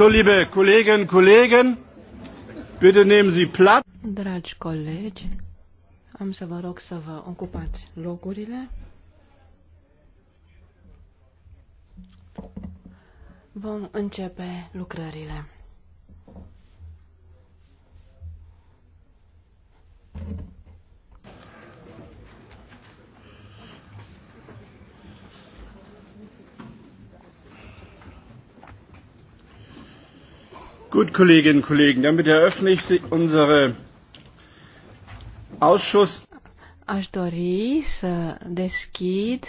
So, liebe Kolleginnen und Kollegen, bitte nehmen Sie Platz. Dragi colegi, am să vă rog să vă ocupați locurile. Vom începe lucrările. Thank you. Gut, Kolleginnen und Kollegen, damit eröffne ich unsere Ausschuss. Aș dori să deschid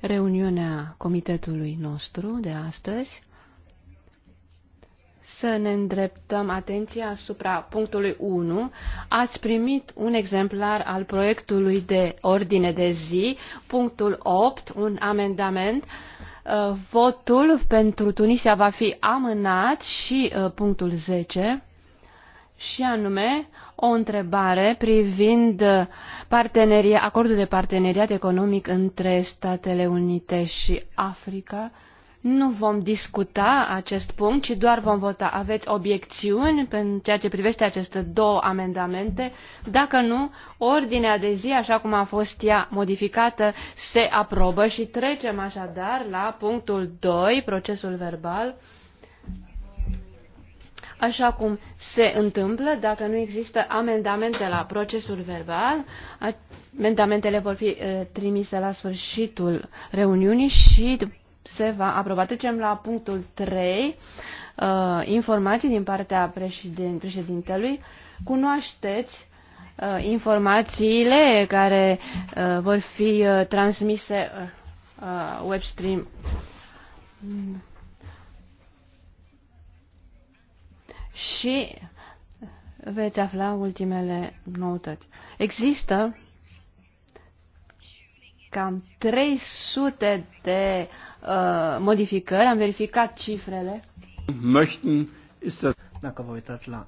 reuniunea comitetului nostru de astăzi. Să ne îndreptăm atenția asupra punctului 1. Ați primit un exemplar al proiectului de ordine de zi, punctul 8, un amendament uh, Uh, votul pentru Tunisia va fi amânat și uh, punctul 10 și anume o întrebare privind acordul de parteneriat economic între Statele Unite și Africa. Nu vom discuta acest punct, ci doar vom vota. Aveți obiecțiuni în ceea ce privește aceste două amendamente? Dacă nu, ordinea de zi, așa cum a fost ea modificată, se aprobă și trecem așadar la punctul 2, procesul verbal așa cum se întâmplă dacă nu există amendamente la procesul verbal. Amendamentele vor fi trimise la sfârșitul reuniunii și se va aproba. Trecem la punctul 3, uh, informații din partea președin, președintelui. Cunoașteți uh, informațiile care uh, vor fi uh, transmise uh, uh webstream. Și veți afla ultimele noutăți. Există cam 300 de uh, Uh, modificări, am verificat cifrele. Dacă vă uitați la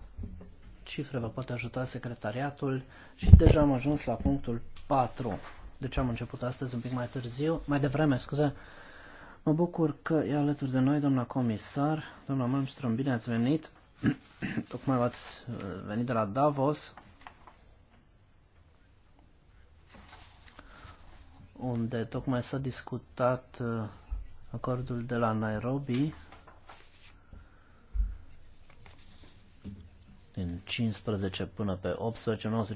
cifre, vă poate ajuta secretariatul și deja am ajuns la punctul 4. Deci am început astăzi un pic mai târziu, mai devreme, scuze. Mă bucur că e alături de noi doamna comisar, doamna Malmström, bine ați venit. Tocmai ați uh, venit de la Davos, unde tocmai s-a discutat uh, acordul de la Nairobi din 15 până pe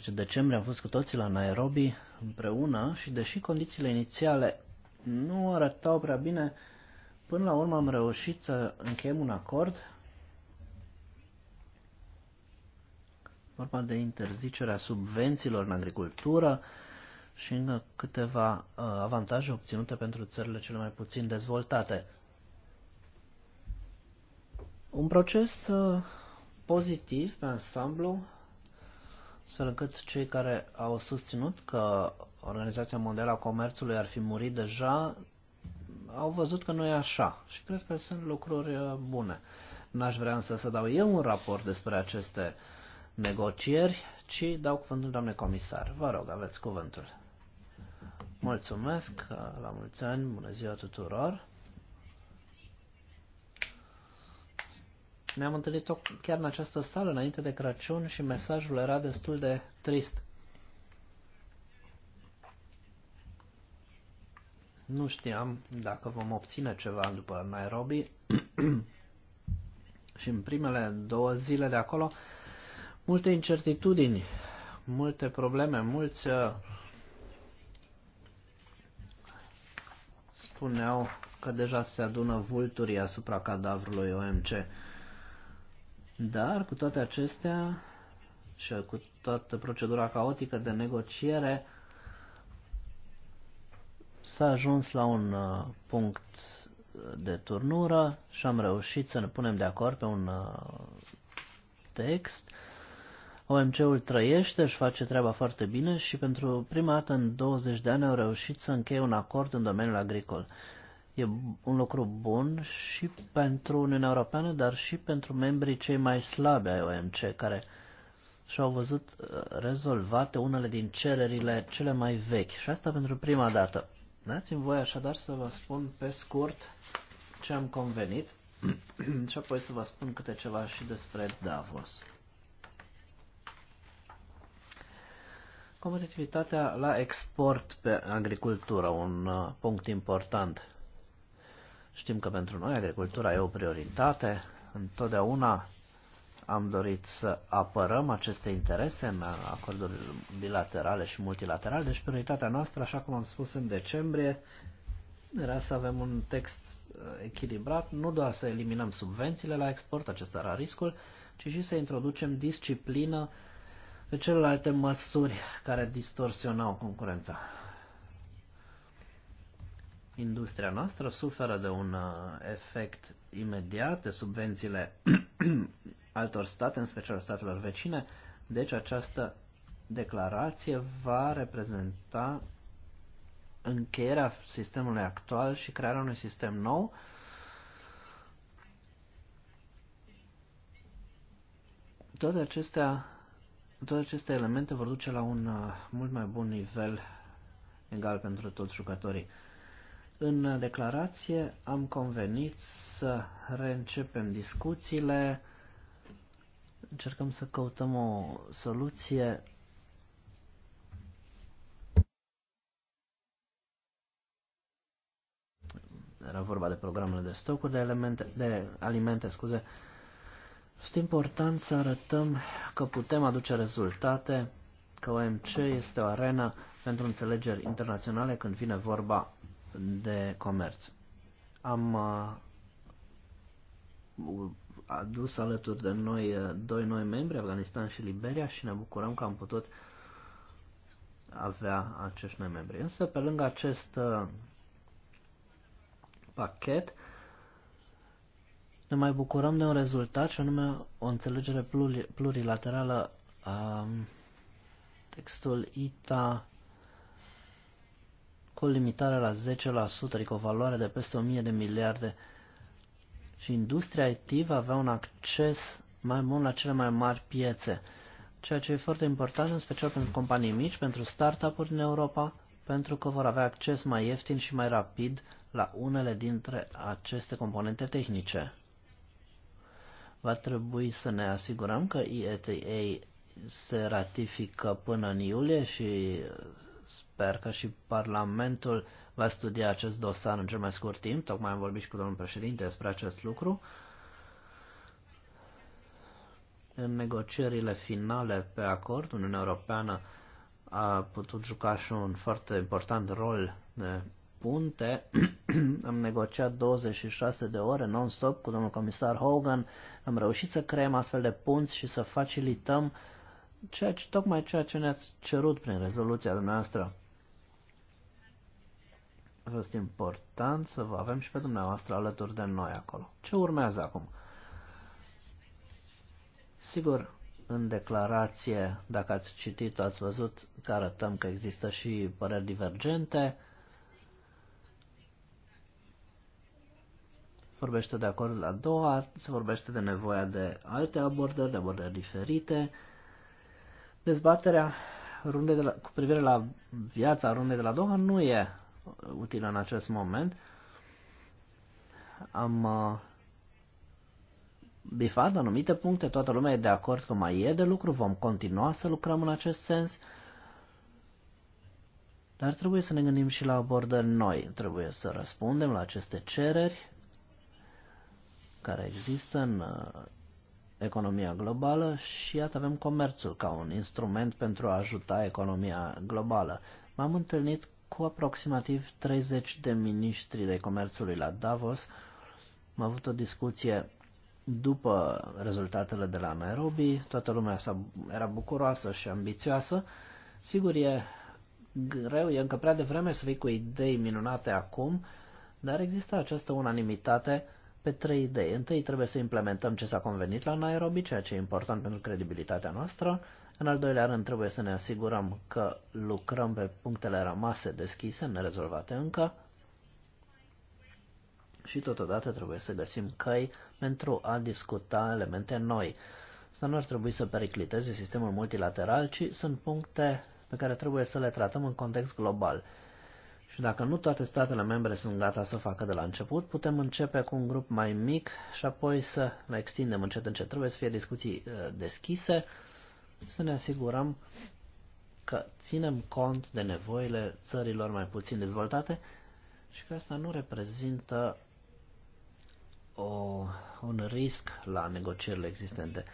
18-19 decembrie am fost cu toții la Nairobi împreună și deși condițiile inițiale nu arătau prea bine, până la urmă am reușit să încheiem un acord vorba de interzicerea subvențiilor în agricultură, și încă câteva uh, avantaje obținute pentru țările cele mai puțin dezvoltate. Un proces uh, pozitiv pe ansamblu, astfel încât cei care au susținut că Organizația Mondială a Comerțului ar fi murit deja, au văzut că nu e așa și cred că sunt lucruri uh, bune. N-aș vrea însă să dau eu un raport despre aceste negocieri, ci dau cuvântul doamnei comisar. Vă rog, aveți cuvântul. Mulțumesc, la mulți ani, bună ziua tuturor. Ne-am întâlnit chiar în această sală înainte de Crăciun și mesajul era destul de trist. Nu știam dacă vom obține ceva după Nairobi și în primele două zile de acolo multe incertitudini, multe probleme, mulți uh, spuneau că deja se adună vulturii asupra cadavrului OMC. Dar cu toate acestea și cu toată procedura caotică de negociere s-a ajuns la un uh, punct de turnură și am reușit să ne punem de acord pe un uh, text OMC-ul trăiește, își face treaba foarte bine și pentru prima dată în 20 de ani au reușit să încheie un acord în domeniul agricol. E un lucru bun și pentru Uniunea Europeană, dar și pentru membrii cei mai slabi ai OMC, care și-au văzut uh, rezolvate unele din cererile cele mai vechi. Și asta pentru prima dată. Dați-mi voi așadar să vă spun pe scurt ce am convenit și apoi să vă spun câte ceva și despre Davos. Competitivitatea la export pe agricultură, un uh, punct important. Știm că pentru noi agricultura e o prioritate. Întotdeauna am dorit să apărăm aceste interese în acorduri bilaterale și multilaterale, deci prioritatea noastră, așa cum am spus în decembrie, era să avem un text uh, echilibrat, nu doar să eliminăm subvențiile la export, acesta era riscul, ci și să introducem disciplină pe celelalte măsuri care distorsionau concurența. Industria noastră suferă de un uh, efect imediat de subvențiile altor state, în special statelor vecine, deci această declarație va reprezenta încheierea sistemului actual și crearea unui sistem nou. Toate acestea toate aceste elemente vor duce la un uh, mult mai bun nivel egal pentru toți jucătorii. În declarație am convenit să reîncepem discuțiile, încercăm să căutăm o soluție era vorba de programele de stocuri de, elemente, de alimente, scuze, este important să arătăm că putem aduce rezultate, că OMC este o arenă pentru înțelegeri internaționale când vine vorba de comerț. Am uh, adus alături de noi uh, doi noi membri, Afganistan și Liberia, și ne bucurăm că am putut avea acești noi membri. Însă, pe lângă acest uh, pachet, ne mai bucurăm de un rezultat și anume o înțelegere plurilaterală a um, textul ITA cu o limitare la 10%, adică o valoare de peste 1000 de miliarde și industria IT va avea un acces mai bun la cele mai mari piețe, ceea ce e foarte important, în special pentru companii mici, pentru startup-uri în Europa, pentru că vor avea acces mai ieftin și mai rapid la unele dintre aceste componente tehnice. Va trebui să ne asigurăm că IETA se ratifică până în iulie și sper că și Parlamentul va studia acest dosar în cel mai scurt timp. Tocmai am vorbit și cu domnul președinte despre acest lucru. În negocierile finale pe acord, Uniunea Europeană a putut juca și un foarte important rol de punte. am negociat 26 de ore non-stop cu domnul comisar Hogan. Am reușit să creăm astfel de punți și să facilităm ceea ce, tocmai ceea ce ne-ați cerut prin rezoluția dumneavoastră. A fost important să vă avem și pe dumneavoastră alături de noi acolo. Ce urmează acum? Sigur, în declarație, dacă ați citit, ați văzut că arătăm că există și păreri divergente. vorbește de acordul la doua, se vorbește de nevoia de alte abordări, de abordări diferite. Dezbaterea runde de la, cu privire la viața rundei de la Doha nu e utilă în acest moment. Am uh, bifat anumite puncte, toată lumea e de acord că mai e de lucru, vom continua să lucrăm în acest sens, dar trebuie să ne gândim și la abordări noi, trebuie să răspundem la aceste cereri care există în uh, economia globală și iată avem comerțul ca un instrument pentru a ajuta economia globală. M-am întâlnit cu aproximativ 30 de miniștri de comerțului la Davos. Am avut o discuție după rezultatele de la Nairobi, toată lumea era bucuroasă și ambițioasă. Sigur, e greu, e încă prea devreme să vii cu idei minunate acum, dar există această unanimitate pe trei idei. Întâi trebuie să implementăm ce s-a convenit la Nairobi, ceea ce e important pentru credibilitatea noastră. În al doilea rând trebuie să ne asigurăm că lucrăm pe punctele rămase deschise, nerezolvate încă. Și totodată trebuie să găsim căi pentru a discuta elemente noi. Să nu ar trebui să pericliteze sistemul multilateral, ci sunt puncte pe care trebuie să le tratăm în context global. Și dacă nu toate statele membre sunt gata să o facă de la început, putem începe cu un grup mai mic și apoi să ne extindem încet încet. Trebuie să fie discuții uh, deschise, să ne asigurăm că ținem cont de nevoile țărilor mai puțin dezvoltate și că asta nu reprezintă o, un risc la negocierile existente.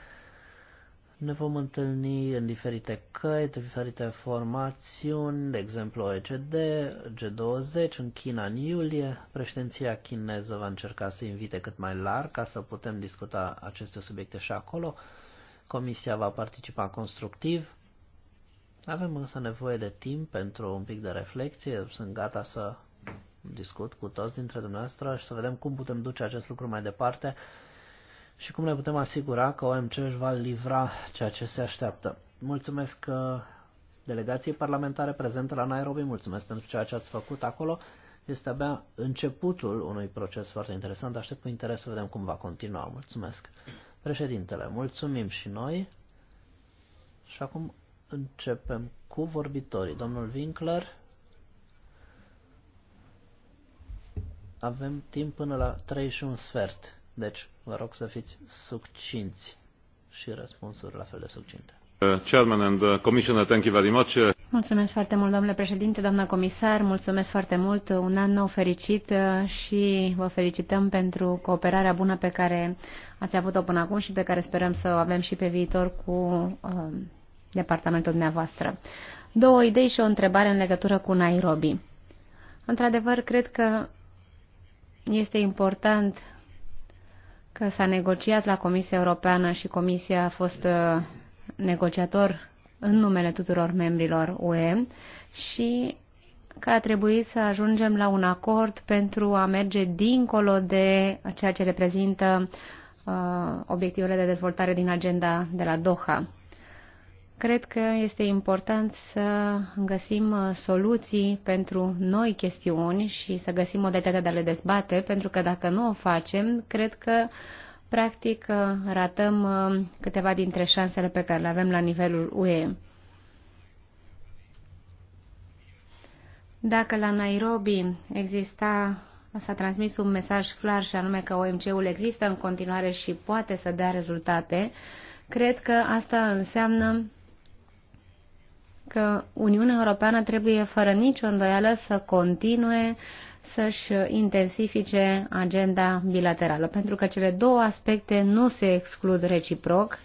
Ne vom întâlni în diferite căi, diferite formațiuni, de exemplu OECD, G20, în China în iulie. Președinția chineză va încerca să invite cât mai larg ca să putem discuta aceste subiecte și acolo. Comisia va participa constructiv. Avem însă nevoie de timp pentru un pic de reflexie. Sunt gata să discut cu toți dintre dumneavoastră și să vedem cum putem duce acest lucru mai departe și cum ne putem asigura că OMC își va livra ceea ce se așteaptă. Mulțumesc uh, delegației parlamentare prezente la Nairobi, mulțumesc pentru ceea ce ați făcut acolo. Este abia începutul unui proces foarte interesant, aștept cu interes să vedem cum va continua. Mulțumesc. Președintele, mulțumim și noi. Și acum începem cu vorbitorii. Domnul Winkler, avem timp până la 31 și un sfert. Deci, Vă rog să fiți succinți și răspunsuri la fel de succinte. Uh, Chairman and uh, Commissioner, thank you very much. Uh, mulțumesc foarte mult, domnule președinte, doamna comisar, mulțumesc foarte mult, un an nou fericit și vă felicităm pentru cooperarea bună pe care ați avut-o până acum și pe care sperăm să o avem și pe viitor cu uh, departamentul dumneavoastră. Două idei și o întrebare în legătură cu Nairobi. Într-adevăr, cred că este important că s-a negociat la Comisia Europeană și Comisia a fost uh, negociator în numele tuturor membrilor UE și că a trebuit să ajungem la un acord pentru a merge dincolo de ceea ce reprezintă uh, obiectivele de dezvoltare din agenda de la Doha. Cred că este important să găsim uh, soluții pentru noi chestiuni și să găsim modalitatea de a le dezbate, pentru că dacă nu o facem, cred că practic uh, ratăm uh, câteva dintre șansele pe care le avem la nivelul UE. Dacă la Nairobi exista, s-a transmis un mesaj clar și anume că OMC-ul există în continuare și poate să dea rezultate, cred că asta înseamnă că Uniunea Europeană trebuie fără nicio îndoială să continue să-și intensifice agenda bilaterală, pentru că cele două aspecte nu se exclud reciproc,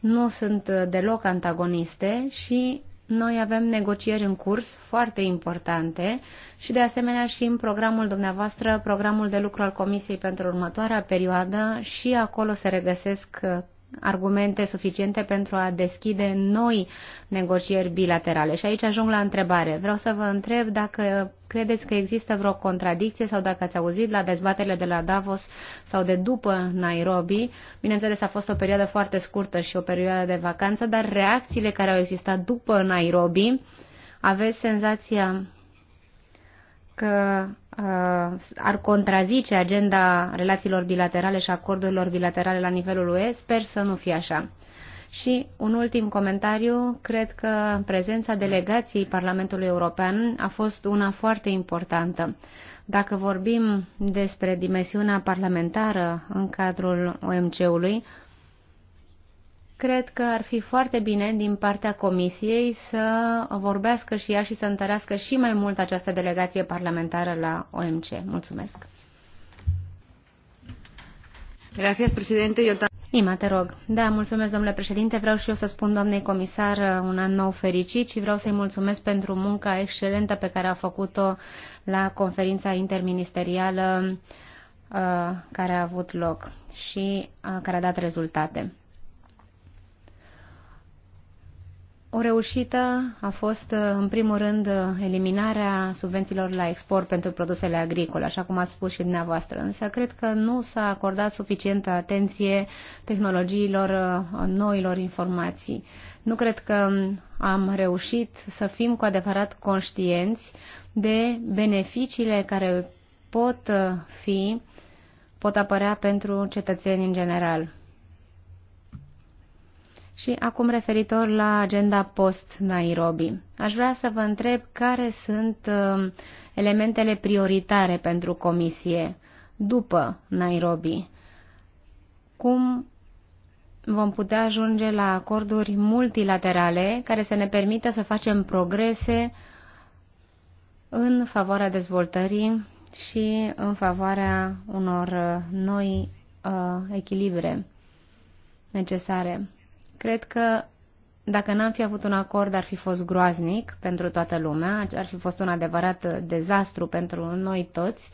nu sunt deloc antagoniste și noi avem negocieri în curs foarte importante și de asemenea și în programul dumneavoastră, programul de lucru al Comisiei pentru următoarea perioadă și acolo se regăsesc argumente suficiente pentru a deschide noi negocieri bilaterale. Și aici ajung la întrebare. Vreau să vă întreb dacă credeți că există vreo contradicție sau dacă ați auzit la dezbaterile de la Davos sau de după Nairobi. Bineînțeles, a fost o perioadă foarte scurtă și o perioadă de vacanță, dar reacțiile care au existat după Nairobi, aveți senzația că Uh, ar contrazice agenda relațiilor bilaterale și acordurilor bilaterale la nivelul UE, sper să nu fie așa. Și un ultim comentariu, cred că prezența delegației Parlamentului European a fost una foarte importantă. Dacă vorbim despre dimensiunea parlamentară în cadrul OMC-ului, cred că ar fi foarte bine din partea Comisiei să vorbească și ea și să întărească și mai mult această delegație parlamentară la OMC. Mulțumesc. Gracias, presidente. Eu Ima, te rog. Da, mulțumesc, domnule președinte. Vreau și eu să spun doamnei comisar un an nou fericit și vreau să-i mulțumesc pentru munca excelentă pe care a făcut-o la conferința interministerială uh, care a avut loc și uh, care a dat rezultate. O reușită a fost, în primul rând, eliminarea subvențiilor la export pentru produsele agricole, așa cum ați spus și dumneavoastră, însă cred că nu s-a acordat suficientă atenție tehnologiilor noilor informații. Nu cred că am reușit să fim cu adevărat conștienți de beneficiile care pot fi, pot apărea pentru cetățeni în general. Și acum referitor la agenda post-Nairobi, aș vrea să vă întreb care sunt uh, elementele prioritare pentru comisie după Nairobi. Cum vom putea ajunge la acorduri multilaterale care să ne permită să facem progrese în favoarea dezvoltării și în favoarea unor uh, noi uh, echilibre necesare. Cred că dacă n-am fi avut un acord, ar fi fost groaznic pentru toată lumea, ar fi fost un adevărat dezastru pentru noi toți,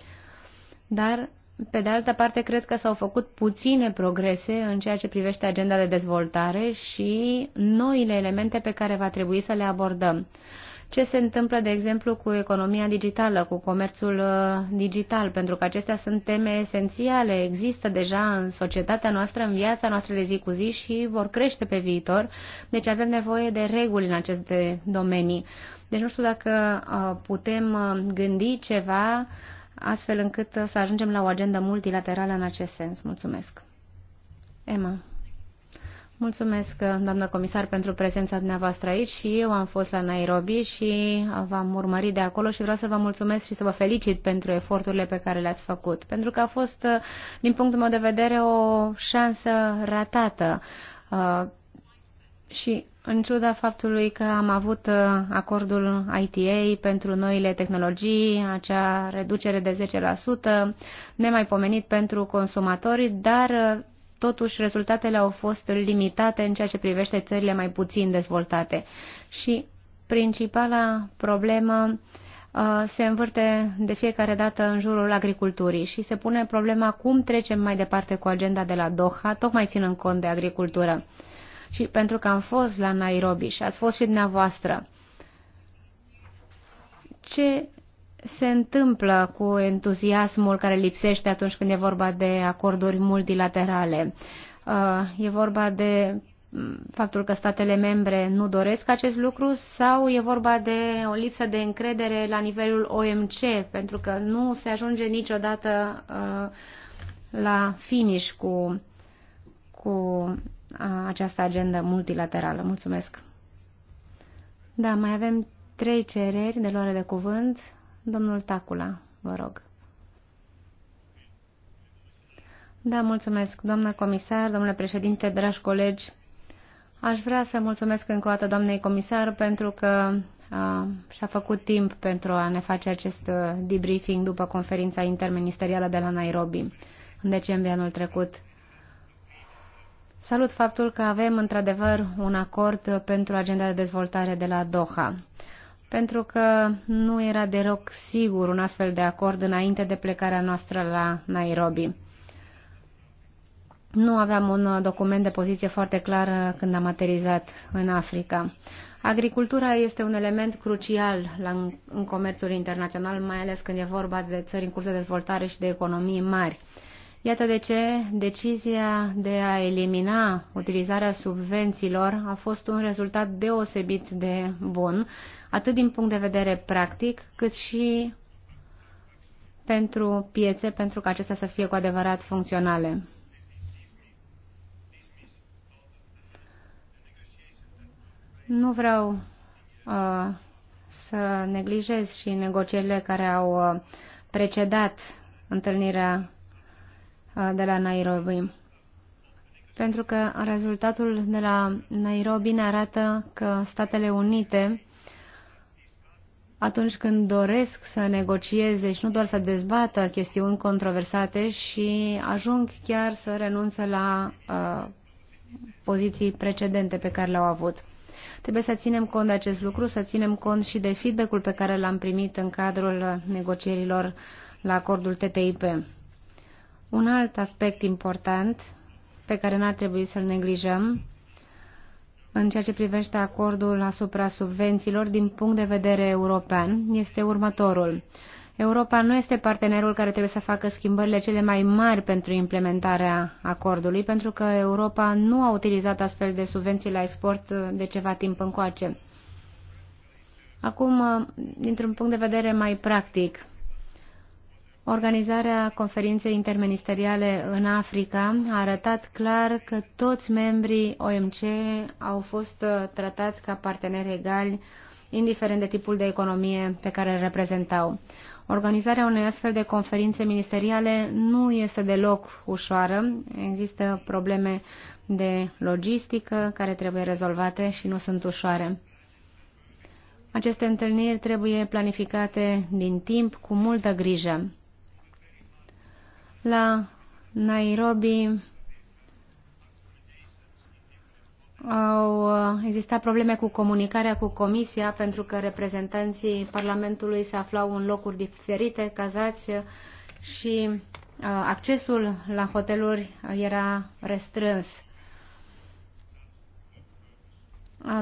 dar, pe de altă parte, cred că s-au făcut puține progrese în ceea ce privește agenda de dezvoltare și noile elemente pe care va trebui să le abordăm. Ce se întâmplă, de exemplu, cu economia digitală, cu comerțul uh, digital? Pentru că acestea sunt teme esențiale, există deja în societatea noastră, în viața noastră de zi cu zi și vor crește pe viitor. Deci avem nevoie de reguli în aceste domenii. Deci nu știu dacă uh, putem uh, gândi ceva astfel încât să ajungem la o agendă multilaterală în acest sens. Mulțumesc. Emma. Mulțumesc, uh, doamnă comisar, pentru prezența dumneavoastră aici și eu am fost la Nairobi și v-am urmărit de acolo și vreau să vă mulțumesc și să vă felicit pentru eforturile pe care le-ați făcut, pentru că a fost, uh, din punctul meu de vedere, o șansă ratată. Uh, și în ciuda faptului că am avut acordul ITA pentru noile tehnologii, acea reducere de 10%, nemaipomenit pentru consumatori, dar totuși rezultatele au fost limitate în ceea ce privește țările mai puțin dezvoltate. Și principala problemă uh, se învârte de fiecare dată în jurul agriculturii și se pune problema cum trecem mai departe cu agenda de la Doha, tocmai ținând cont de agricultură. Și pentru că am fost la Nairobi și ați fost și dumneavoastră, ce se întâmplă cu entuziasmul care lipsește atunci când e vorba de acorduri multilaterale. Uh, e vorba de mm, faptul că statele membre nu doresc acest lucru sau e vorba de o lipsă de încredere la nivelul OMC, pentru că nu se ajunge niciodată uh, la finish cu, cu uh, această agendă multilaterală. Mulțumesc! Da, mai avem trei cereri de luare de cuvânt. Domnul Tacula, vă rog. Da, mulțumesc, doamna comisar, domnule președinte, dragi colegi. Aș vrea să mulțumesc încă o dată doamnei comisar pentru că și-a făcut timp pentru a ne face acest uh, debriefing după conferința interministerială de la Nairobi în decembrie anul trecut. Salut faptul că avem într-adevăr un acord uh, pentru agenda de dezvoltare de la Doha pentru că nu era deloc sigur un astfel de acord înainte de plecarea noastră la Nairobi. Nu aveam un document de poziție foarte clar când am aterizat în Africa. Agricultura este un element crucial la, în comerțul internațional, mai ales când e vorba de țări în curs de dezvoltare și de economii mari. Iată de ce decizia de a elimina utilizarea subvențiilor a fost un rezultat deosebit de bun, atât din punct de vedere practic, cât și pentru piețe, pentru ca acestea să fie cu adevărat funcționale. Nu vreau uh, să neglijez și negocierile care au uh, precedat întâlnirea uh, de la Nairobi. Pentru că rezultatul de la Nairobi ne arată că Statele Unite atunci când doresc să negocieze și nu doar să dezbată chestiuni controversate și ajung chiar să renunță la uh, poziții precedente pe care le-au avut. Trebuie să ținem cont de acest lucru, să ținem cont și de feedback-ul pe care l-am primit în cadrul negocierilor la acordul TTIP. Un alt aspect important pe care n-ar trebui să-l neglijăm în ceea ce privește acordul asupra subvențiilor din punct de vedere european este următorul. Europa nu este partenerul care trebuie să facă schimbările cele mai mari pentru implementarea acordului, pentru că Europa nu a utilizat astfel de subvenții la export uh, de ceva timp încoace. Acum, uh, dintr-un punct de vedere mai practic, Organizarea conferinței interministeriale în Africa a arătat clar că toți membrii OMC au fost uh, tratați ca parteneri egali, indiferent de tipul de economie pe care îl reprezentau. Organizarea unei astfel de conferințe ministeriale nu este deloc ușoară. Există probleme de logistică care trebuie rezolvate și nu sunt ușoare. Aceste întâlniri trebuie planificate din timp cu multă grijă. La Nairobi au uh, existat probleme cu comunicarea cu Comisia pentru că reprezentanții Parlamentului se aflau în locuri diferite, cazați și uh, accesul la hoteluri era restrâns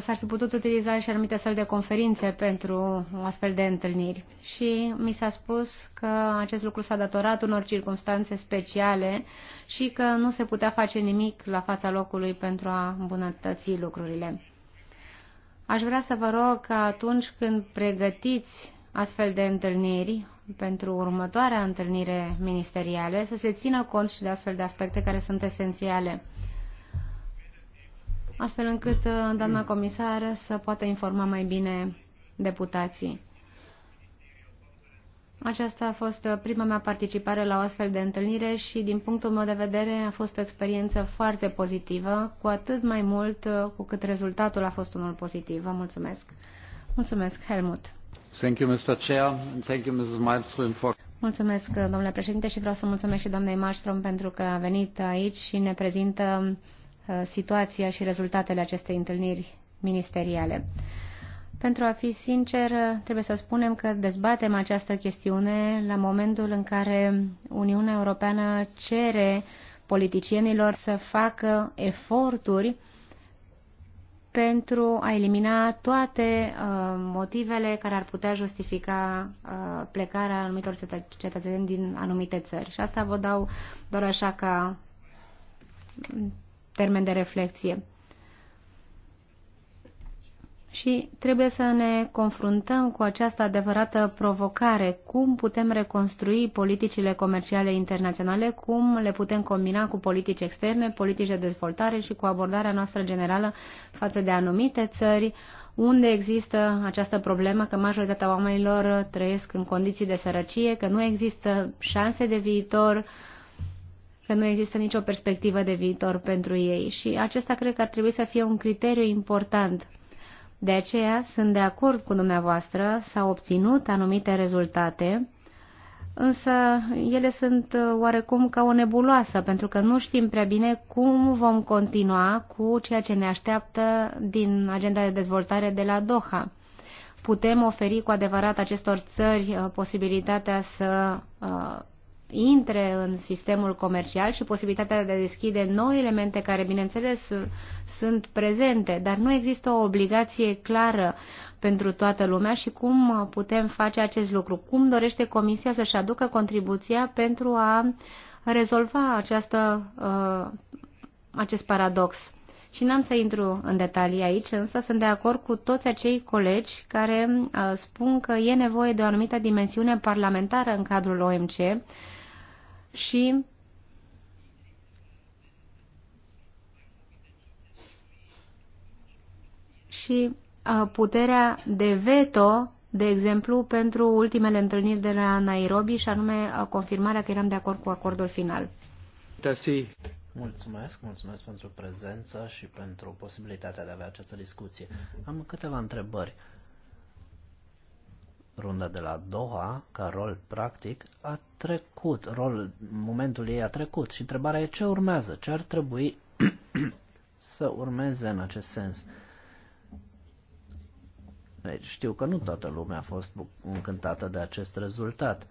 s-ar fi putut utiliza și anumite săli de conferințe pentru astfel de întâlniri. Și mi s-a spus că acest lucru s-a datorat unor circunstanțe speciale și că nu se putea face nimic la fața locului pentru a îmbunătăți lucrurile. Aș vrea să vă rog că atunci când pregătiți astfel de întâlniri pentru următoarea întâlnire ministerială, să se țină cont și de astfel de aspecte care sunt esențiale astfel încât uh, doamna comisară să poată informa mai bine deputații. Aceasta a fost uh, prima mea participare la o astfel de întâlnire și, din punctul meu de vedere, a fost o experiență foarte pozitivă, cu atât mai mult uh, cu cât rezultatul a fost unul pozitiv. Vă mulțumesc. Mulțumesc, Helmut. Thank you, Mr. Chair. Thank you, Mrs. Malmström, for... Mulțumesc, domnule președinte, și vreau să mulțumesc și doamnei Malmström pentru că a venit aici și ne prezintă Uh, situația și rezultatele acestei întâlniri ministeriale. Pentru a fi sincer, uh, trebuie să spunem că dezbatem această chestiune la momentul în care Uniunea Europeană cere politicienilor să facă eforturi pentru a elimina toate uh, motivele care ar putea justifica uh, plecarea anumitor cetățeni din anumite țări. Și asta vă dau doar așa ca termen de reflexie. Și trebuie să ne confruntăm cu această adevărată provocare. Cum putem reconstrui politicile comerciale internaționale? Cum le putem combina cu politici externe, politici de dezvoltare și cu abordarea noastră generală față de anumite țări unde există această problemă că majoritatea oamenilor trăiesc în condiții de sărăcie, că nu există șanse de viitor, uh, că nu există nicio perspectivă de viitor pentru ei și acesta cred că ar trebui să fie un criteriu important. De aceea sunt de acord cu dumneavoastră, s-au obținut anumite rezultate, însă ele sunt uh, oarecum ca o nebuloasă, pentru că nu știm prea bine cum vom continua cu ceea ce ne așteaptă din agenda de dezvoltare de la Doha putem oferi cu adevărat acestor țări uh, posibilitatea să uh, intre în sistemul comercial și posibilitatea de a deschide noi elemente care, bineînțeles, sunt prezente, dar nu există o obligație clară pentru toată lumea și cum putem face acest lucru. Cum dorește Comisia să-și aducă contribuția pentru a rezolva această, uh, acest paradox? și n-am să intru în detalii aici, însă sunt de acord cu toți acei colegi care uh, spun că e nevoie de o anumită dimensiune parlamentară în cadrul OMC și și puterea de veto, de exemplu, pentru ultimele întâlniri de la Nairobi și anume confirmarea că eram de acord cu acordul final. Tasi. Mulțumesc, mulțumesc pentru prezență și pentru posibilitatea de a avea această discuție. Am câteva întrebări runda de la Doha, ca rol practic, a trecut, rol momentul ei a trecut și întrebarea e ce urmează, ce ar trebui să urmeze în acest sens. Deci știu că nu toată lumea a fost încântată de acest rezultat.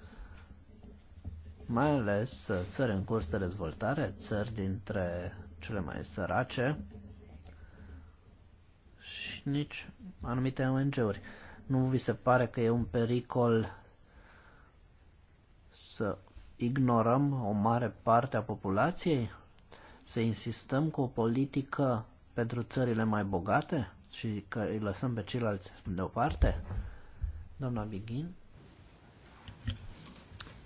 Mai ales uh, țări în curs de dezvoltare, țări dintre cele mai sărace și nici anumite ONG-uri. Nu vi se pare că e un pericol să ignorăm o mare parte a populației? Să insistăm cu o politică pentru țările mai bogate și că îi lăsăm pe ceilalți deoparte? Doamna Bighin.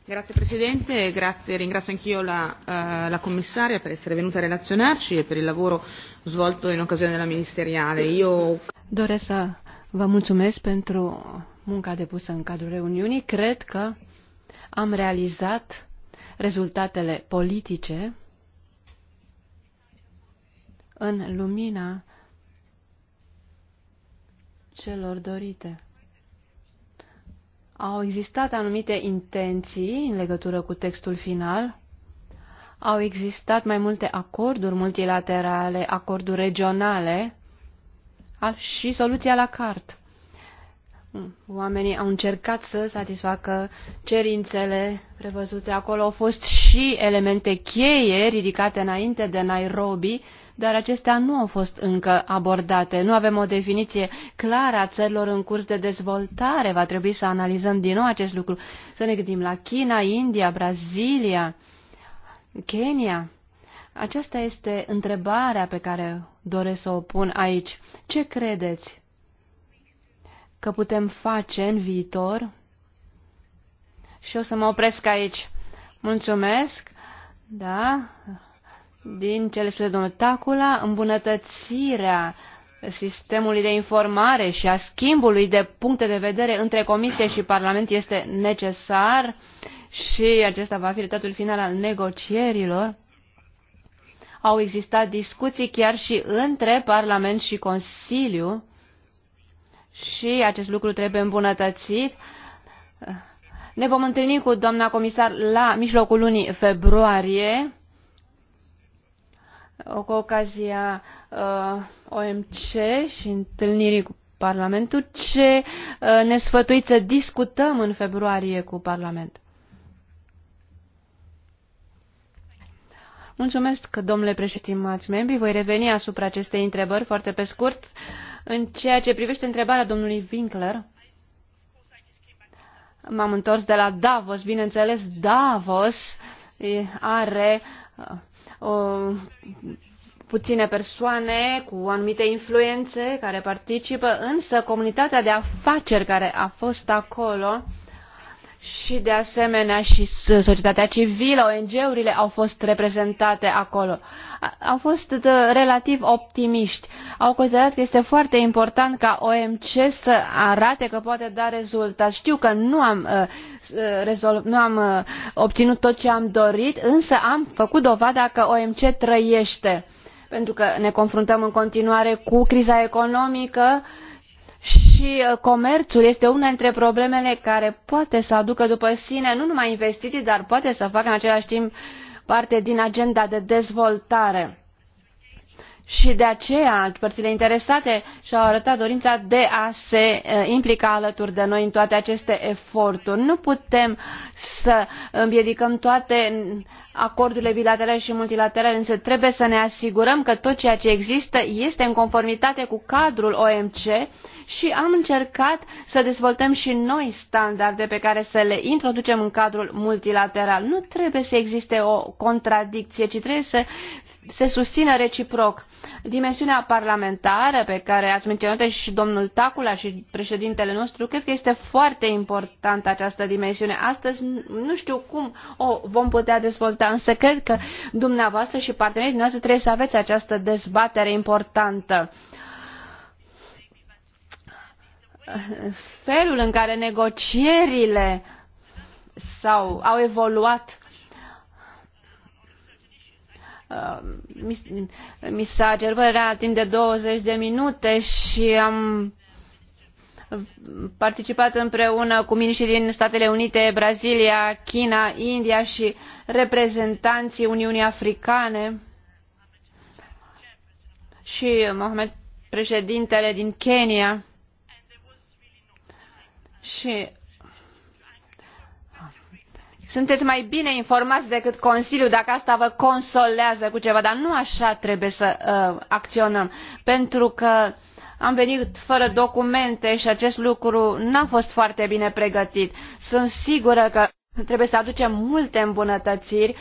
Grazie Presidente, grazie, ringrazio anch'io la, uh, la Commissaria per essere venuta a relazionarci e per il lavoro svolto in occasione della ministeriale. Io... Doresc Vă mulțumesc pentru munca depusă în cadrul reuniunii. Cred că am realizat rezultatele politice în lumina celor dorite. Au existat anumite intenții în legătură cu textul final. Au existat mai multe acorduri multilaterale, acorduri regionale și soluția la cart. Hmm, oamenii au încercat să satisfacă cerințele prevăzute acolo. Au fost și elemente cheie ridicate înainte de Nairobi, dar acestea nu au fost încă abordate. Nu avem o definiție clară a țărilor în curs de dezvoltare. Va trebui să analizăm din nou acest lucru. Să ne gândim la China, India, Brazilia, Kenya. Aceasta este întrebarea pe care doresc să o pun aici. Ce credeți că putem face în viitor? Și o să mă opresc aici. Mulțumesc. Da. Din cele spuse domnul Tacula, îmbunătățirea sistemului de informare și a schimbului de puncte de vedere între Comisie și Parlament este necesar și acesta va fi rezultatul final al negocierilor. Au existat discuții chiar și între Parlament și Consiliu și acest lucru trebuie îmbunătățit. Ne vom întâlni cu doamna comisar la mijlocul lunii februarie cu ocazia uh, OMC și întâlnirii cu Parlamentul. Ce uh, ne sfătuiți să discutăm în februarie cu Parlament? Mulțumesc, domnule președinte, membri. Voi reveni asupra acestei întrebări foarte pe scurt. În ceea ce privește întrebarea domnului Winkler, m-am întors de la Davos, bineînțeles, Davos are uh, o puține persoane cu anumite influențe care participă, însă comunitatea de afaceri care a fost acolo uh, și de asemenea și societatea civilă, ONG-urile au fost reprezentate acolo. Au fost relativ optimiști. Au considerat că este foarte important ca OMC să arate că poate da rezultat. Știu că nu am, uh, uh, rezolv, nu am uh, obținut tot ce am dorit, însă am făcut dovada că OMC trăiește. Pentru că ne confruntăm în continuare cu criza economică, uh, și uh, comerțul este una dintre problemele care poate să aducă după sine nu numai investiții, dar poate să facă în același timp parte din agenda de dezvoltare și de aceea părțile interesate și-au arătat dorința de a se eh, implica alături de noi în toate aceste eforturi. Nu putem să împiedicăm toate acordurile bilaterale și multilaterale, însă trebuie să ne asigurăm că tot ceea ce există este în conformitate cu cadrul OMC și am încercat să dezvoltăm și noi standarde pe care să le introducem în cadrul multilateral. Nu trebuie să existe o contradicție, ci trebuie să se susțină reciproc. Dimensiunea parlamentară pe care ați menționat-o și domnul takkula și președintele nostru, cred că este foarte importantă această dimensiune. Astăzi nu știu cum o vom putea dezvolta, însă cred că dumneavoastră și partenerii dumneavoastră trebuie să aveți această dezbatere importantă felul în care negocierile s-au, au evoluat Uh, mi s-a cerut timp de 20 de minute și am participat împreună cu miniștrii din Statele Unite, Brazilia, China, India și reprezentanții Uniunii Africane și Mohamed președintele din Kenya. Și sunteți mai bine informați decât consiliul dacă asta vă consolează cu ceva dar nu așa trebuie să uh, acționăm pentru că am venit fără documente și acest lucru nu a fost foarte bine pregătit. sunt sigură că trebuie să aducem multe îmbunătățiri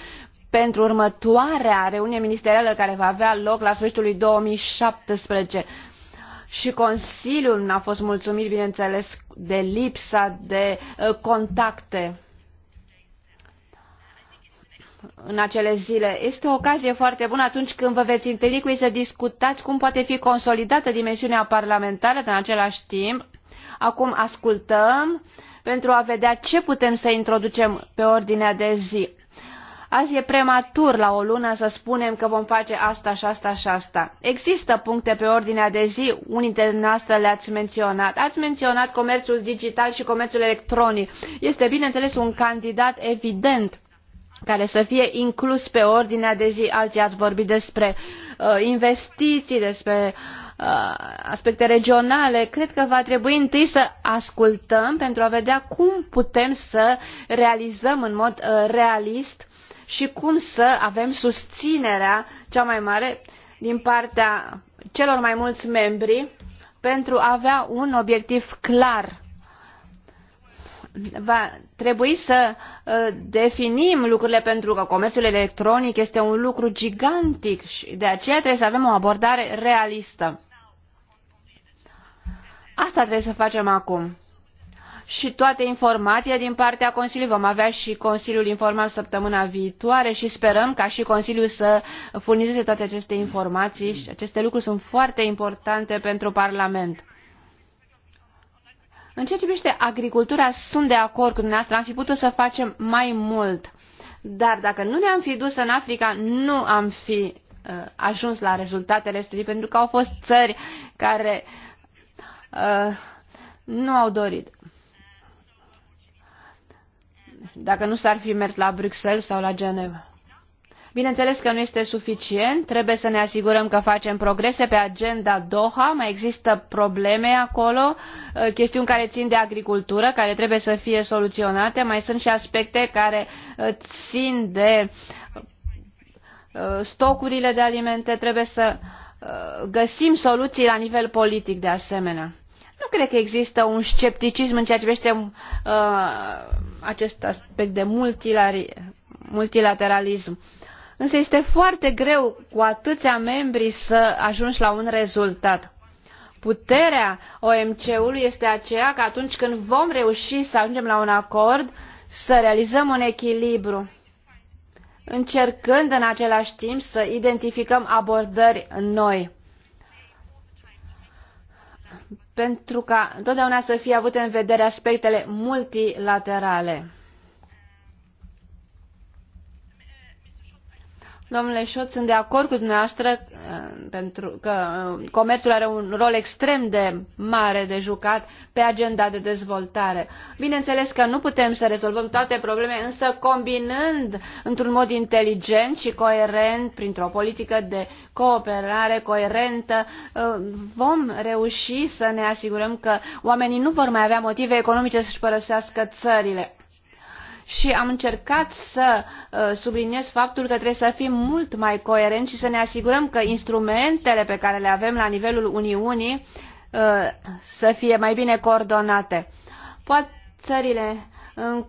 pentru următoarea reuniune ministerială care va avea loc la sfârșitul lui două mii șaptesprezece și consiliul nu a fost mulțumit bineînțeles de lipsa de uh, contacte în acele zile. Este o ocazie foarte bună atunci când vă veți întâlni cu ei să discutați cum poate fi consolidată dimensiunea parlamentară în același timp. Acum ascultăm pentru a vedea ce putem să introducem pe ordinea de zi. Azi e prematur la o lună să spunem că vom face asta și asta și asta. Există puncte pe ordinea de zi, unii dintre noastre le-ați menționat. Ați menționat comerțul digital și comerțul electronic. Este bineînțeles un candidat evident care să fie inclus pe ordinea de zi. Alții ați vorbit despre uh, investiții, despre uh, aspecte regionale. Cred că va trebui întâi să ascultăm pentru a vedea cum putem să realizăm în mod uh, realist și cum să avem susținerea cea mai mare din partea celor mai mulți membri pentru a avea un obiectiv clar va trebui să uh, definim lucrurile pentru că comerțul electronic este un lucru gigantic și de aceea trebuie să avem o abordare realistă. Asta trebuie să facem acum. Și toate informațiile din partea Consiliului. Vom avea și Consiliul informat săptămâna viitoare și sperăm ca și Consiliul să furnizeze toate aceste informații. Aceste lucruri sunt foarte importante pentru Parlament. În ceea ce privește agricultura, sunt de acord cu dumneavoastră, am fi putut să facem mai mult. Dar dacă nu ne-am fi dus în Africa, nu am fi uh, ajuns la rezultatele respective, pentru că au fost țări care uh, nu au dorit. Dacă nu s-ar fi mers la Bruxelles sau la Geneva. Bineînțeles că nu este suficient, trebuie să ne asigurăm că facem progrese pe agenda Doha, mai există probleme acolo, uh, chestiuni care in de agricultură, care trebuie să fie soluționate, mai sunt și aspecte care uh, in de uh, stocurile de alimente, trebuie să găsim soluții la nivel politic de asemenea. Nu cred că există un scepticism în ceea ce privește uh, acest aspect de multilateralism însă este foarte greu cu atâția membri să ajungi la un rezultat. Puterea OMC-ului este aceea că atunci când vom reuși să ajungem la un acord, să realizăm un echilibru, încercând în același timp să identificăm abordări noi pentru ca întotdeauna să fie avute în vedere aspectele multilaterale. Domnule Șot, sunt de acord cu dumneavoastră uh, pentru că uh, comerțul are un rol extrem de mare de jucat pe agenda de dezvoltare. Bineînțeles că nu putem să rezolvăm toate problemele, însă combinând într-un mod inteligent și coerent, printr-o politică de cooperare coerentă, uh, vom reuși să ne asigurăm că oamenii nu vor mai avea motive economice să-și părăsească țările și am încercat să uh, subliniez faptul că trebuie să fim mult mai coerenți și să ne asigurăm că instrumentele pe care le avem la nivelul Uniunii uh, să fie mai bine coordonate. Poate țările în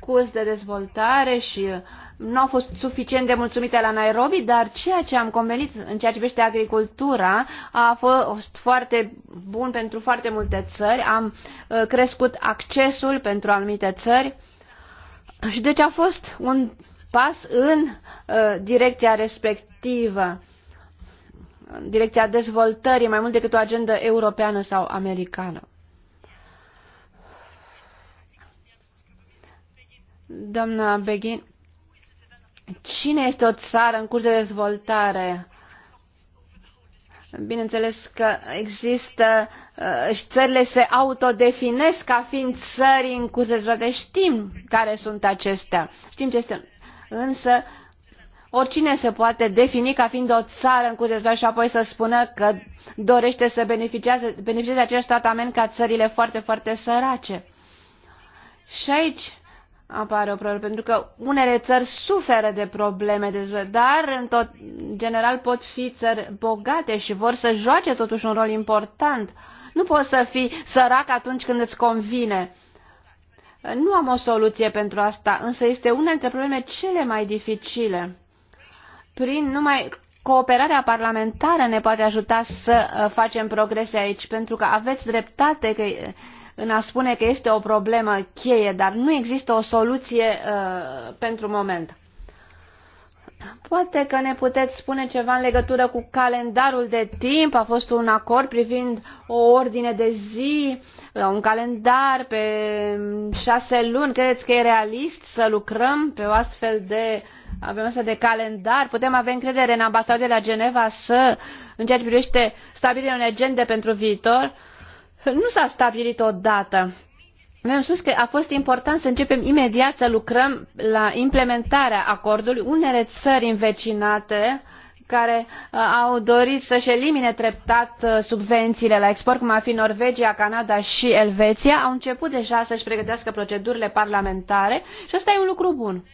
curs de dezvoltare și uh, nu au fost suficient de mulțumite la Nairobi, dar ceea ce am convenit în ceea ce privește agricultura a fost foarte bun pentru foarte multe țări. Am crescut accesul pentru anumite țări și deci a fost un pas în uh, direcția respectivă, în direcția dezvoltării, mai mult decât o agendă europeană sau americană. Doamna Beghin, cine este o țară în curs de dezvoltare? Bineînțeles că există uh, și țările se autodefinesc ca fiind țări în curs de dezvoltare. Știm care sunt acestea. Știm ce este. Însă oricine se poate defini ca fiind o țară în curs de dezvoltare și apoi să spună că dorește să beneficieze, beneficieze acest tratament ca țările foarte, foarte sărace. Și aici apare o problemă, pentru că unele țări suferă de probleme de zi, dar în tot general pot fi țări bogate și vor să joace totuși un rol important. Nu poți să fii sărac atunci când îți convine. Nu am o soluție pentru asta, însă este una dintre probleme cele mai dificile. Prin numai cooperarea parlamentară ne poate ajuta să uh, facem progrese aici, pentru că aveți dreptate că în a spune că este o problemă cheie, dar nu există o soluție uh, pentru moment. Poate că ne puteți spune ceva în legătură cu calendarul de timp. A fost un acord privind o ordine de zi, uh, un calendar pe șase luni. Credeți că e realist să lucrăm pe o astfel de avem astfel de calendar? Putem avea încredere în ambasadorul de la Geneva să, în ceea ce privește stabilirea unei agende pentru viitor? nu s-a stabilit o dată. Mi-am spus că a fost important să începem imediat să lucrăm la implementarea acordului. Unele țări învecinate care uh, au dorit să-și elimine treptat uh, subvențiile la export, cum ar fi Norvegia, Canada și Elveția, au început deja să-și pregătească procedurile parlamentare și ăsta e un lucru bun.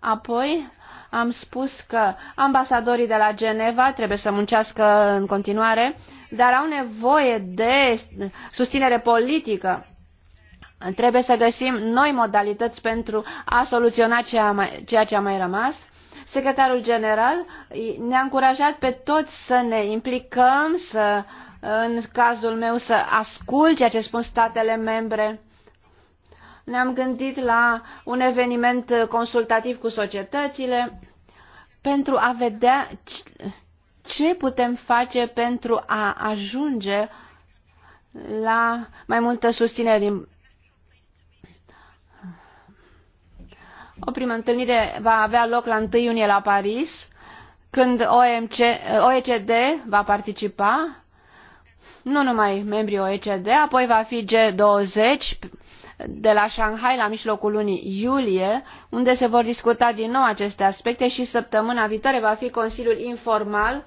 Apoi am spus că ambasadorii de la Geneva trebuie să muncească în continuare dar au nevoie de susținere politică. Trebuie să găsim noi modalități pentru a soluționa ceea ce a mai rămas. Secretarul general ne-a încurajat pe toți să ne implicăm, să, în cazul meu, să ascult ceea ce spun statele membre. Ne-am gândit la un eveniment consultativ cu societățile pentru a vedea ce putem face pentru a ajunge la mai multă susținere din O primă întâlnire va avea loc la 1 iunie la Paris, când OMC, OECD va participa, nu numai membrii OECD, apoi va fi G20 de la Shanghai la mijlocul lunii iulie, unde se vor discuta din nou aceste aspecte și săptămâna viitoare va fi Consiliul informal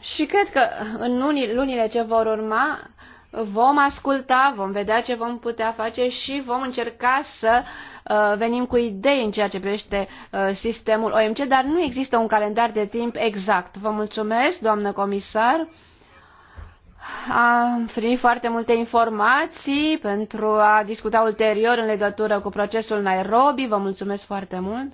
și cred că în lunile ce vor urma vom asculta, vom vedea ce vom putea face și vom încerca să uh, venim cu idei în ceea ce privește uh, sistemul OMC, dar nu există un calendar de timp exact. Vă mulțumesc, doamnă comisar am primit foarte multe informații pentru a discuta ulterior în legătură cu procesul Nairobi. Vă mulțumesc foarte mult.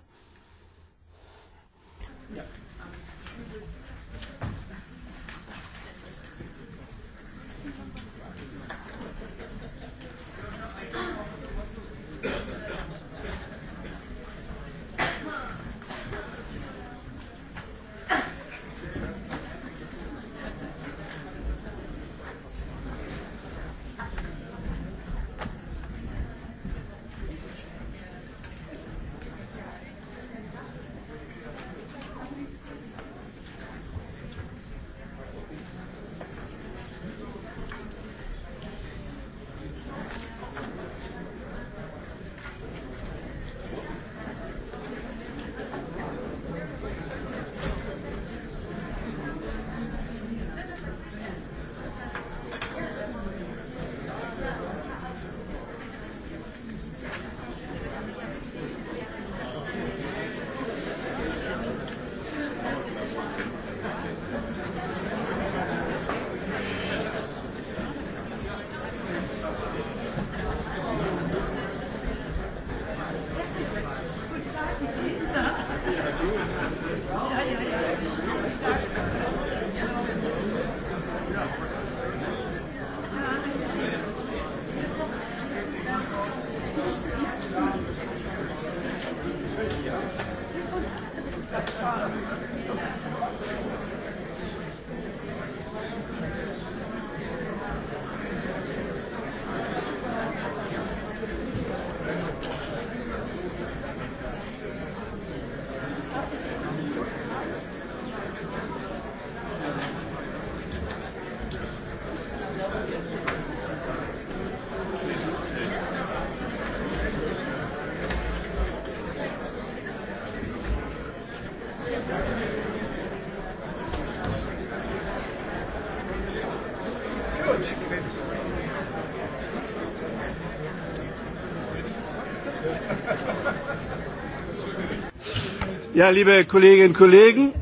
Ja, liebe Kolleginnen und Kollegen.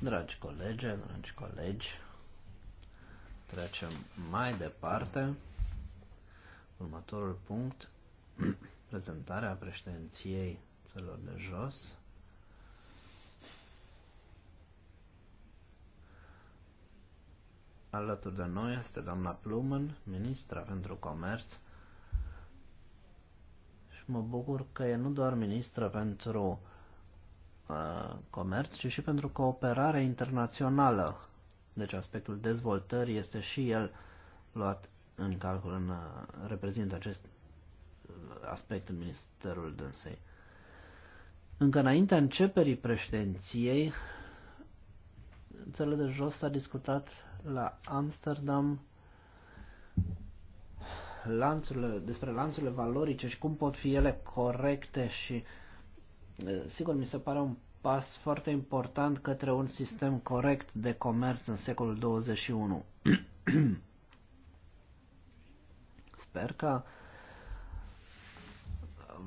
Dragi colegi, dragi colegi, trecem mai departe. Următorul punct, prezentarea președinției țărilor de jos. Alături de noi este doamna Plumen, ministra pentru comerț. Și mă bucur că e nu doar ministra pentru uh, Uh, comerț, ci și pentru cooperare internațională. Deci aspectul dezvoltării este și el luat în calcul, în, uh, reprezintă acest uh, aspect în Ministerul dânsei. Încă înaintea începerii președinției, în țările de jos s-a discutat la Amsterdam lanțurile, despre lanțurile valorice și cum pot fi ele corecte și uh, Sigur, mi se pare un pas foarte important către un sistem corect de comerț în secolul 21. Sper că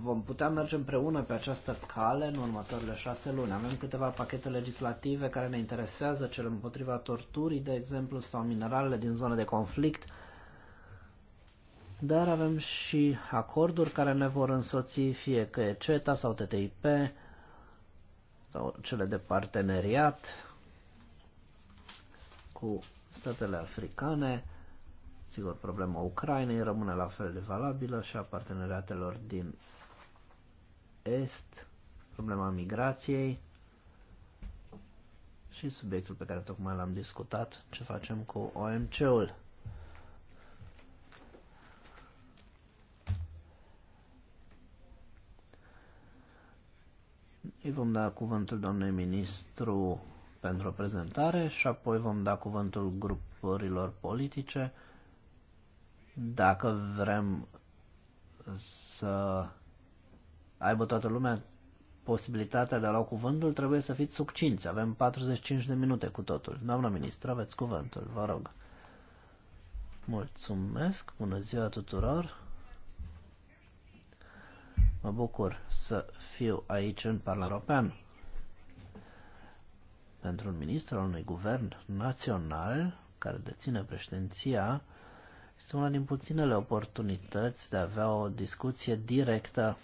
vom putea merge împreună pe această cale în următoarele șase luni. Avem câteva pachete legislative care ne interesează, cel împotriva torturii, de exemplu, sau mineralele din zone de conflict dar avem și acorduri care ne vor însoți, fie că e CETA sau TTIP sau cele de parteneriat cu statele africane. Sigur, problema Ucrainei rămâne la fel de valabilă și a parteneriatelor din Est, problema migrației și subiectul pe care tocmai l-am discutat, ce facem cu OMC-ul. Îi vom da cuvântul domnului ministru pentru o prezentare și apoi vom da cuvântul grupurilor politice. Dacă vrem să aibă toată lumea posibilitatea de a lua cuvântul, trebuie să fiți succinți. Avem 45 de minute cu totul. Doamna ministru, aveți cuvântul, vă rog. Mulțumesc, bună ziua tuturor. Mă bucur să fiu aici în Parlamentul European. Pentru un ministru al unui guvern național care deține președinția, este una din puținele oportunități de a avea o discuție directă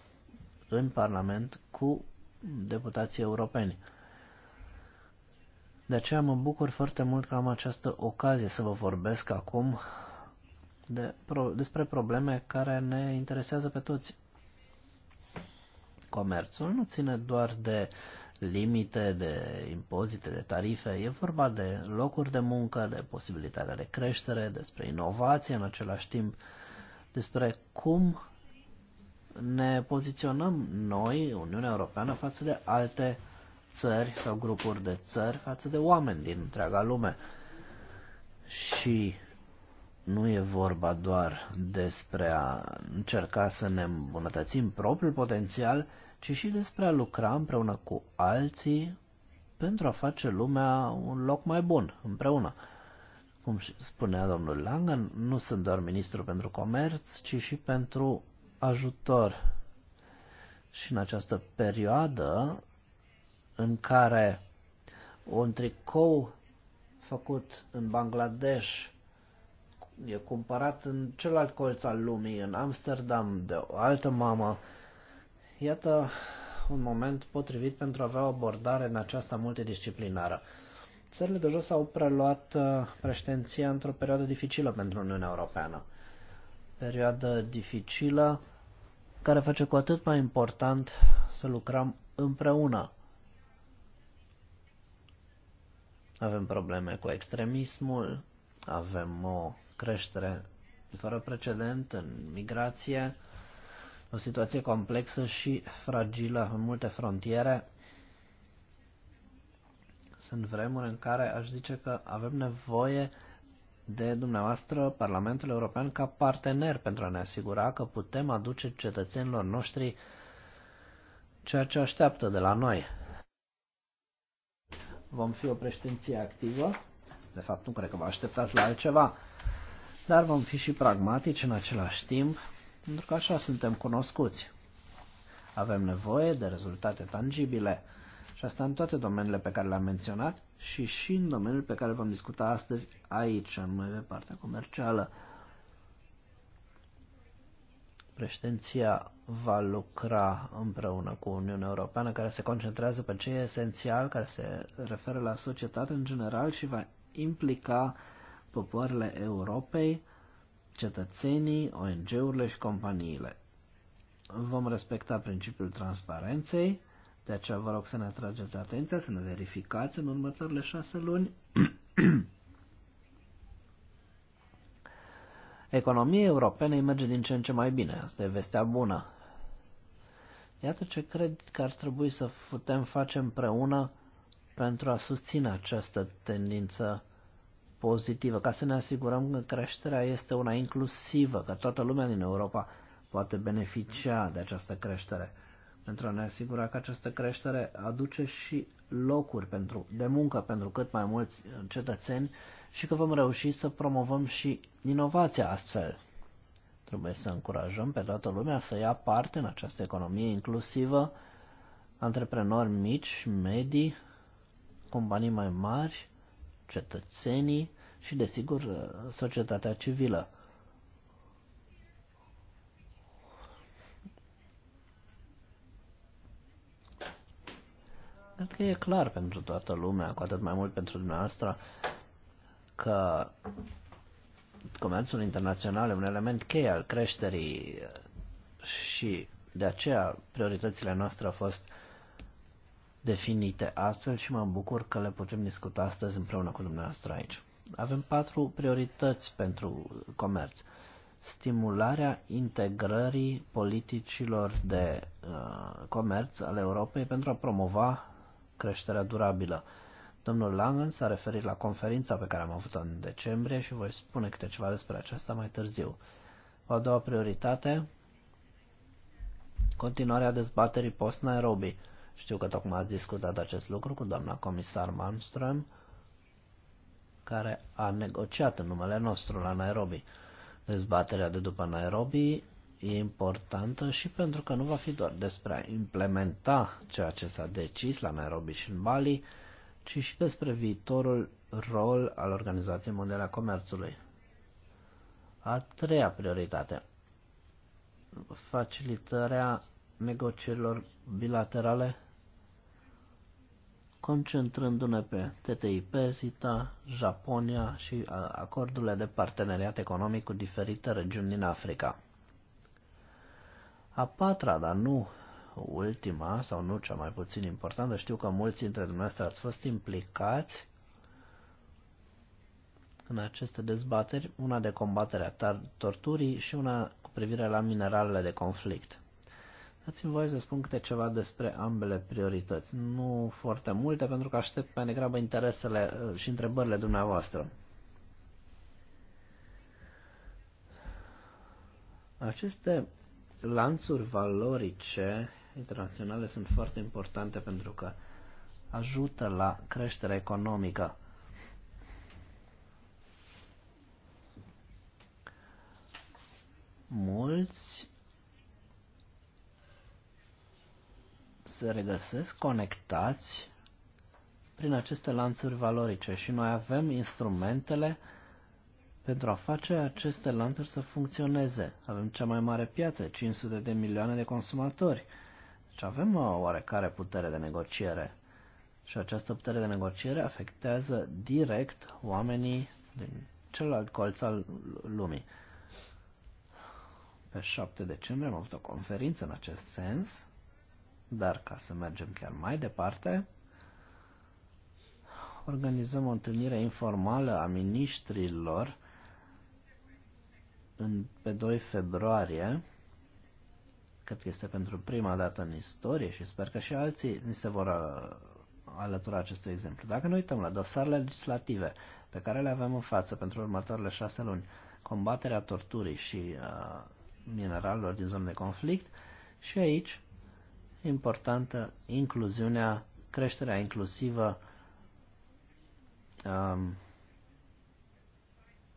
în Parlament cu deputații europeni. De aceea mă bucur foarte mult că am această ocazie să vă vorbesc acum de, pro, despre probleme care ne interesează pe toți comerțul nu ține doar de limite, de impozite, de tarife, e vorba de locuri de muncă, de posibilitatea de creștere, despre inovație în același timp, despre cum ne poziționăm noi, Uniunea Europeană, față de alte țări sau grupuri de țări, față de oameni din întreaga lume. Și nu e vorba doar despre a încerca să ne îmbunătățim propriul potențial, ci și despre a lucra împreună cu alții pentru a face lumea un loc mai bun împreună. Cum spunea domnul Langan, nu sunt doar ministru pentru comerț, ci și pentru ajutor. Și în această perioadă în care un tricou făcut în Bangladesh e cumpărat în celălalt colț al lumii, în Amsterdam, de o altă mamă, Iată un moment potrivit pentru a avea o abordare în aceasta multidisciplinară. Țările de jos au preluat uh, președinția într-o perioadă dificilă pentru Uniunea Europeană. Perioadă dificilă care face cu atât mai important să lucrăm împreună. Avem probleme cu extremismul, avem o creștere fără precedent în migrație, o situație complexă și fragilă în multe frontiere. Sunt vremuri în care aș zice că avem nevoie de dumneavoastră, Parlamentul European, ca partener pentru a ne asigura că putem aduce cetățenilor noștri ceea ce așteaptă de la noi. Vom fi o președinție activă, de fapt nu cred că vă așteptați la altceva, dar vom fi și pragmatici în același timp pentru că așa suntem cunoscuți. Avem nevoie de rezultate tangibile. Și asta în toate domeniile pe care le-am menționat și și în domeniul pe care vom discuta astăzi aici, în mai partea comercială. Președinția va lucra împreună cu Uniunea Europeană, care se concentrează pe ce e esențial, care se referă la societate în general și va implica popoarele Europei cetățenii, ONG-urile și companiile. Vom respecta principiul transparenței, de aceea vă rog să ne atrageți atenția, să ne verificați în următoarele șase luni. Economia europeană merge din ce în ce mai bine, asta e vestea bună. Iată ce cred că ar trebui să putem face împreună pentru a susține această tendință pozitivă, ca să ne asigurăm că creșterea este una inclusivă, că toată lumea din Europa poate beneficia de această creștere, pentru a ne asigura că această creștere aduce și locuri pentru, de muncă pentru cât mai mulți cetățeni și că vom reuși să promovăm și inovația astfel. Trebuie să încurajăm pe toată lumea să ia parte în această economie inclusivă, antreprenori mici, medii, companii mai mari, cetățenii și, desigur, societatea civilă. Cred că e clar pentru toată lumea, cu atât mai mult pentru dumneavoastră, că comerțul internațional e un element cheie al creșterii și de aceea prioritățile noastre au fost uh, definite astfel și mă bucur că le putem discuta astăzi împreună cu dumneavoastră aici. Avem patru priorități pentru comerț. Stimularea integrării politicilor de uh, comerț ale Europei pentru a promova creșterea durabilă. Domnul Langen s-a referit la conferința pe care am avut-o în decembrie și voi spune câte ceva despre aceasta mai târziu. O a doua prioritate, continuarea dezbaterii post-Nairobi. Știu că tocmai ați discutat acest lucru cu doamna comisar Malmström, care a negociat în numele nostru la Nairobi. Dezbaterea de după Nairobi e importantă și pentru că nu va fi doar despre a implementa ceea ce s-a decis la Nairobi și în Bali, ci și despre viitorul rol al Organizației Mondiale a Comerțului. A treia prioritate. Facilitarea negocierilor bilaterale concentrându-ne pe TTIP, SITA, Japonia și acordurile de parteneriat economic cu diferite regiuni din Africa. A patra, dar nu ultima, sau nu cea mai puțin importantă, știu că mulți dintre dumneavoastră ați fost implicați în aceste dezbateri, una de combaterea torturii și una cu privire la mineralele de conflict. Dați-mi voie să spun câte ceva despre ambele priorități. Nu foarte multe, pentru că aștept mai degrabă interesele uh, și întrebările dumneavoastră. Aceste lanțuri valorice internaționale sunt foarte importante pentru că ajută la creșterea economică. Mulți se regăsesc conectați prin aceste lanțuri valorice și noi avem instrumentele pentru a face aceste lanțuri să funcționeze. Avem cea mai mare piață, 500 de milioane de consumatori. Deci avem o oarecare putere de negociere. Și această putere de negociere afectează direct oamenii din celălalt colț al lumii. Pe 7 decembrie am avut o conferință în acest sens dar ca să mergem chiar mai departe, organizăm o întâlnire informală a ministrilor în, pe 2 februarie. Cred că este pentru prima dată în istorie și sper că și alții ni se vor uh, alătura acestui exemplu. Dacă ne uităm la dosarele legislative pe care le avem în față pentru următoarele șase luni, combaterea torturii și uh, mineralelor din zone de conflict, și aici importantă incluziunea, creșterea inclusivă, um,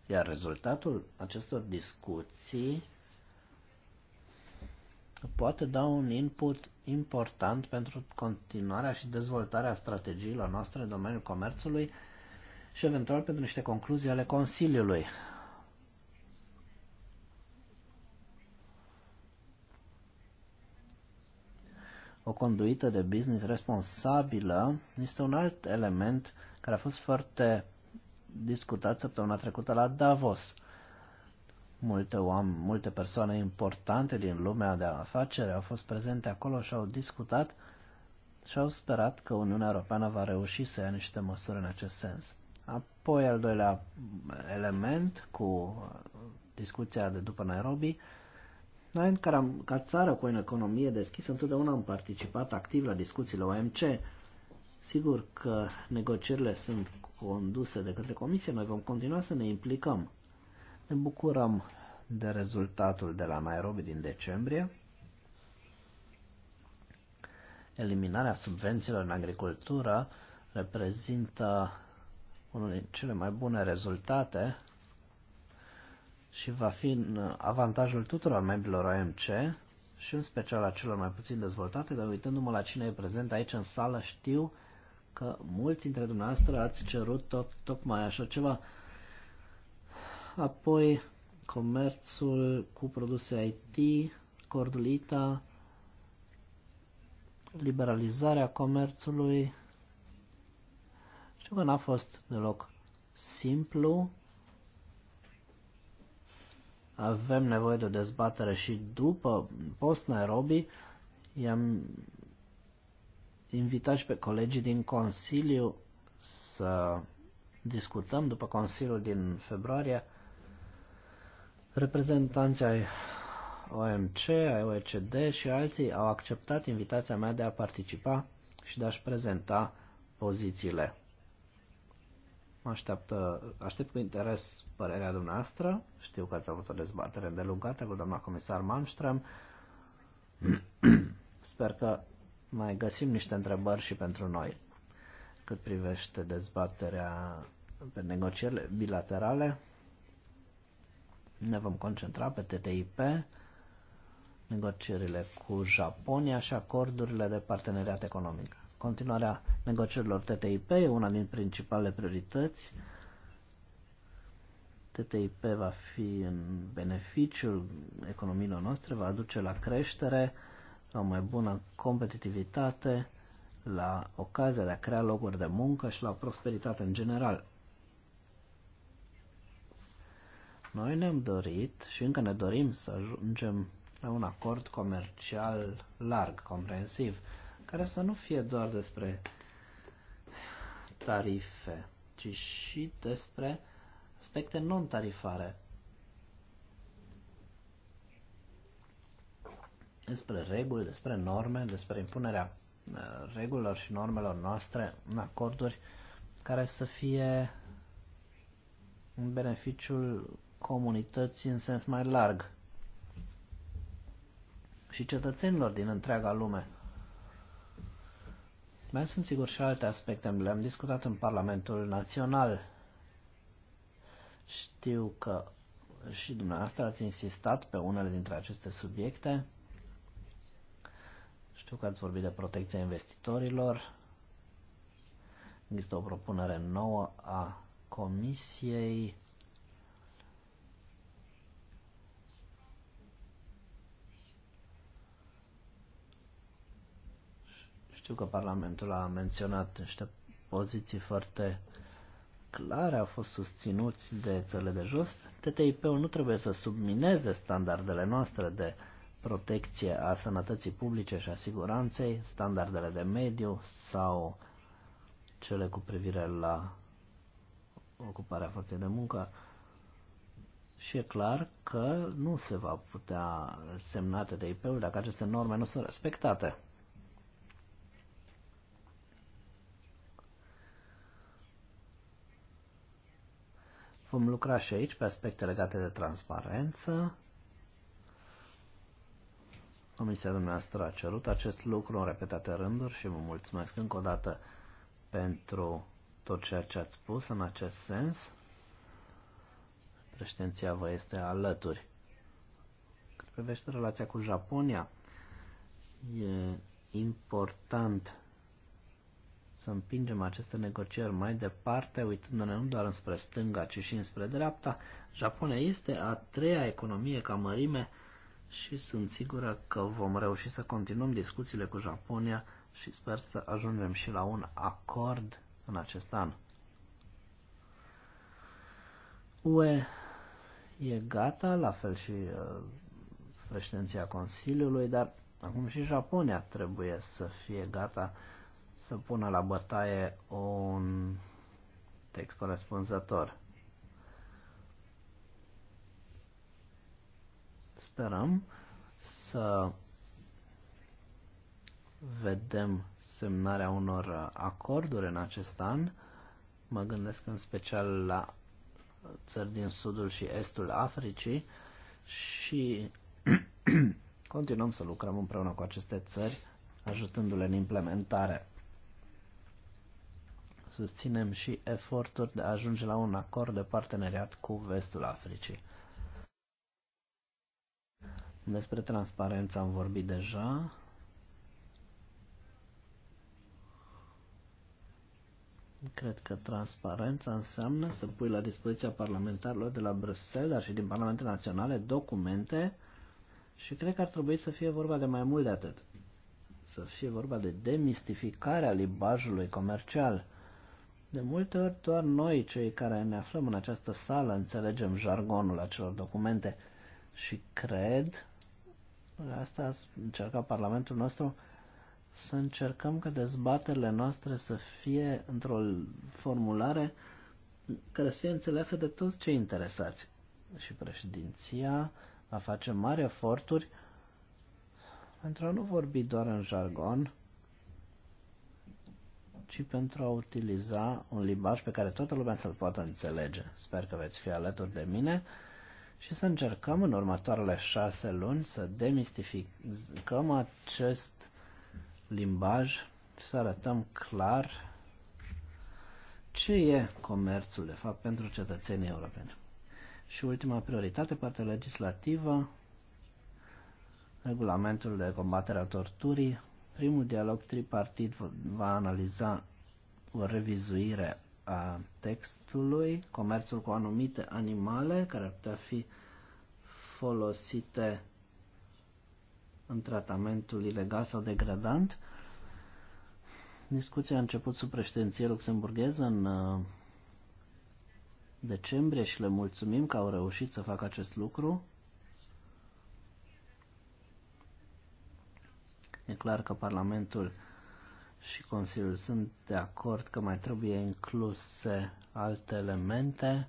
iar rezultatul acestor discuții poate da un input important pentru continuarea și dezvoltarea strategiilor noastre în domeniul comerțului și eventual pentru niște concluzii ale Consiliului. o conduită de business responsabilă este un alt element care a fost foarte discutat săptămâna trecută la Davos. Multe, oameni, multe persoane importante din lumea de afaceri au fost prezente acolo și au discutat și au sperat că Uniunea Europeană va reuși să ia niște măsuri în acest sens. Apoi, al doilea element cu discuția de după Nairobi, noi, care am, ca țară cu o economie deschisă, întotdeauna am participat activ la discuțiile OMC. Sigur că negocierile sunt conduse de către Comisie, noi vom continua să ne implicăm. Ne bucurăm de rezultatul de la Nairobi din decembrie, eliminarea subvențiilor în agricultură reprezintă unul din cele mai bune rezultate și va fi în avantajul tuturor membrilor OMC și în special a celor mai puțin dezvoltate, dar uitându-mă la cine e prezent aici în sală, știu că mulți dintre dumneavoastră ați cerut tot, tocmai așa ceva. Apoi, comerțul cu produse IT, cordulita, liberalizarea comerțului. Știu că n-a fost deloc simplu, avem nevoie de o dezbatere și după post-Nairobi. I-am invitat și pe colegii din Consiliu să discutăm după Consiliul din februarie reprezentanții ai OMC, ai OECD și alții au acceptat invitația mea de a participa și de a-și prezenta pozițiile. Așteaptă, aștept cu interes părerea dumneavoastră. Știu că ați avut o dezbatere îndelungată cu doamna comisar Malmström. Sper că mai găsim niște întrebări și pentru noi cât privește dezbaterea pe negocierile bilaterale. Ne vom concentra pe TTIP, negocierile cu Japonia și acordurile de parteneriat economic continuarea negocierilor TTIP, una din principalele priorități. TTIP va fi în beneficiul economiilor noastre, va aduce la creștere, la o mai bună competitivitate, la ocazia de a crea locuri de muncă și la prosperitate în general. Noi ne-am dorit și încă ne dorim să ajungem la un acord comercial larg, comprehensiv, care să nu fie doar despre tarife, ci și despre aspecte non-tarifare. Despre reguli, despre norme, despre impunerea uh, regulilor și normelor noastre în acorduri care să fie în beneficiul comunității în sens mai larg și cetățenilor din întreaga lume. Mai sunt sigur și alte aspecte, le-am discutat în Parlamentul Național. Știu că și dumneavoastră ați insistat pe unele dintre aceste subiecte. Știu că ați vorbit de protecția investitorilor. Există o propunere nouă a Comisiei Știu că Parlamentul a menționat niște poziții foarte clare, au fost susținuți de țările de jos. TTIP-ul nu trebuie să submineze standardele noastre de protecție a sănătății publice și a siguranței, standardele de mediu sau cele cu privire la ocuparea forței de muncă. Și e clar că nu se va putea semna TTIP-ul dacă aceste norme nu sunt respectate. Vom lucra și aici pe aspecte legate de transparență. Comisia dumneavoastră a cerut acest lucru în repetate rânduri și vă mulțumesc încă o dată pentru tot ceea ce ați spus în acest sens. Președinția vă este alături. Cât privește relația cu Japonia, e important să împingem aceste negocieri mai departe, uitându-ne nu doar înspre stânga, ci și înspre dreapta. Japonia este a treia economie ca mărime și sunt sigură că vom reuși să continuăm discuțiile cu Japonia și sper să ajungem și la un acord în acest an. UE e gata, la fel și uh, președinția Consiliului, dar acum și Japonia trebuie să fie gata să pună la bătaie un text corespunzător. Sperăm să vedem semnarea unor acorduri în acest an. Mă gândesc în special la țări din sudul și estul Africii și continuăm să lucrăm împreună cu aceste țări, ajutându-le în implementare susținem și eforturi de a ajunge la un acord de parteneriat cu vestul Africii. Despre transparență am vorbit deja. Cred că transparența înseamnă să pui la dispoziția parlamentarilor de la Bruxelles, dar și din parlamente Naționale, documente și cred că ar trebui să fie vorba de mai mult de atât. Să fie vorba de demistificarea libajului comercial. De multe ori doar noi, cei care ne aflăm în această sală, înțelegem jargonul acelor documente și cred, asta încerca Parlamentul nostru, să încercăm ca dezbaterile noastre să fie într-o formulare care să fie înțeleasă de toți cei interesați. Și președinția va face mari eforturi pentru a nu vorbi doar în jargon, ci pentru a utiliza un limbaj pe care toată lumea să-l poată înțelege. Sper că veți fi alături de mine și să încercăm în următoarele șase luni să demistificăm acest limbaj și să arătăm clar ce e comerțul, de fapt, pentru cetățenii europeni. Și ultima prioritate, partea legislativă, regulamentul de combatere a torturii, Primul dialog tripartit va analiza o revizuire a textului, comerțul cu anumite animale care ar putea fi folosite în tratamentul ilegal sau degradant. Discuția a început sub președinție luxemburgheză în uh, decembrie și le mulțumim că au reușit să facă acest lucru. E clar că Parlamentul și Consiliul sunt de acord că mai trebuie incluse alte elemente,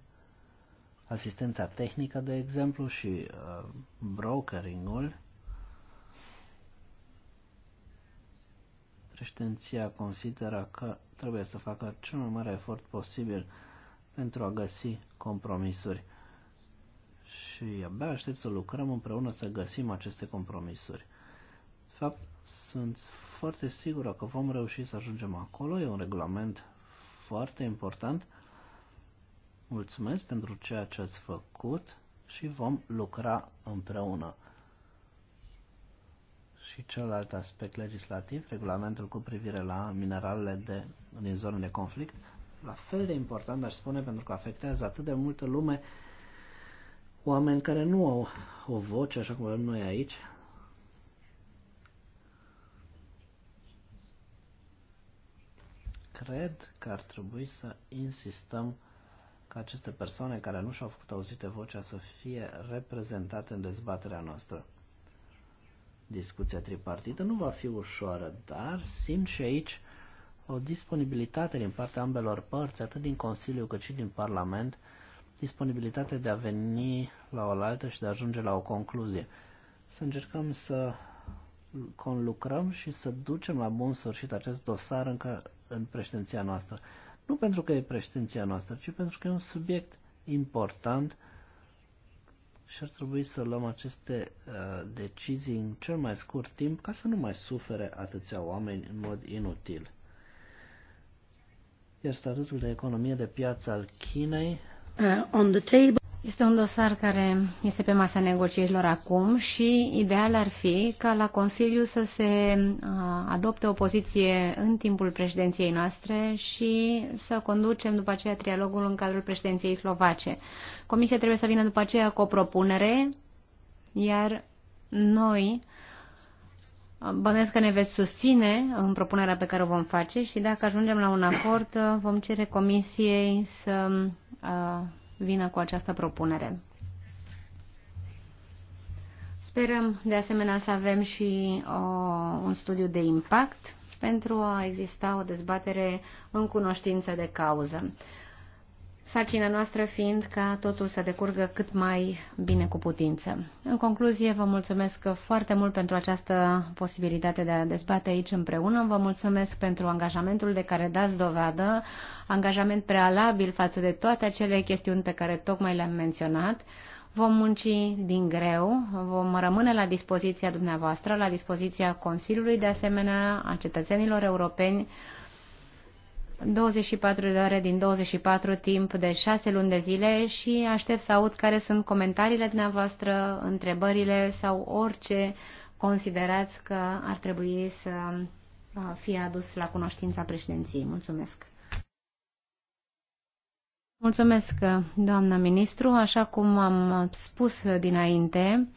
asistența tehnică, de exemplu, și uh, brokeringul. Președinția consideră că trebuie să facă cel mai mare efort posibil pentru a găsi compromisuri și abia aștept să lucrăm împreună să găsim aceste compromisuri fapt, sunt foarte sigură că vom reuși să ajungem acolo. E un regulament foarte important. Mulțumesc pentru ceea ce ați făcut și vom lucra împreună. Și celălalt aspect legislativ, regulamentul cu privire la mineralele de, din zonele de conflict, la fel de important, aș spune, pentru că afectează atât de multă lume, oameni care nu au o voce, așa cum nu e aici, cred că ar trebui să insistăm ca aceste persoane care nu și-au făcut auzite vocea să fie reprezentate în dezbaterea noastră. Discuția tripartită nu va fi ușoară, dar simt și aici o disponibilitate din partea ambelor părți, atât din Consiliu cât și din Parlament, disponibilitate de a veni la oaltă și de a ajunge la o concluzie. Să încercăm să conlucrăm și să ducem la bun sfârșit acest dosar încă în președinția noastră. Nu pentru că e președinția noastră, ci pentru că e un subiect important și ar trebui să luăm aceste uh, decizii în cel mai scurt timp ca să nu mai sufere atâția oameni în mod inutil. Iar statutul de economie de piață al Chinei uh, on the table. Este un dosar care este pe masa negocierilor acum și ideal ar fi ca la Consiliu să se uh, adopte o poziție în timpul președinției noastre și să conducem după aceea trialogul în cadrul președinției slovace. Comisia trebuie să vină după aceea cu o propunere, iar noi uh, bănesc că ne veți susține în propunerea pe care o vom face și dacă ajungem la un acord uh, vom cere Comisiei să vină cu această propunere. Sperăm de asemenea să avem și o, un studiu de impact pentru a exista o dezbatere în cunoștință de cauză. Sarcina noastră fiind ca totul să decurgă cât mai bine cu putință. În concluzie, vă mulțumesc foarte mult pentru această posibilitate de a dezbate aici împreună. Vă mulțumesc pentru angajamentul de care dați dovadă, angajament prealabil față de toate acele chestiuni pe care tocmai le-am menționat. Vom munci din greu, vom rămâne la dispoziția dumneavoastră, la dispoziția Consiliului, de asemenea a cetățenilor europeni, 24 de ore din 24 timp de 6 luni de zile și aștept să aud care sunt comentariile dumneavoastră, întrebările sau orice considerați că ar trebui să uh, fie adus la cunoștința președinției. Mulțumesc! Mulțumesc, doamna ministru. Așa cum am spus dinainte,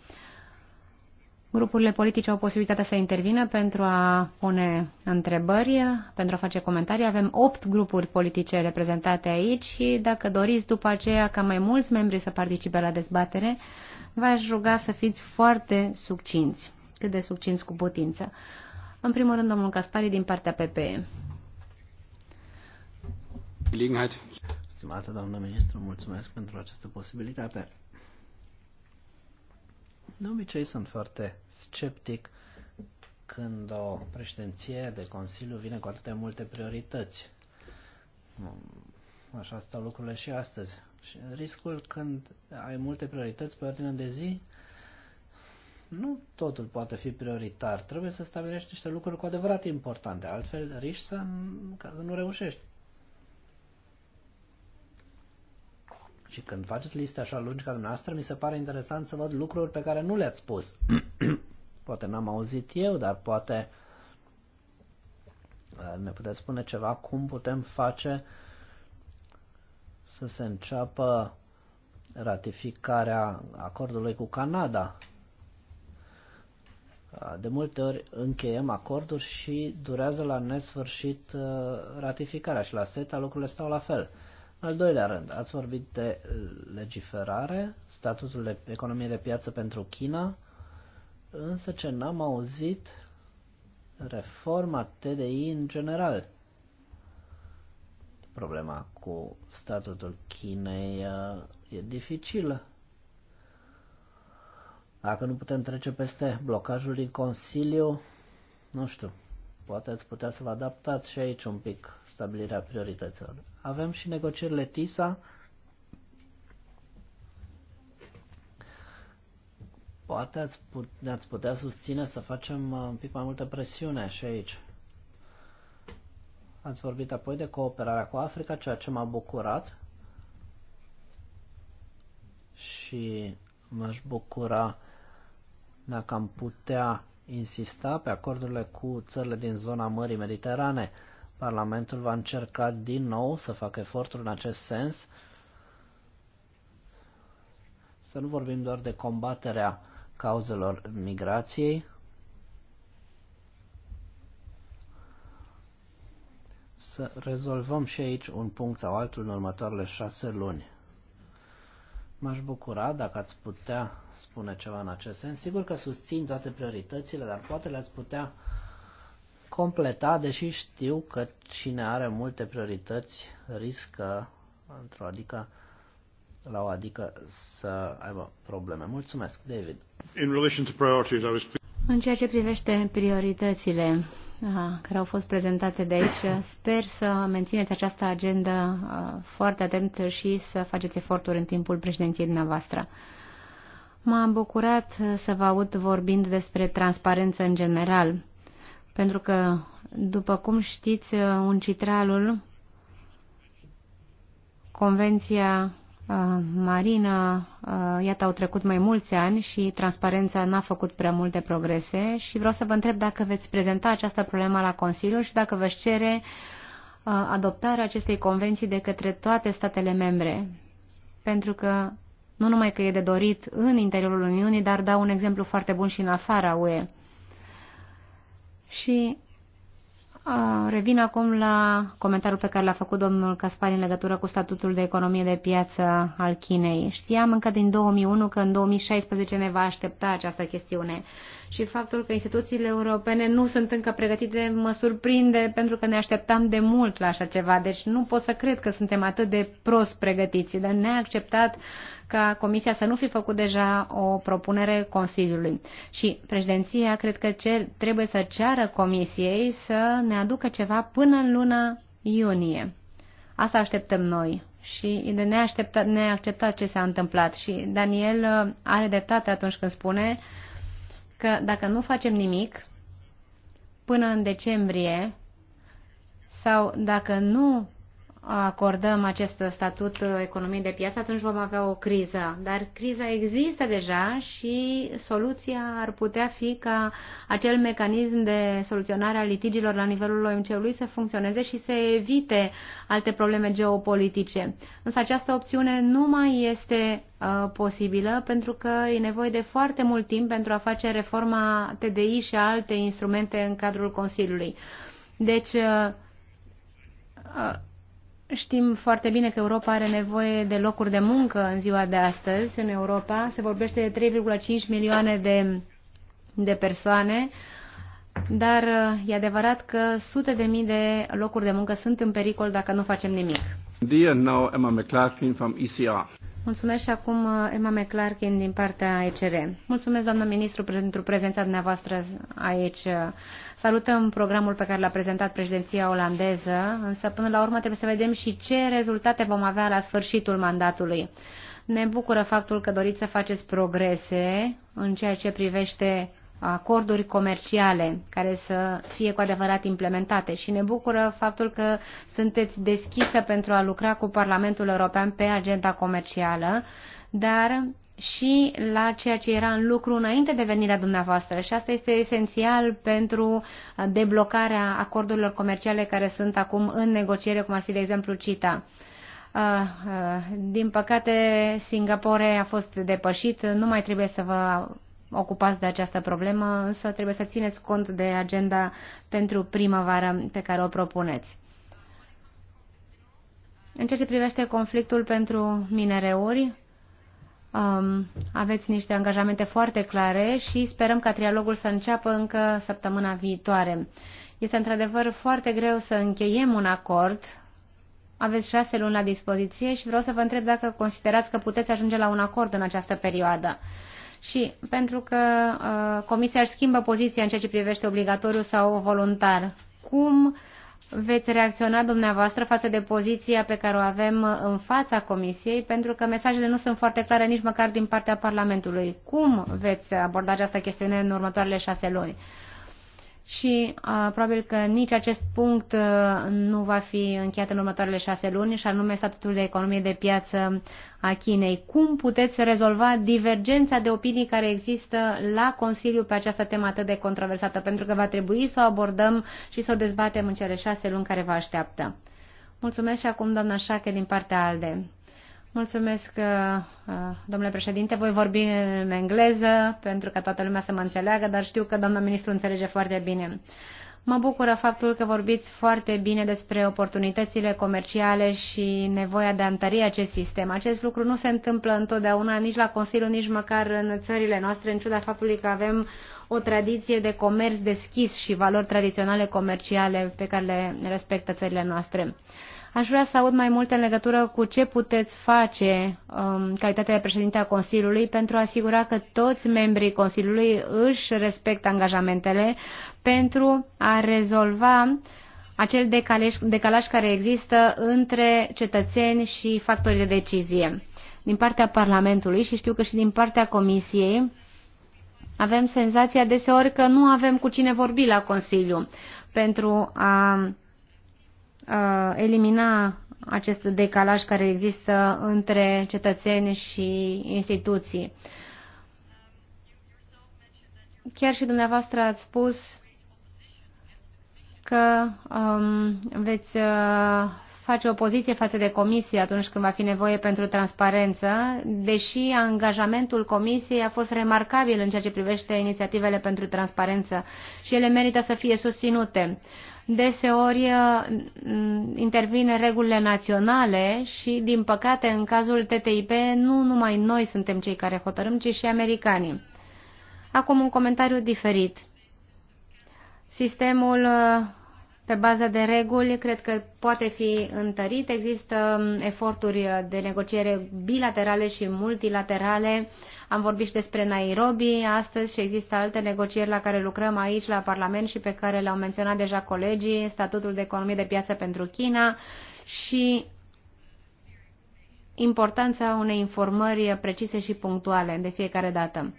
Grupurile politice au posibilitatea să intervină pentru a pune întrebări, pentru a face comentarii. Avem opt grupuri politice reprezentate aici și dacă doriți după aceea ca mai mulți membri să participe la dezbatere, v-aș ruga să fiți foarte succinți, cât de succinți cu putință. În primul rând, domnul Caspari din partea PPE. Stimată doamnă ministru, mulțumesc pentru această posibilitate. De obicei sunt foarte sceptic când o președinție de Consiliu vine cu atâtea multe priorități. Mm, așa stau lucrurile și astăzi. Și riscul când ai multe priorități pe ordine de zi, nu totul poate fi prioritar. Trebuie să stabilești niște lucruri cu adevărat importante. Altfel, riști să, nu reușești. Și când faceți liste așa lungi ca dumneavoastră, mi se pare interesant să văd lucruri pe care nu le-ați spus. poate n-am auzit eu, dar poate uh, ne puteți spune ceva cum putem face să se înceapă ratificarea acordului cu Canada. Uh, de multe ori încheiem acorduri și durează la nesfârșit uh, ratificarea și la SETA lucrurile stau la fel al doilea rând, ați vorbit de legiferare, statutul de economie de piață pentru China, însă ce n-am auzit, reforma TDI în general. Problema cu statutul Chinei uh, e dificilă. Dacă nu putem trece peste blocajul din Consiliu, nu știu, Poate ați putea să vă adaptați și aici un pic stabilirea priorităților. Avem și negocierile TISA. Poate ați putea, ați putea susține să facem uh, un pic mai multă presiune și aici. Ați vorbit apoi de cooperarea cu Africa, ceea ce m-a bucurat și m-aș bucura dacă am putea insista pe acordurile cu țările din zona Mării Mediterane. Parlamentul va încerca din nou să facă eforturi în acest sens. Să nu vorbim doar de combaterea cauzelor migrației, să rezolvăm și aici un punct sau altul în următoarele șase luni. M-aș bucura dacă ați putea spune ceva în acest sens. Sigur că susțin toate prioritățile, dar poate le-ați putea completa, deși știu că cine are multe priorități riscă într-o adică la o adică să aibă probleme. Mulțumesc, David. In relation to priorities, I was... În ceea ce privește prioritățile, da, care au fost prezentate de aici. Sper să mențineți această agendă uh, foarte atentă și să faceți eforturi în timpul președinției dumneavoastră. M-am bucurat să vă aud vorbind despre transparență în general, pentru că, după cum știți, uh, un citralul, Convenția Uh, Marina, uh, iată, au trecut mai mulți ani și transparența n-a făcut prea multe progrese și vreau să vă întreb dacă veți prezenta această problemă la Consiliu și dacă veți cere uh, adoptarea acestei convenții de către toate statele membre. Pentru că nu numai că e de dorit în interiorul Uniunii, dar dau un exemplu foarte bun și în afara UE. Și Revin acum la comentariul pe care l-a făcut domnul Caspari în legătură cu statutul de economie de piață al Chinei. Știam încă din 2001 că în 2016 ne va aștepta această chestiune și faptul că instituțiile europene nu sunt încă pregătite mă surprinde pentru că ne așteptam de mult la așa ceva. Deci nu pot să cred că suntem atât de prost pregătiți, dar ne-a acceptat ca Comisia să nu fi făcut deja o propunere Consiliului. Și președinția cred că cer, trebuie să ceară Comisiei să ne aducă ceva până în luna iunie. Asta așteptăm noi și de neașteptat, neacceptat ce s-a întâmplat. Și Daniel uh, are dreptate atunci când spune că dacă nu facem nimic până în decembrie sau dacă nu acordăm acest statut economiei de piață, atunci vom avea o criză. Dar criza există deja și soluția ar putea fi ca acel mecanism de soluționare a litigilor la nivelul OMC-ului să funcționeze și să evite alte probleme geopolitice. Însă această opțiune nu mai este uh, posibilă pentru că e nevoie de foarte mult timp pentru a face reforma TDI și alte instrumente în cadrul Consiliului. Deci, uh, uh, Știm foarte bine că Europa are nevoie de locuri de muncă în ziua de astăzi în Europa. Se vorbește de 3,5 milioane de, de persoane, dar uh, e adevărat că sute de mii de locuri de muncă sunt în pericol dacă nu facem nimic. Dear now Emma McLaughlin from ECR. Mulțumesc și acum uh, Emma McClarkin din partea ECR. Mulțumesc, doamnă ministru, pentru prezența dumneavoastră aici. Salutăm programul pe care l-a prezentat președinția olandeză, însă până la urmă trebuie să vedem și ce rezultate vom avea la sfârșitul mandatului. Ne bucură faptul că doriți să faceți progrese în ceea ce privește acorduri comerciale care să fie cu adevărat implementate și ne bucură faptul că sunteți deschisă pentru a lucra cu Parlamentul European pe agenda comercială, dar și la ceea ce era în lucru înainte de venirea dumneavoastră și asta este esențial pentru deblocarea acordurilor comerciale care sunt acum în negociere, cum ar fi, de exemplu, CITA. Ah, ah, din păcate, Singapore a fost depășit, nu mai trebuie să vă ocupați de această problemă, însă trebuie să țineți cont de agenda pentru primăvară pe care o propuneți. În ceea ce privește conflictul pentru minereuri, um, aveți niște angajamente foarte clare și sperăm ca trialogul să înceapă încă săptămâna viitoare. Este într-adevăr foarte greu să încheiem un acord. Aveți șase luni la dispoziție și vreau să vă întreb dacă considerați că puteți ajunge la un acord în această perioadă și pentru că uh, Comisia își schimbă poziția în ceea ce privește obligatoriu sau voluntar. Cum veți reacționa dumneavoastră față de poziția pe care o avem în fața Comisiei, pentru că mesajele nu sunt foarte clare nici măcar din partea Parlamentului. Cum veți aborda această chestiune în următoarele șase luni? Uh, și uh, probabil că nici acest punct uh, nu va fi încheiat în următoarele șase luni, și anume statutul de economie de piață a Chinei. Cum puteți rezolva divergența de opinii care există la Consiliu pe această temă atât de controversată? Pentru că va trebui să o abordăm și să o dezbatem în cele șase luni care vă așteaptă. Mulțumesc și acum doamna Șache din partea ALDE. Mulțumesc, uh, uh, domnule președinte. Voi vorbi în engleză pentru ca toată lumea să mă înțeleagă, dar știu că doamna ministru înțelege foarte bine. Mă bucură faptul că vorbiți foarte bine despre oportunitățile comerciale și nevoia de a întări acest sistem. Acest lucru nu se întâmplă întotdeauna nici la Consiliu, nici măcar în țările noastre, în ciuda faptului că avem o tradiție de comerț deschis și valori tradiționale comerciale pe care le respectă țările noastre. Aș vrea să aud mai multe în legătură cu ce puteți face um, calitatea de președinte a Consiliului pentru a asigura că toți membrii Consiliului își respectă angajamentele pentru a rezolva acel decalaj, decalaj care există între cetățeni și factorii de decizie. Din partea Parlamentului și știu că și din partea Comisiei avem senzația deseori că nu avem cu cine vorbi la Consiliu pentru a Uh, elimina acest decalaj care există între cetățeni și instituții. Chiar și dumneavoastră ați spus că um, veți uh, face opoziție față de comisie atunci când va fi nevoie pentru transparență, deși angajamentul comisiei a fost remarcabil în ceea ce privește inițiativele pentru transparență și ele merită să fie susținute. Uh, deseori uh, intervin regulile naționale și, din păcate, în cazul TTIP, nu numai noi suntem cei care hotărâm, ci și americanii. Acum un comentariu diferit. Sistemul uh, pe bază de reguli cred că poate fi întărit. Există um, eforturi de negociere bilaterale și multilaterale am vorbit și despre Nairobi astăzi și există alte negocieri la care lucrăm aici la Parlament și pe care le-au menționat deja colegii, statutul de economie de piață pentru China și importanța unei informări precise și punctuale de fiecare dată.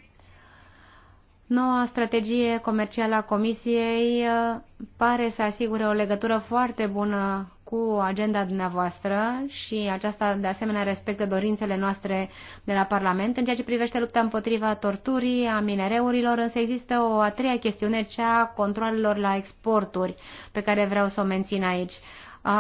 Noua strategie comercială a Comisiei uh, pare să asigure o legătură foarte bună cu agenda dumneavoastră și aceasta de asemenea respectă dorințele noastre de la Parlament în ceea ce privește lupta împotriva torturii, a minereurilor, însă există o a treia chestiune, cea a controlelor la exporturi, pe care vreau să o mențin aici.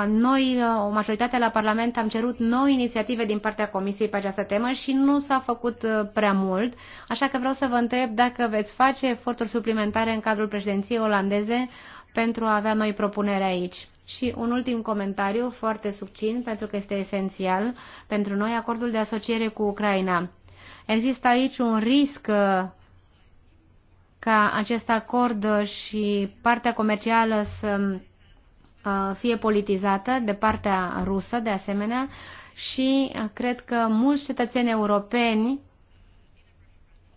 Noi, o majoritate la Parlament, am cerut noi inițiative din partea Comisiei pe această temă și nu s-a făcut prea mult, așa că vreau să vă întreb dacă veți face eforturi suplimentare în cadrul președinției olandeze pentru a avea noi propunere aici. Și un ultim comentariu foarte subțin pentru că este esențial pentru noi, acordul de asociere cu Ucraina. Există aici un risc uh, ca acest acord uh, și partea comercială să uh, fie politizată de partea rusă, de asemenea, și cred că mulți cetățeni europeni,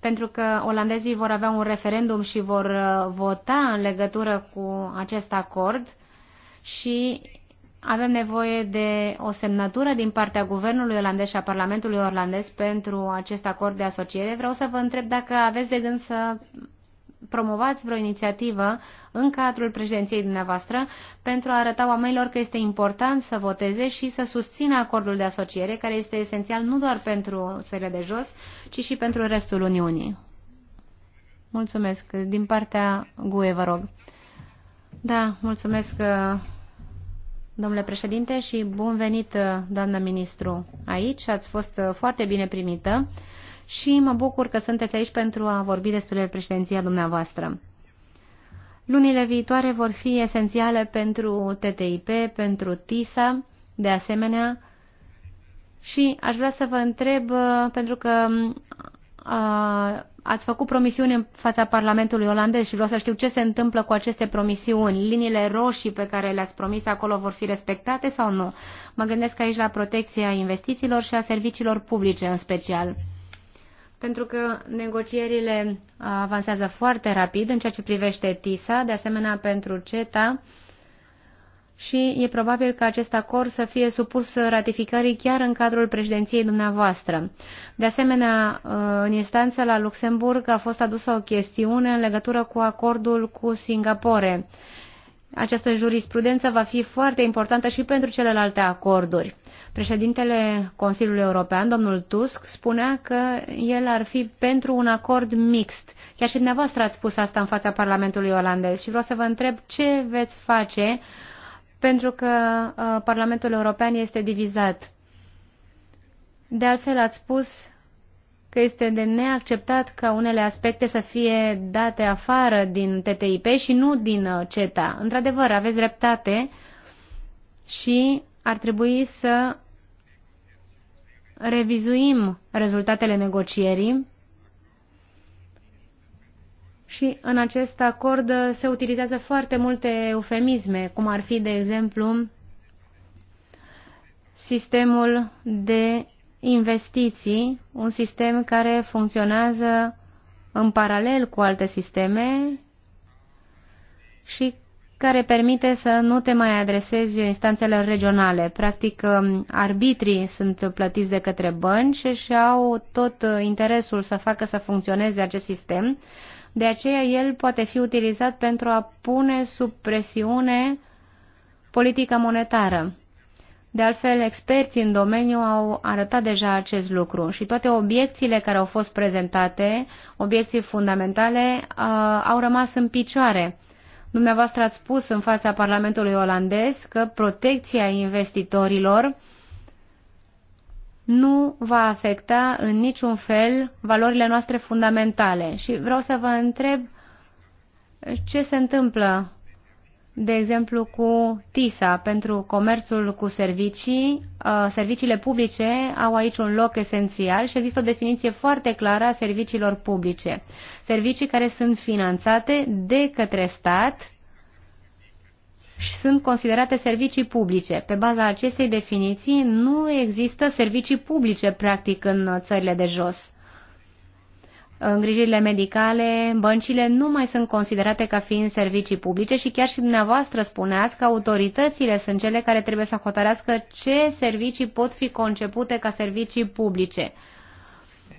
pentru că olandezii vor avea un referendum și vor vota în legătură cu acest acord, și avem nevoie de o semnătură din partea Guvernului Olandez și a Parlamentului Olandez pentru acest acord de asociere. Vreau să vă întreb dacă aveți de gând să promovați vreo inițiativă în cadrul președinției dumneavoastră pentru a arăta oamenilor că este important să voteze și să susțină acordul de asociere, care este esențial nu doar pentru țările de jos, ci și pentru restul Uniunii. Mulțumesc. Din partea GUE, vă rog. Da, mulțumesc uh, domnule președinte, și bun venit, uh, doamnă ministru, aici. Ați fost uh, foarte bine primită și mă bucur că sunteți aici pentru a vorbi despre președinția dumneavoastră. Lunile viitoare vor fi esențiale pentru TTIP, pentru TISA, de asemenea, și aș vrea să vă întreb, uh, pentru că a, Ați făcut promisiuni în fața Parlamentului olandez și vreau să știu ce se întâmplă cu aceste promisiuni. Liniile roșii pe care le-ați promis acolo vor fi respectate sau nu? Mă gândesc aici la protecția investițiilor și a serviciilor publice în special. Pentru că negocierile uh, avansează foarte rapid în ceea ce privește TISA, de asemenea pentru CETA, și e probabil că acest acord să fie supus ratificării chiar în cadrul președinției dumneavoastră. De asemenea, în instanță la Luxemburg a fost adusă o chestiune în legătură cu acordul cu Singapore. Această jurisprudență va fi foarte importantă și pentru celelalte acorduri. Președintele Consiliului European, domnul Tusk, spunea că el ar fi pentru un acord mixt. Chiar și dumneavoastră ați spus asta în fața Parlamentului olandez și vreau să vă întreb ce veți face uh, pentru că uh, Parlamentul European este divizat. De altfel, ați spus că este de neacceptat ca unele aspecte să fie date afară din TTIP și nu din uh, CETA. Într-adevăr, aveți dreptate și ar trebui să revizuim rezultatele negocierii și în acest acord se utilizează foarte multe eufemisme, cum ar fi, de exemplu, sistemul de investiții, un sistem care funcționează în paralel cu alte sisteme și care permite să nu te mai adresezi instanțelor regionale. Practic, um, arbitrii sunt plătiți de către bănci și au tot uh, interesul să facă să funcționeze acest sistem de aceea el poate fi utilizat pentru a pune sub presiune politica monetară. De altfel, experții în domeniu au arătat deja acest lucru și toate obiecțiile care au fost prezentate, obiecții fundamentale, uh, au rămas în picioare. Dumneavoastră ați spus în fața Parlamentului olandez că protecția investitorilor nu va afecta în niciun fel valorile noastre fundamentale. Și vreau să vă întreb ce se întâmplă, de exemplu, cu TISA pentru comerțul cu servicii. Uh, serviciile publice au aici un loc esențial și există o definiție foarte clară a serviciilor publice. Servicii care sunt finanțate de către stat și sunt considerate servicii publice. Pe baza acestei definiții nu există servicii publice practic în țările de jos. Îngrijirile medicale, băncile nu mai sunt considerate ca fiind servicii publice și chiar și dumneavoastră spuneați că autoritățile sunt cele care trebuie să hotărească ce servicii pot fi concepute ca servicii publice.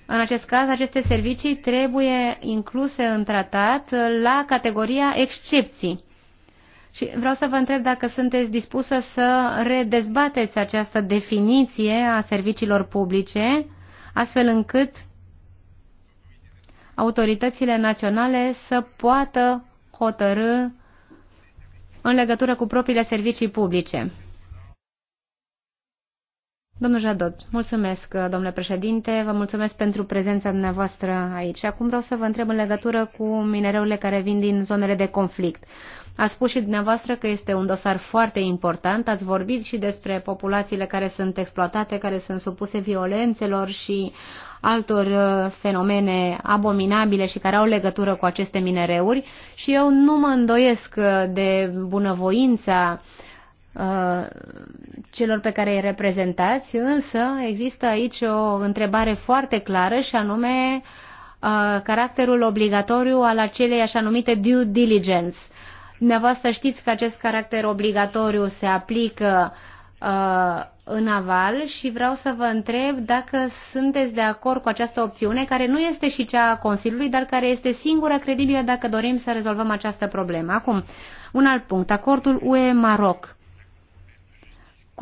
În acest caz, aceste servicii trebuie incluse în tratat la categoria excepții. Și vreau să vă întreb dacă sunteți dispusă să redezbateți această definiție a serviciilor publice, astfel încât autoritățile naționale să poată hotărâ în legătură cu propriile servicii publice. Domnul Jadot, mulțumesc, domnule președinte, vă mulțumesc pentru prezența dumneavoastră aici. Acum vreau să vă întreb în legătură cu minereurile care vin din zonele de conflict. Ați spus și dumneavoastră că este un dosar foarte important. Ați vorbit și despre populațiile care sunt exploatate, care sunt supuse violențelor și altor uh, fenomene abominabile și care au legătură cu aceste minereuri. Și eu nu mă îndoiesc uh, de bunăvoința uh, celor pe care îi reprezentați, însă există aici o întrebare foarte clară și anume caracterul obligatoriu al acelei așa numite due diligence. Dumneavoastră știți că acest caracter obligatoriu se aplică uh, în aval și vreau să vă întreb dacă sunteți de acord cu această opțiune, care nu este și cea a Consiliului, dar care este singura credibilă dacă dorim să rezolvăm această problemă. Acum, un alt punct, acordul UE-Maroc.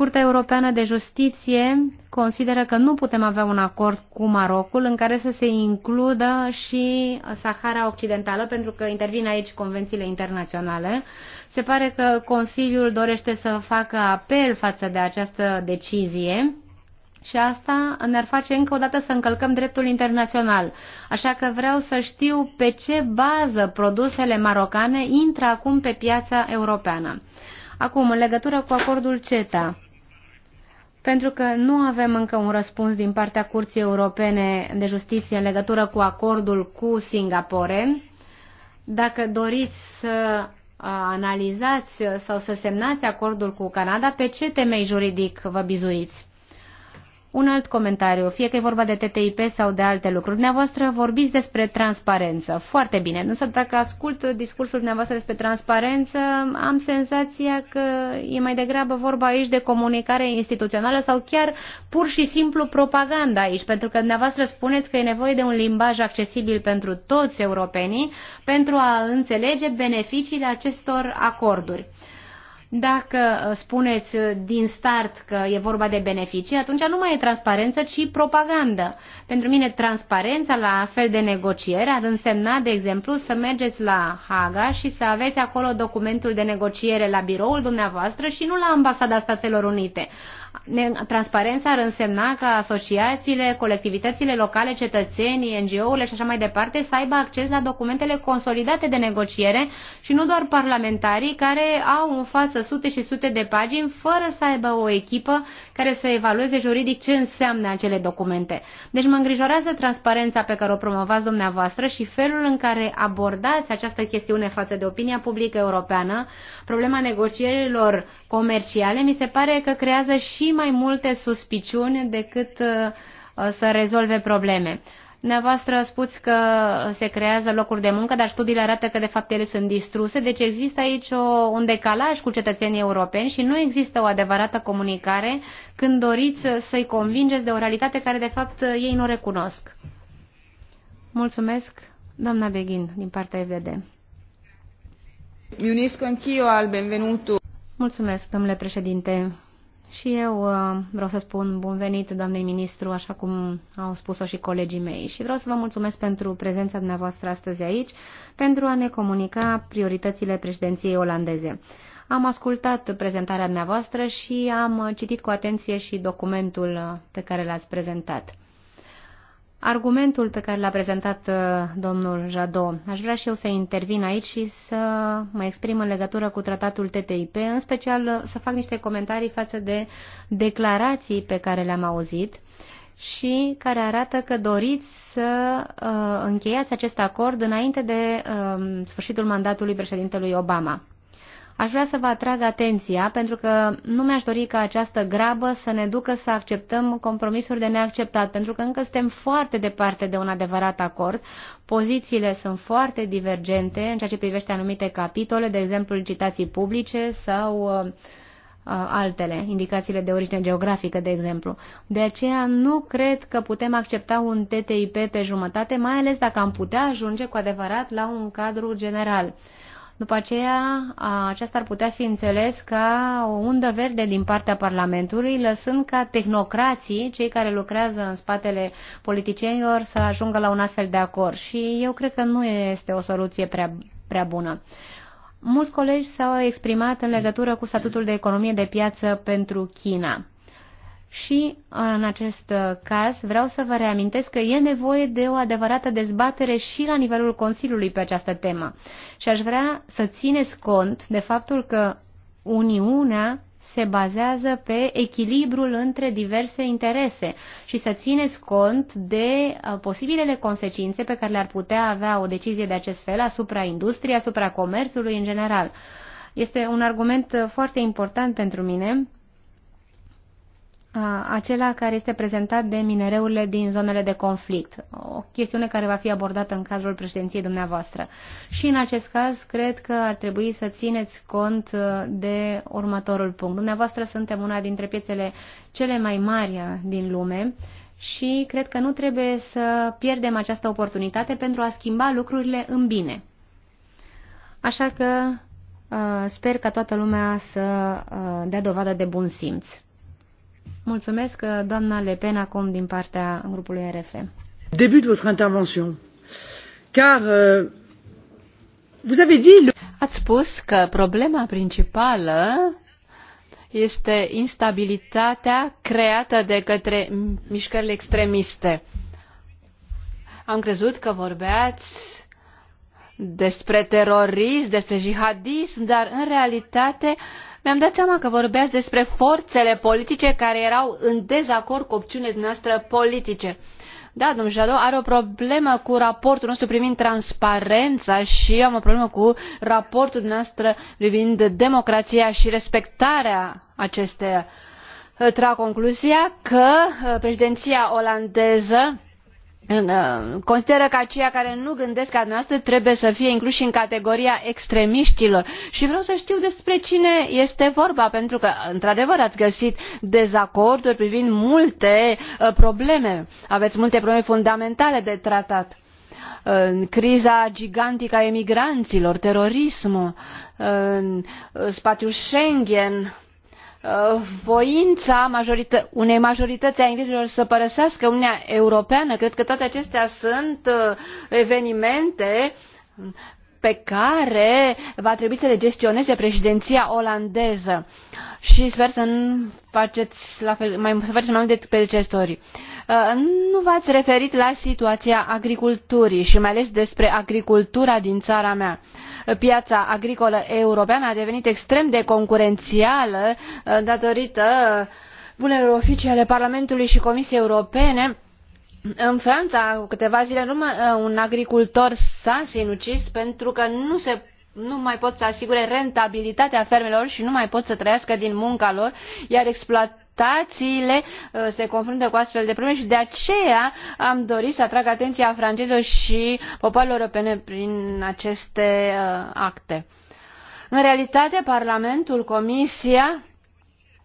Curtea Europeană de Justiție consideră că nu putem avea un acord cu Marocul în care să se includă și Sahara Occidentală, pentru că intervine aici convențiile internaționale. Se pare că Consiliul dorește să facă apel față de această decizie și asta ne-ar face încă o dată să încălcăm dreptul internațional. Așa că vreau să știu pe ce bază produsele marocane intră acum pe piața europeană. Acum, în legătură cu acordul CETA, pentru că nu avem încă un răspuns din partea Curții Europene de Justiție în legătură cu acordul cu Singapore. Dacă doriți să analizați sau să semnați acordul cu Canada, pe ce temei juridic vă bizuiți? Un alt comentariu, fie că e vorba de TTIP sau de alte lucruri. Dumneavoastră vorbiți despre transparență. Foarte bine. Însă dacă ascult discursul dumneavoastră despre transparență, am senzația că e mai degrabă vorba aici de comunicare instituțională sau chiar pur și simplu propaganda aici. Pentru că dumneavoastră spuneți că e nevoie de un limbaj accesibil pentru toți europenii pentru a înțelege beneficiile acestor acorduri. Dacă uh, spuneți uh, din start că e vorba de beneficii, atunci nu mai e transparență, ci propagandă. Pentru mine, transparența la astfel de negocieri ar însemna, de exemplu, să mergeți la Haga și să aveți acolo documentul de negociere la biroul dumneavoastră și nu la Ambasada Statelor Unite. Transparența ar însemna că asociațiile, colectivitățile locale, cetățenii, NGO-urile și așa mai departe să aibă acces la documentele consolidate de negociere și nu doar parlamentarii care au în față sute și sute de pagini fără să aibă o echipă care să evalueze juridic ce înseamnă acele documente. Deci mă îngrijorează transparența pe care o promovați dumneavoastră și felul în care abordați această chestiune față de opinia publică europeană. Problema negocierilor comerciale mi se pare că creează și mai multe suspiciuni decât uh, să rezolve probleme. Dumneavoastră spuți că se creează locuri de muncă, dar studiile arată că de fapt ele sunt distruse, deci există aici o, un decalaj cu cetățenii europeni și nu există o adevărată comunicare când doriți să-i convingeți de o realitate care de fapt ei nu recunosc. Mulțumesc, doamna Beghin, din partea FDD. Mi unisco anch'io al benvenuto. Mulțumesc, domnule președinte. Și eu uh, vreau să spun bun venit, doamnei ministru, așa cum au spus-o și colegii mei. Și vreau să vă mulțumesc pentru prezența dumneavoastră astăzi aici, pentru a ne comunica prioritățile președinției olandeze. Am ascultat prezentarea dumneavoastră și am citit cu atenție și documentul pe care l-ați prezentat argumentul pe care l-a prezentat uh, domnul Jadot. Aș vrea și eu să intervin aici și să mă exprim în legătură cu tratatul TTIP, în special uh, să fac niște comentarii față de declarații pe care le-am auzit și care arată că doriți să uh, încheiați acest acord înainte de um, sfârșitul mandatului președintelui Obama. Aș vrea să vă atrag atenția pentru că nu mi-aș dori ca această grabă să ne ducă să acceptăm compromisuri de neacceptat, pentru că încă suntem foarte departe de un adevărat acord. Pozițiile sunt foarte divergente în ceea ce privește anumite capitole, de exemplu licitații publice sau uh, uh, altele, indicațiile de origine geografică, de exemplu. De aceea nu cred că putem accepta un TTIP pe jumătate, mai ales dacă am putea ajunge cu adevărat la un cadru general. După aceea, aceasta ar putea fi înțeles ca o undă verde din partea Parlamentului, lăsând ca tehnocrații, cei care lucrează în spatele politicienilor, să ajungă la un astfel de acord. Și eu cred că nu este o soluție prea, prea bună. Mulți colegi s-au exprimat în legătură cu statutul de economie de piață pentru China. Și, în acest caz, vreau să vă reamintesc că e nevoie de o adevărată dezbatere și la nivelul Consiliului pe această temă. Și aș vrea să țineți cont de faptul că Uniunea se bazează pe echilibrul între diverse interese și să țineți cont de uh, posibilele consecințe pe care le-ar putea avea o decizie de acest fel asupra industriei, asupra comerțului în general. Este un argument uh, foarte important pentru mine acela care este prezentat de minereurile din zonele de conflict, o chestiune care va fi abordată în cadrul președinției dumneavoastră. Și în acest caz, cred că ar trebui să țineți cont uh, de următorul punct. Dumneavoastră suntem una dintre piețele cele mai mari uh, din lume și cred că nu trebuie să pierdem această oportunitate pentru a schimba lucrurile în bine. Așa că uh, sper ca toată lumea să dea dovadă de bun simț. Mulțumesc, uh, doamna Le Pen, acum din partea grupului RF. Debut de votre intervention. Car uh, vous avez dit... Ați spus că problema principală este instabilitatea creată de către mișcările extremiste. Am crezut că vorbeați despre terorism, despre jihadism, dar în realitate mi-am dat seama că vorbeați despre forțele politice care erau în dezacord cu opțiunile dumneavoastră politice. Da, domnul Jadot are o problemă cu raportul nostru privind transparența și am o problemă cu raportul dumneavoastră privind democrația și respectarea acesteia. Trag concluzia că uh, președinția olandeză Uh, consideră că aceia care nu gândesc ca dumneavoastră trebuie să fie incluși în categoria extremiștilor și vreau să știu despre cine este vorba pentru că într adevăr ați găsit dezacorduri privind multe uh, probleme aveți multe probleme fundamentale de tratat criza gigantică a emigranților terorismul uh, spațiul schengen Uh, voința majorită unei majorități a englezilor să părăsească Uniunea Europeană. Cred că toate acestea sunt uh, evenimente pe care va trebui să le gestioneze președinția olandeză și sper să nu faceți la fel, mai, să faceți mai mult decât predecesorii. Uh, nu v-ați referit la situația agriculturii și mai ales despre agricultura din țara mea piața agricolă europeană a devenit extrem de concurențială uh, datorită punerilor oficiale ale parlamentului și comisiei europene în franța cu câteva zile în urmă uh, un agricultor s a sinucis pentru că nu, se, nu mai pot să asigure rentabilitatea fermelor și nu mai pot să trăiască din munca lor iar exploatările plantațiile uh, se confruntă cu astfel de probleme și de aceea am dorit să atrag atenția francezilor și popoarelor europene prin aceste uh, acte. În realitate, Parlamentul, Comisia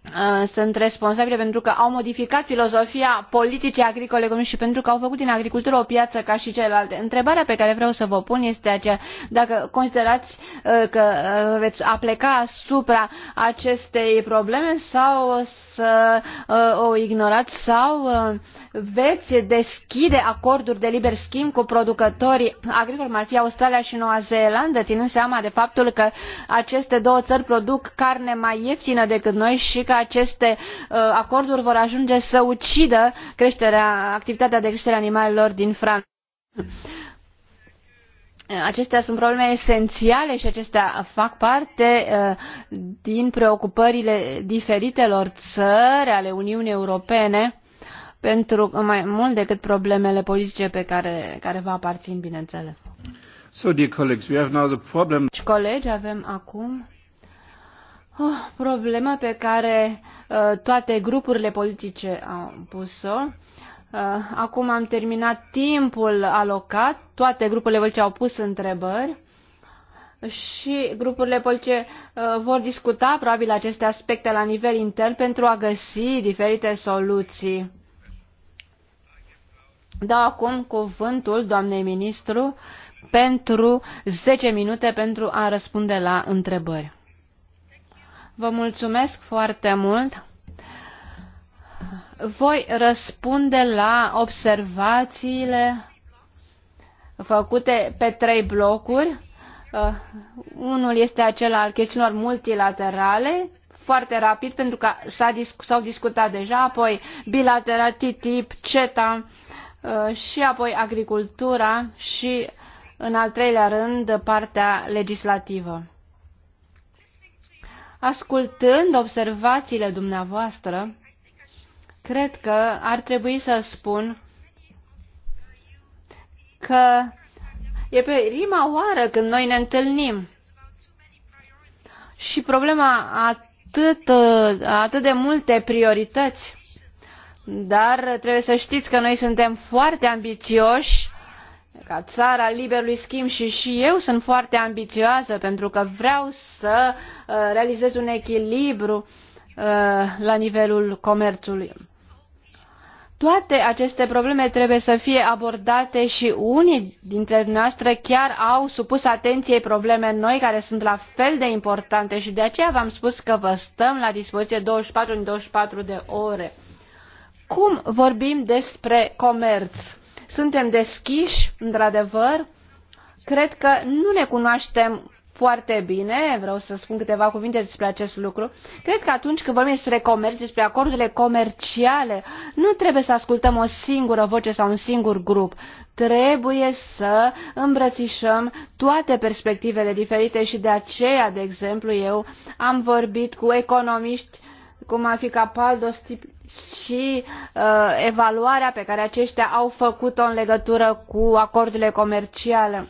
Uh, sunt responsabile pentru că au modificat filozofia politicii agricole comune și pentru că au făcut din agricultură o piață ca și celelalte. Întrebarea pe care vreau să vă pun este aceea dacă considerați uh, că uh, veți apleca asupra acestei probleme sau să o ignorați sau veți deschide acorduri de liber schimb cu producătorii agricoli, cum ar fi Australia și Noua Zeelandă, ținând seama de faptul că aceste două țări produc carne mai ieftină decât noi și că că aceste uh, acorduri vor ajunge să ucidă creșterea, activitatea de creștere a animalelor din Franța acestea sunt probleme esențiale și acestea fac parte uh, din preocupările diferitelor țări ale Uniunii Europene pentru mai mult decât problemele politice pe care, care vă aparțin, bineînțeles. So, dear colleagues, we have now the problem... Colegi, avem acum o ah, problema pe care uh, toate grupurile politice au pus-o. Uh, acum am terminat timpul alocat, toate grupurile politice au pus întrebări și grupurile politice uh, vor discuta probabil aceste aspecte la nivel intern pentru a găsi diferite soluții. Dau acum cuvântul doamnei ministru pentru 10 minute pentru a răspunde la întrebări. Vă mulțumesc foarte mult. Voi răspunde la observațiile făcute pe trei blocuri. Uh, unul este acela al chestiunilor multilaterale, foarte rapid pentru că s-au discutat deja, apoi bilateral TTIP, CETA uh, și apoi agricultura și în al treilea rând partea legislativă. Ascultând observațiile dumneavoastră, cred că ar trebui să spun că e pe prima oară când noi ne întâlnim. Și problema atât, atât de multe priorități. Dar trebuie să știți că noi suntem foarte ambițioși ca țara liberului schimb și și eu sunt foarte ambițioasă pentru că vreau să uh, realizez un echilibru uh, la nivelul comerțului. Toate aceste probleme trebuie să fie abordate și unii dintre noastre chiar au supus atenției probleme noi care sunt la fel de importante și de aceea v-am spus că vă stăm la dispoziție 24 în 24 de ore. Cum vorbim despre comerț? Suntem deschiși, într-adevăr. Cred că nu ne cunoaștem foarte bine, vreau să spun câteva cuvinte despre acest lucru. Cred că atunci când vorbim despre comerț, despre acordurile comerciale, nu trebuie să ascultăm o singură voce sau un singur grup. Trebuie să îmbrățișăm toate perspectivele diferite și de aceea, de exemplu, eu am vorbit cu economiști cum ar fi Capaldos și uh, evaluarea pe care aceștia au făcut-o în legătură cu acordurile comerciale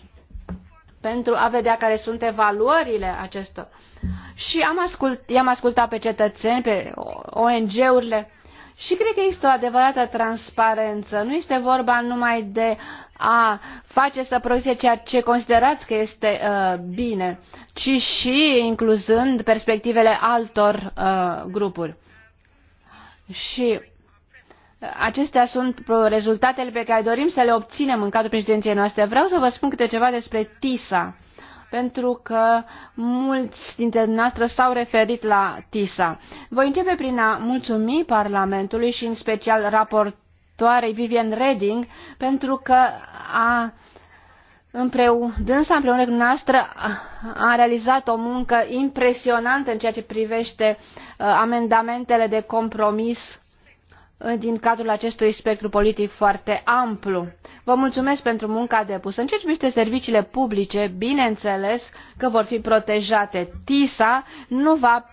pentru a vedea care sunt evaluările acestor. Și am ascult, i-am ascultat pe cetățeni, pe ONG-urile și cred că există o adevărată transparență. Nu este vorba numai de a face să produse ceea ce considerați că este uh, bine, ci și incluzând perspectivele altor uh, grupuri. Și acestea sunt rezultatele pe care dorim să le obținem în cadrul președinției noastre. Vreau să vă spun câte ceva despre TISA pentru că mulți dintre dumneavoastră s-au referit la TISA. Voi începe prin a mulțumi Parlamentului și în special raportoarei Vivian Reding pentru că a împreună, dânsa împreună cu noastră a realizat o muncă impresionantă în ceea ce privește uh, amendamentele de compromis Uh, din cadrul acestui spectru politic foarte amplu. Vă mulțumesc pentru munca depusă. În ce privește serviciile publice, bineînțeles că vor fi protejate. TISA nu va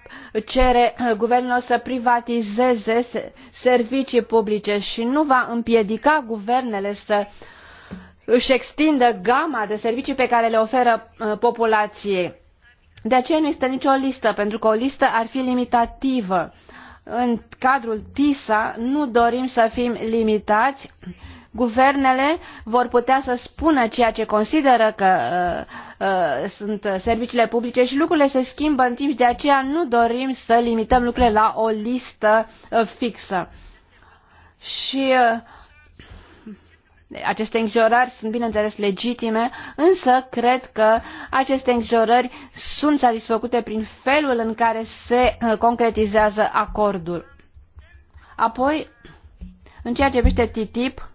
cere uh, guvernelor să privatizeze servicii publice și nu va împiedica guvernele să își extindă gama de servicii pe care le oferă uh, populației. De aceea nu este nicio listă, pentru că o listă ar fi limitativă în cadrul TISA nu dorim să fim limitați. Guvernele vor putea să spună ceea ce consideră că uh, uh, sunt serviciile publice și lucrurile se schimbă în timp și de aceea nu dorim să limităm lucrurile la o listă uh, fixă. Și uh, aceste îngrijorări sunt, bineînțeles, legitime, însă cred că aceste îngrijorări sunt satisfăcute prin felul în care se uh, concretizează acordul. Apoi, în ceea ce privește TTIP,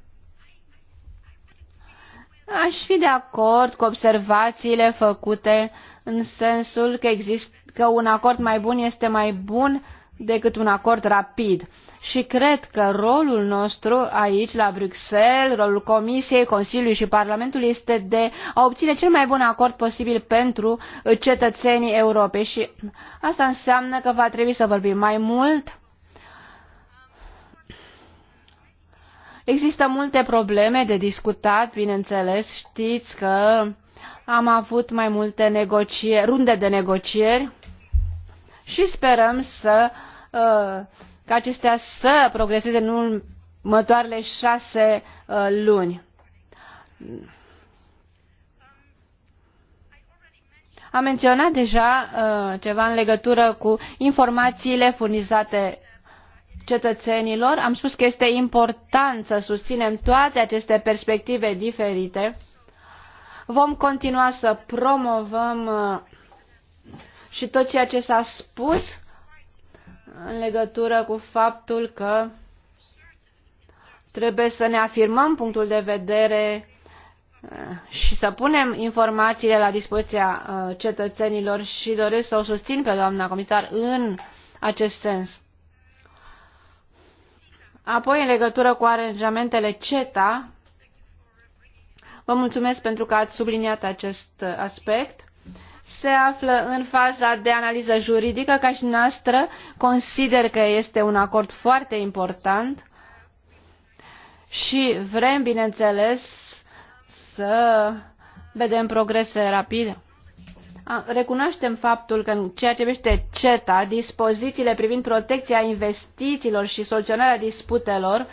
aș fi de acord cu observațiile făcute în sensul că, exist, că un acord mai bun este mai bun decât un acord rapid. Și cred că rolul nostru aici la Bruxelles, rolul Comisiei, Consiliului și Parlamentului este de a obține cel mai bun acord posibil pentru cetățenii Europei și asta înseamnă că va trebui să vorbim mai mult. Există multe probleme de discutat, bineînțeles, știți că am avut mai multe negocieri, runde de negocieri și sperăm să, uh, ca acestea să progreseze în următoarele șase uh, luni. Am menționat deja uh, ceva în legătură cu informațiile furnizate cetățenilor. Am spus că este important să susținem toate aceste perspective diferite. Vom continua să promovăm uh, și tot ceea ce s-a spus în legătură cu faptul că trebuie să ne afirmăm punctul de vedere eh, și să punem informațiile la dispoziția eh, cetățenilor și doresc să o susțin pe doamna comisar în acest sens. Apoi, în legătură cu aranjamentele CETA, vă mulțumesc pentru că ați subliniat acest eh, aspect se află în faza de analiză juridică, ca și noastră, consider că este un acord foarte important și vrem, bineînțeles, să vedem progrese rapide. Recunoaștem faptul că în ceea ce privește CETA, dispozițiile privind protecția investițiilor și soluționarea disputelor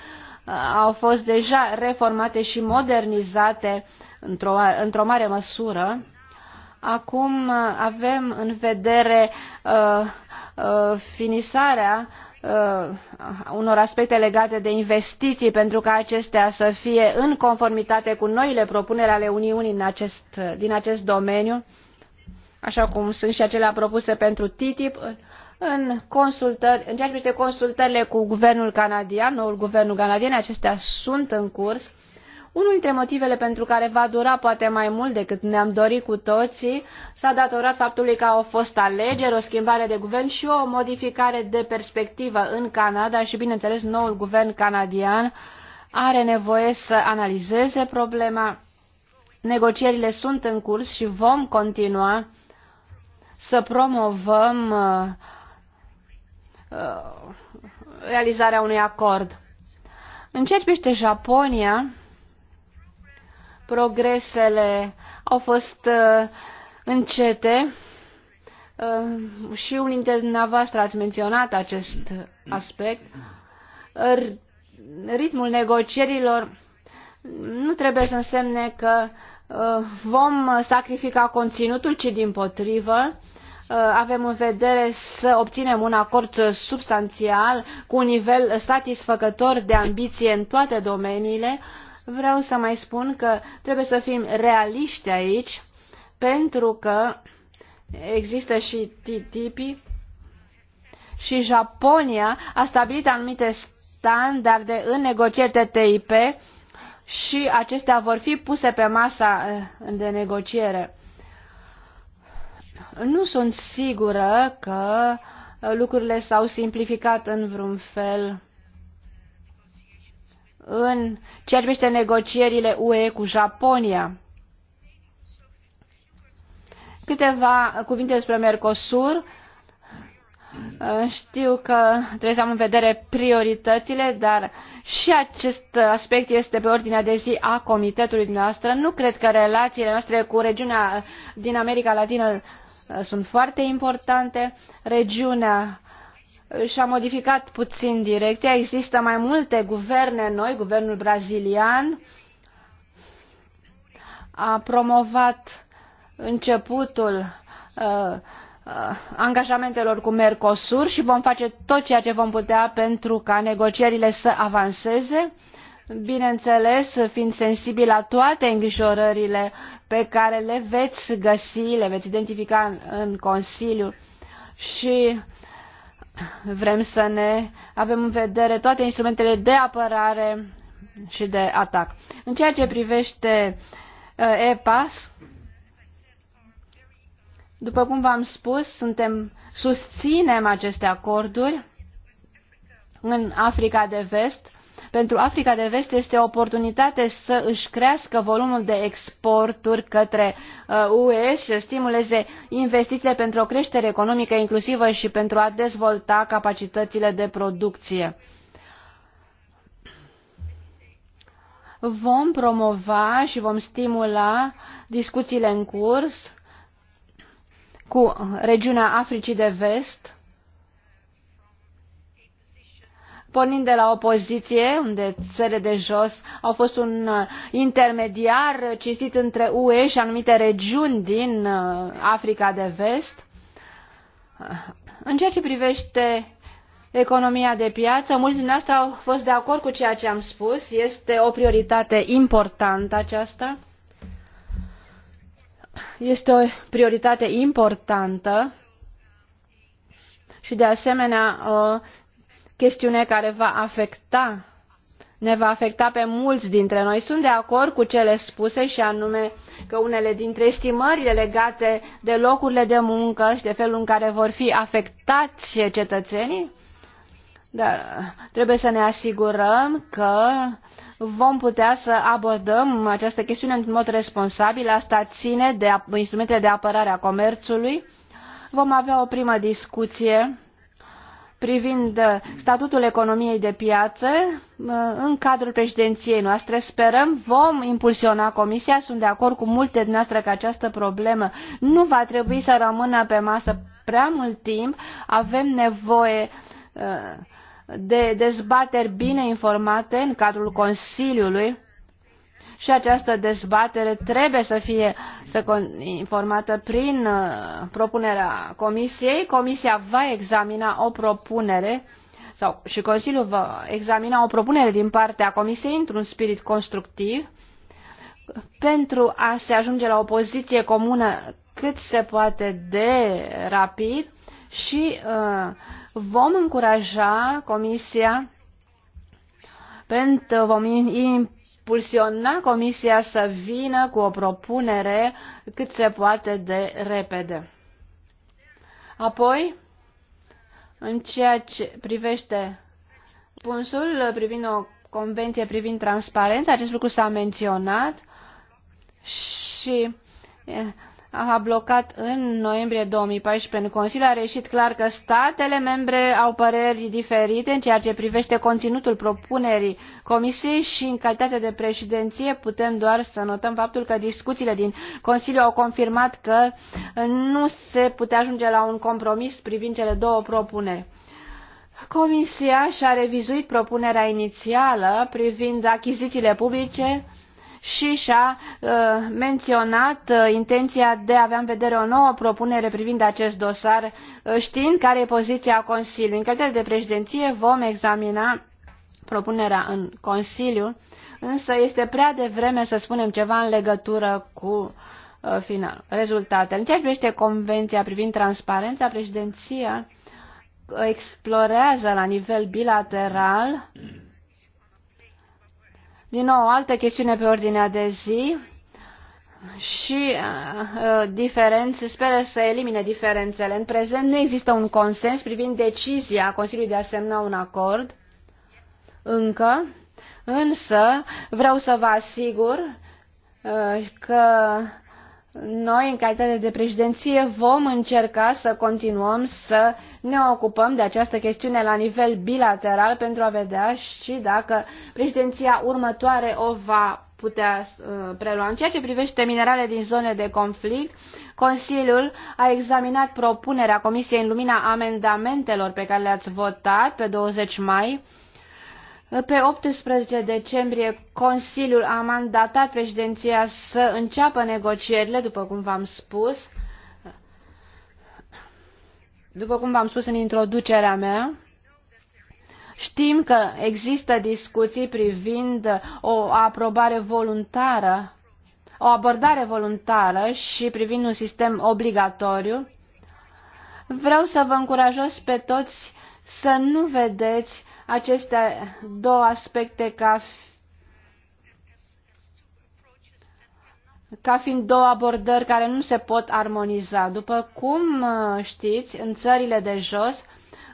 au fost deja reformate și modernizate într-o într, -o, într -o mare măsură Acum uh, avem în vedere uh, uh, finisarea uh, unor aspecte legate de investiții pentru ca acestea să fie în conformitate cu noile propuneri ale Uniunii în acest, uh, din acest domeniu, așa cum sunt și acelea propuse pentru TTIP, în, consultări, în ceea ce privește consultările cu guvernul canadian, noul guvernul canadian, acestea sunt în curs unul dintre motivele pentru care va dura poate mai mult decât ne-am dorit cu toții s-a datorat faptului că au fost alegeri, o schimbare de guvern și o modificare de perspectivă în Canada și, bineînțeles, noul guvern canadian are nevoie să analizeze problema. Negocierile sunt în curs și vom continua să promovăm uh, uh, realizarea unui acord. În ce privește Japonia, progresele au fost uh, încete uh, și unii dintre dumneavoastră ați menționat acest aspect. Ritmul negocierilor nu trebuie să însemne că uh, vom sacrifica conținutul, ci din potrivă avem în vedere să obținem un acord substanțial cu un nivel satisfăcător de ambiție în toate domeniile, Vreau să mai spun că trebuie să fim realiști aici, pentru că există și TTIP și Japonia a stabilit anumite standarde în negocieri TTIP și acestea vor fi puse pe masa eh, de negociere. Nu sunt sigură că eh, lucrurile s-au simplificat în vreun fel în ceea ce privește negocierile UE cu Japonia. Câteva cuvinte despre Mercosur. Uh, știu că trebuie să am în vedere prioritățile, dar și acest aspect este pe ordinea de zi a comitetului noastră. Nu cred că relațiile noastre cu regiunea din America Latină uh, sunt foarte importante. Regiunea și-a modificat puțin direcția. Există mai multe guverne noi, guvernul brazilian a promovat începutul uh, uh, angajamentelor cu Mercosur și vom face tot ceea ce vom putea pentru ca negocierile să avanseze, bineînțeles fiind sensibil la toate îngrijorările pe care le veți găsi, le veți identifica în, în Consiliu și Vrem să ne avem în vedere toate instrumentele de apărare și de atac. În ceea ce privește uh, EPAS, după cum v-am spus, suntem, susținem aceste acorduri în Africa de Vest pentru Africa de Vest este o oportunitate să își crească volumul de exporturi către UE uh, și să stimuleze investițiile pentru o creștere economică inclusivă și pentru a dezvolta capacitățile de producție. Vom promova și vom stimula discuțiile în curs cu regiunea Africii de Vest pornind de la opoziție, unde țările de jos au fost un uh, intermediar cinstit între UE și anumite regiuni din uh, Africa de Vest. Uh, în ceea ce privește economia de piață, mulți noastre au fost de acord cu ceea ce am spus. Este o prioritate importantă aceasta. Este o prioritate importantă și de asemenea chestiune care va afecta, ne va afecta pe mulți dintre noi. Sunt de acord cu cele spuse și anume că unele dintre estimările legate de locurile de muncă și de felul în care vor fi afectați cetățenii, dar trebuie să ne asigurăm că vom putea să abordăm această chestiune într-un mod responsabil. Asta ține de instrumentele de apărare a comerțului. Vom avea o primă discuție privind uh, statutul economiei de piață uh, în cadrul președinției noastre. Sperăm, vom impulsiona Comisia. Sunt de acord cu multe dintre noastre că această problemă nu va trebui să rămână pe masă prea mult timp. Avem nevoie uh, de dezbateri bine informate în cadrul Consiliului și această dezbatere trebuie să fie să informată prin uh, propunerea comisiei. Comisia va examina o propunere sau și Consiliul va examina o propunere din partea Comisiei într-un spirit constructiv pentru a se ajunge la o poziție comună cât se poate de rapid și uh, vom încuraja Comisia pentru vom impulsiona Comisia să vină cu o propunere cât se poate de repede. Apoi, în ceea ce privește punsul privind o convenție privind transparența, acest lucru s-a menționat și eh, a blocat în noiembrie 2014 în Consiliu, a reșit clar că statele membre au păreri diferite în ceea ce privește conținutul propunerii Comisiei și în calitate de președinție putem doar să notăm faptul că discuțiile din Consiliu au confirmat că nu se putea ajunge la un compromis privind cele două propuneri. Comisia și-a revizuit propunerea inițială privind achizițiile publice, și și-a uh, menționat uh, intenția de a avea în vedere o nouă propunere privind acest dosar, uh, știind care e poziția Consiliului. În calitate de președinție vom examina propunerea în Consiliu, însă este prea devreme să spunem ceva în legătură cu final, rezultatele. În ceea ce privește Convenția privind transparența, președinția explorează la nivel bilateral din nou, alte chestiune pe ordinea de zi și uh, uh, diferențe, speră să elimine diferențele. În prezent nu există un consens privind decizia Consiliului de a semna un acord încă, însă vreau să vă asigur uh, că noi, în calitate de președinție, vom încerca să continuăm să ne ocupăm de această chestiune la nivel bilateral pentru a vedea și dacă președinția următoare o va putea uh, prelua. În ceea ce privește minerale din zone de conflict, Consiliul a examinat propunerea Comisiei în lumina amendamentelor pe care le-ați votat pe 20 mai pe 18 decembrie, Consiliul a mandatat președinția să înceapă negocierile, după cum v-am spus, după cum v-am spus în introducerea mea. Știm că există discuții privind o aprobare voluntară, o abordare voluntară și privind un sistem obligatoriu. Vreau să vă încurajez pe toți să nu vedeți aceste două aspecte ca, ca fiind două abordări care nu se pot armoniza. După cum uh, știți, în țările de jos,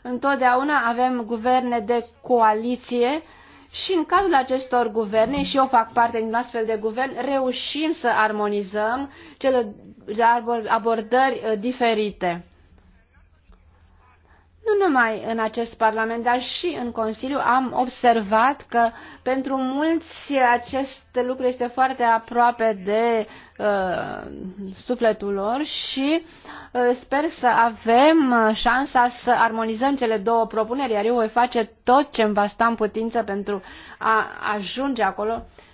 întotdeauna avem guverne de coaliție și în cadrul acestor guverne, și eu fac parte din astfel de guvern, reușim să armonizăm cele abordări uh, diferite. Nu numai în acest Parlament, dar și în Consiliu am observat că pentru mulți acest lucru este foarte aproape de uh, sufletul lor și uh, sper să avem uh, șansa să armonizăm cele două propuneri, iar eu voi face tot ce îmi va sta în putință pentru a ajunge acolo uh,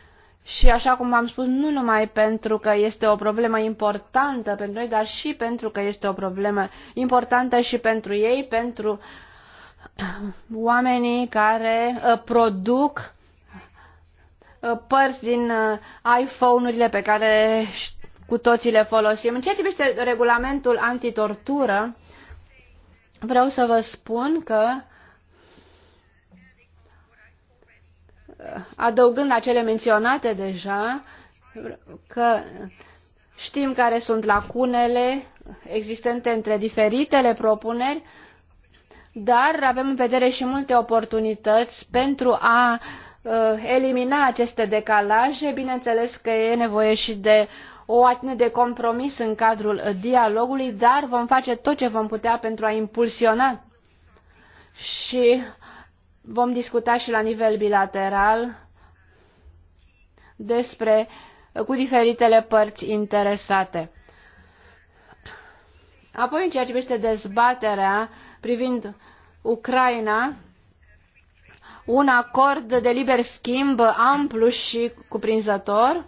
și așa cum am spus, nu numai pentru că este o problemă importantă pentru noi, dar și pentru că este o problemă importantă și pentru ei, pentru oamenii care uh, produc uh, părți din uh, iPhone-urile pe care cu toții le folosim. În ceea ce privește regulamentul antitortură, vreau să vă spun că adăugând la cele menționate deja, că știm care sunt lacunele existente între diferitele propuneri, dar avem în vedere și multe oportunități pentru a uh, elimina aceste decalaje. Bineînțeles că e nevoie și de o atitudine de compromis în cadrul dialogului, dar vom face tot ce vom putea pentru a impulsiona și Vom discuta și la nivel bilateral despre cu diferitele părți interesate. Apoi, în ceea ce privește dezbaterea privind Ucraina, un acord de liber schimb amplu și cuprinzător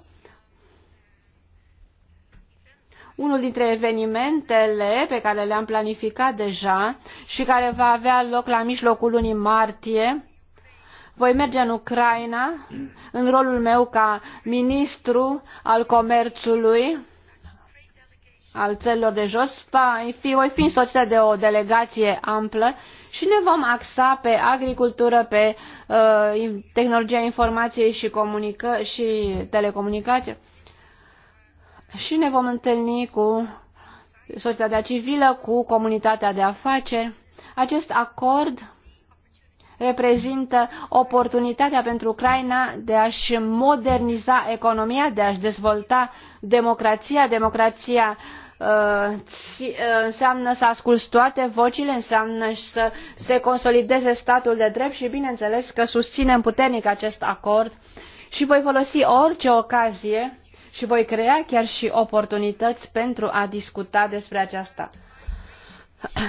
unul dintre evenimentele pe care le-am planificat deja și care va avea loc la mijlocul lunii martie. Voi merge în Ucraina în rolul meu ca ministru al comerțului al țărilor de jos. Voi fi însoțită de o delegație amplă și ne vom axa pe agricultură, pe uh, tehnologia informației și, comunică- și telecomunicație și ne vom întâlni cu societatea civilă, cu comunitatea de afaceri. Acest acord reprezintă oportunitatea pentru Ucraina de a-și moderniza economia, de a-și dezvolta democrația. Democrația uh, uh înseamnă să asculți toate vocile, înseamnă și să se consolideze statul de drept și bineînțeles că susținem puternic acest acord și voi folosi orice ocazie și voi crea chiar și oportunități pentru a discuta despre aceasta.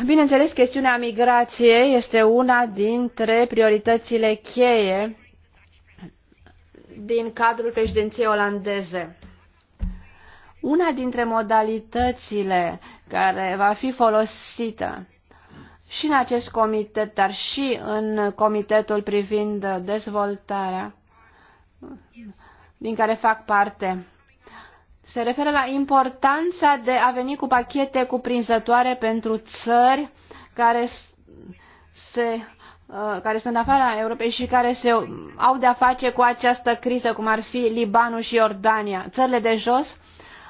Bineînțeles, chestiunea migrației este una dintre prioritățile cheie din cadrul președinției olandeze. Una dintre modalitățile care va fi folosită și în acest comitet, dar și în comitetul privind dezvoltarea, din care fac parte, se referă la importanța de a veni cu pachete cuprinzătoare pentru țări care se uh, care sunt în afara Europei și care se au de-a face cu această criză, cum ar fi Libanul și Iordania, țările de jos,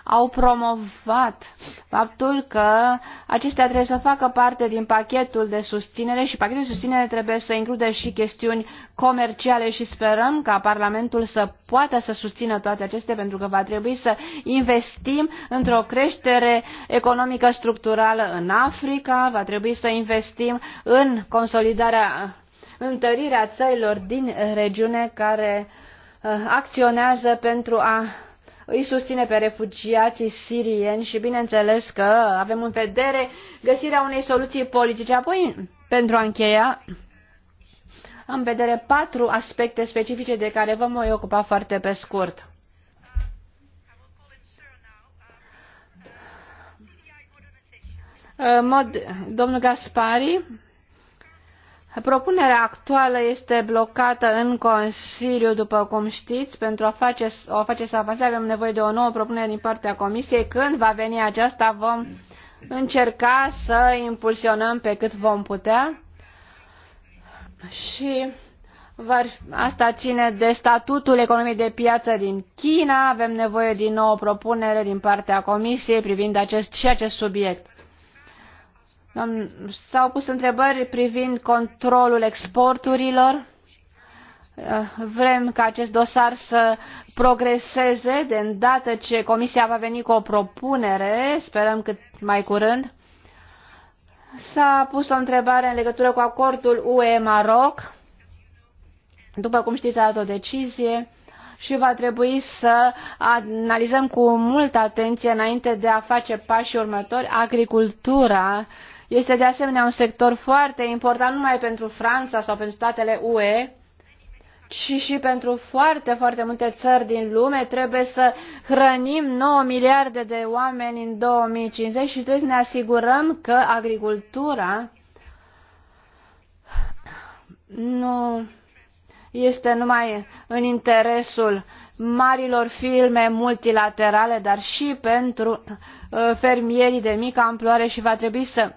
au promovat faptul că acestea trebuie să facă parte din pachetul de susținere și pachetul de susținere trebuie să includă și chestiuni comerciale și sperăm ca Parlamentul să poată să susțină toate acestea pentru că va trebui să investim într-o creștere economică structurală în Africa, va trebui să investim în consolidarea întărirea țărilor din regiune care uh, acționează pentru a îi susține pe refugiații sirieni și bineînțeles că avem în vedere găsirea unei soluții politice. Apoi, pentru a încheia, am în vedere patru aspecte specifice de care vă voi ocupa foarte pe scurt. Mod, domnul Gaspari, Propunerea actuală este blocată în Consiliu, după cum știți, pentru a face, o face să avanseze. Avem nevoie de o nouă propunere din partea Comisiei. Când va veni aceasta, vom încerca să impulsionăm pe cât vom putea. Și var, asta ține de statutul economiei de piață din China. Avem nevoie din nou o propunere din partea Comisiei privind acest, și acest subiect. S-au pus întrebări privind controlul exporturilor. Eh, vrem ca acest dosar să progreseze de îndată ce Comisia va veni cu o propunere, sperăm cât mai curând. S-a pus o întrebare în legătură cu acordul UE-Maroc. După cum știți, a dat o decizie și va trebui să analizăm cu multă atenție înainte de a face pașii următori agricultura este de asemenea un sector foarte important nu numai pentru Franța sau pentru statele UE, ci și pentru foarte, foarte multe țări din lume. Trebuie să hrănim 9 miliarde de oameni în 2050 și trebuie să ne asigurăm că agricultura nu este numai în interesul marilor filme multilaterale, dar și pentru uh, fermierii de mică amploare și va trebui să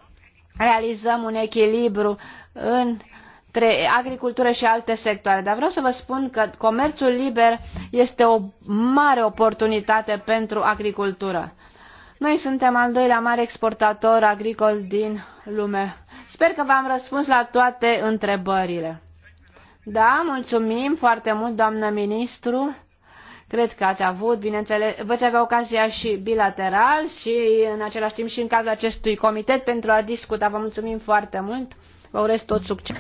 realizăm un echilibru între agricultură și alte sectoare. Dar vreau să vă spun că comerțul liber este o mare oportunitate pentru agricultură. Noi suntem al doilea mare exportator agricol din lume. Sper că v-am răspuns la toate întrebările. Da, mulțumim foarte mult, doamnă ministru. Cred că ați avut, bineînțeles, veți avea ocazia și bilateral și în același timp și în cadrul acestui comitet pentru a discuta. Vă mulțumim foarte mult. Vă urez tot succes.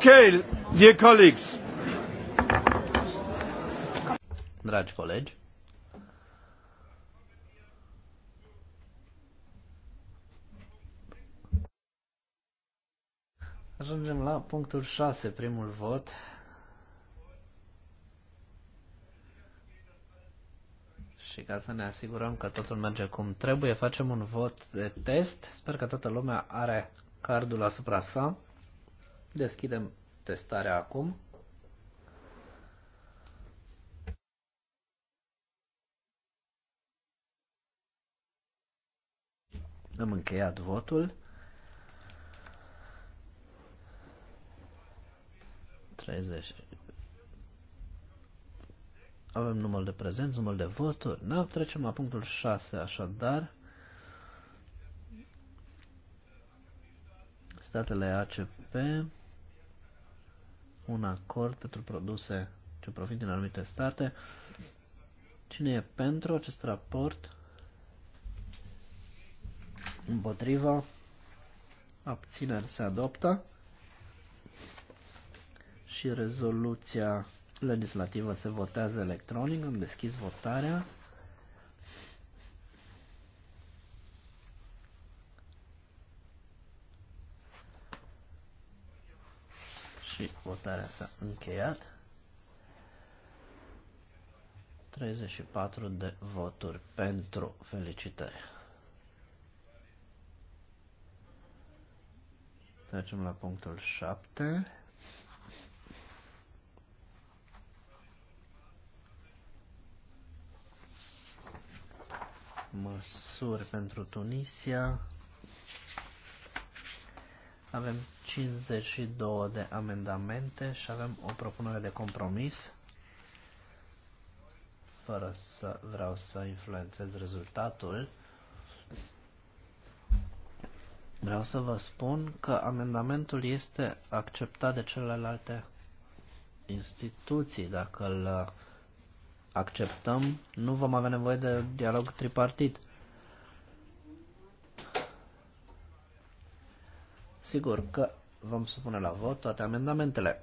Okay, dear colleagues. Dragi colegi. Ajungem la punctul 6, primul vot. Și ca să ne asigurăm că totul merge cum trebuie, facem un vot de test. Sper că toată lumea are cardul asupra sa. Deschidem testarea acum. Am încheiat votul. 30. Avem numărul de prezenți, numărul de voturi. Da, trecem la punctul 6, așadar. Statele ACP un acord pentru produse ce provin din anumite state. Cine e pentru acest raport? Împotriva? Abțineri se adoptă și rezoluția legislativă se votează electronic. Am deschis votarea. și votarea s-a încheiat. 34 de voturi pentru felicitări. Trecem la punctul 7. Măsuri pentru Tunisia. Avem 52 de amendamente și avem o propunere de compromis. Fără să vreau să influențez rezultatul, vreau să vă spun că amendamentul este acceptat de celelalte instituții. Dacă îl acceptăm, nu vom avea nevoie de dialog tripartit. Sigur că vom supune la vot toate amendamentele.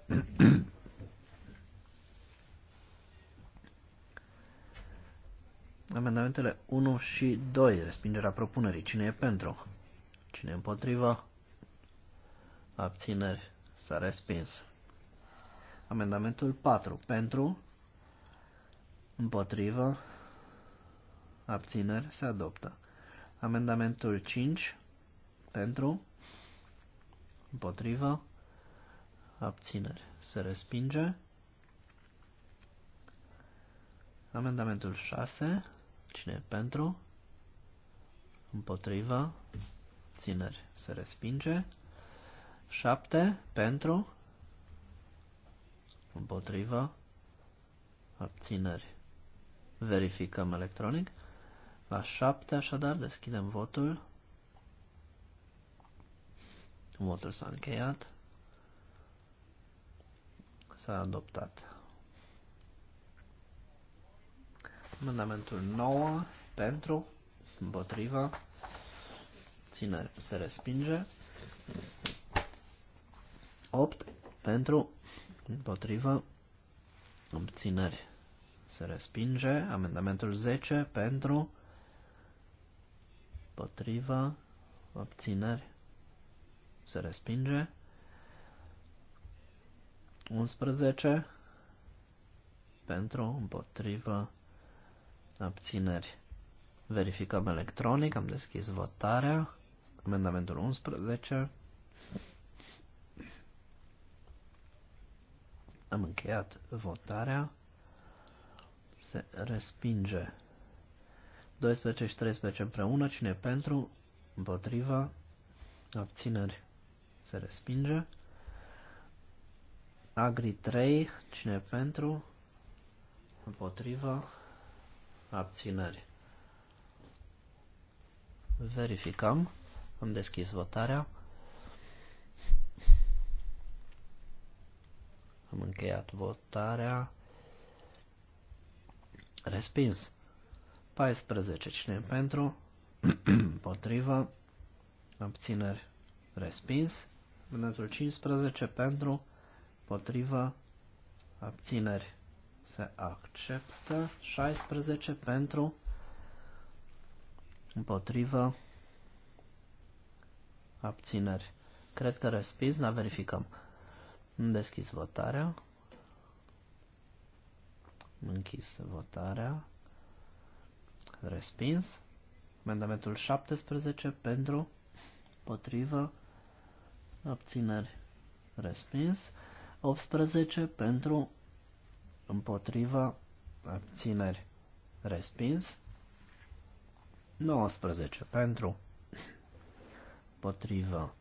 Amendamentele 1 și 2, respingerea propunerii. Cine e pentru? Cine e împotrivă? Abțineri. S-a respins. Amendamentul 4. Pentru. Împotrivă. Abțineri. Se adoptă. Amendamentul 5. Pentru împotrivă, abțineri se respinge. Amendamentul 6, cine e pentru, împotrivă, țineri se respinge. 7, pentru, împotrivă, abțineri. Verificăm electronic. La 7, așadar, deschidem votul. Votul s-a încheiat. S-a adoptat. Amendamentul 9 pentru, împotriva, ține, se respinge. 8 pentru, împotriva, obțineri se respinge. Amendamentul 10 pentru, împotriva, obțineri se respinge. 11 pentru, împotrivă, abțineri. Verificăm electronic, am deschis votarea, amendamentul 11. Am încheiat votarea. Se respinge 12 și 13 împreună. Cine pentru? Împotriva? Abțineri se respinge. Agri 3, cine pentru, împotriva, Abținări. Verificăm, am deschis votarea. Am încheiat votarea. Respins. 14. Cine pentru? Potrivă. Abțineri. Respins. Amendamentul 15 pentru, potrivă, abțineri se acceptă. 16 pentru, împotriva, abțineri. Cred că respins, dar verificăm. Deschis votarea. Închis votarea. Respins. Amendamentul 17 pentru, potrivă, abțineri, respins. 18 pentru, împotriva, abțineri, respins. 19 pentru, împotriva,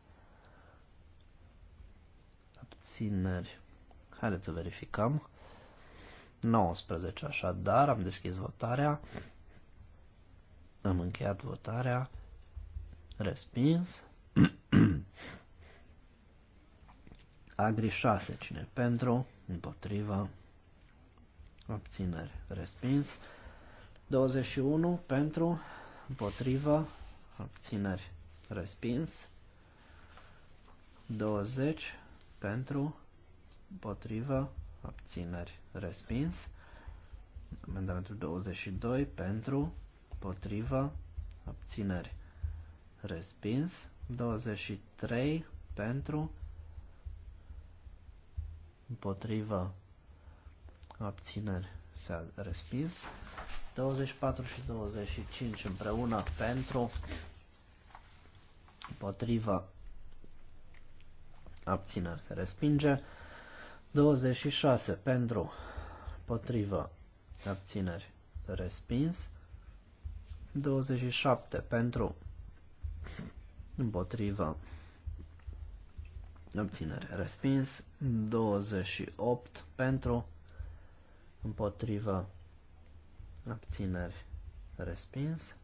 abțineri. Haideți să verificăm. 19 așadar, am deschis votarea, am încheiat votarea, respins. Agri 6, cine pentru, împotriva, abțineri, respins. 21 pentru, împotriva, abțineri, respins. 20 pentru, împotriva, abțineri, respins. Amendamentul 22 pentru, împotriva, abțineri, respins. 23 pentru, împotriva abțineri s-a respins. 24 și 25 împreună pentru împotriva abțineri se respinge. 26 pentru împotriva abțineri respins. 27 pentru împotriva Abținere respins. 28 pentru. Împotriva. Abțineri respins.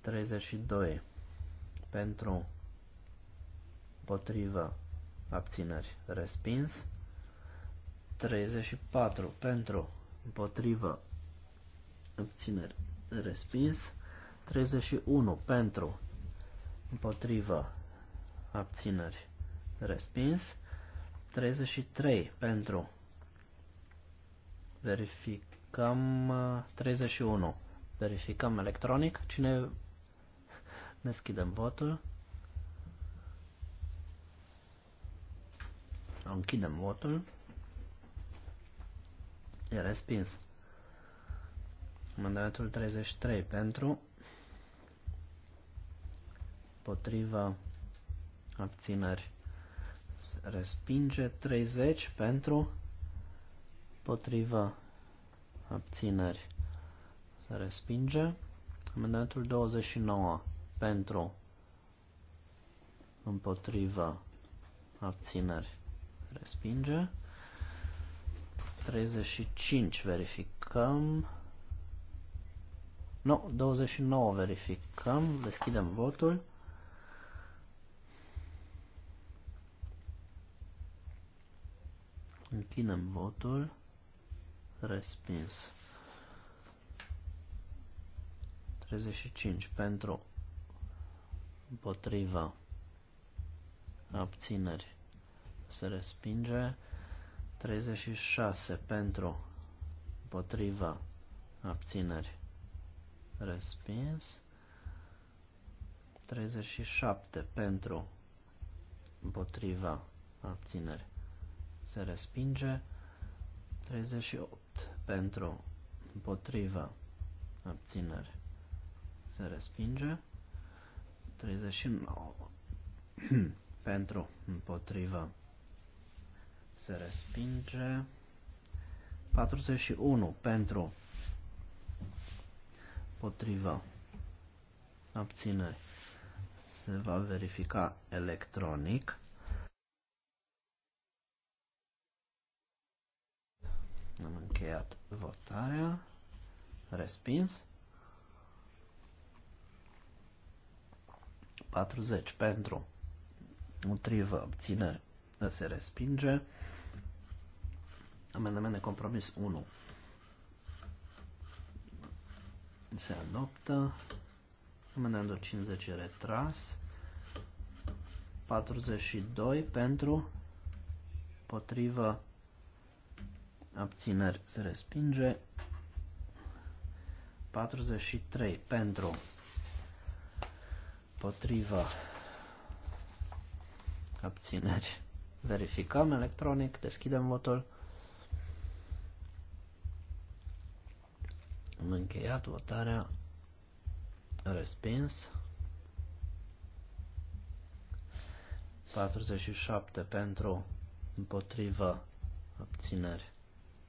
32 pentru. Împotriva. Abțineri respins. 34 pentru. Împotriva. Abțineri respins. 31 pentru. Împotriva abțineri, respins. 33 pentru. Verificăm 31. Uh, Verificăm electronic. Cine deschidem votul? Închidem votul. E respins. Mandatul 33 pentru potriva abțineri se respinge, 30 pentru, potriva abțineri se respinge, amendamentul 29 pentru, împotriva abțineri respinge, 35 verificăm, nu, 29 verificăm, deschidem votul. Închidem votul. Respins. 35 pentru împotriva abțineri se respinge 36 pentru împotriva abțineri respins 37 pentru împotriva abțineri se respinge. 38 pentru, împotrivă abțineri se respinge. 39 pentru, împotrivă se respinge. 41 pentru, potrivă abțineri se va verifica electronic. Am încheiat votarea. Respins. 40 pentru. Motrivă obținere. se respinge. Amendament de compromis 1 se adoptă. Amendamentul 50 e retras. 42 pentru potrivă abțineri se respinge. 43 pentru, potriva, abțineri. Verificăm electronic, deschidem votul. Am încheiat votarea. Respins. 47 pentru, împotrivă, abțineri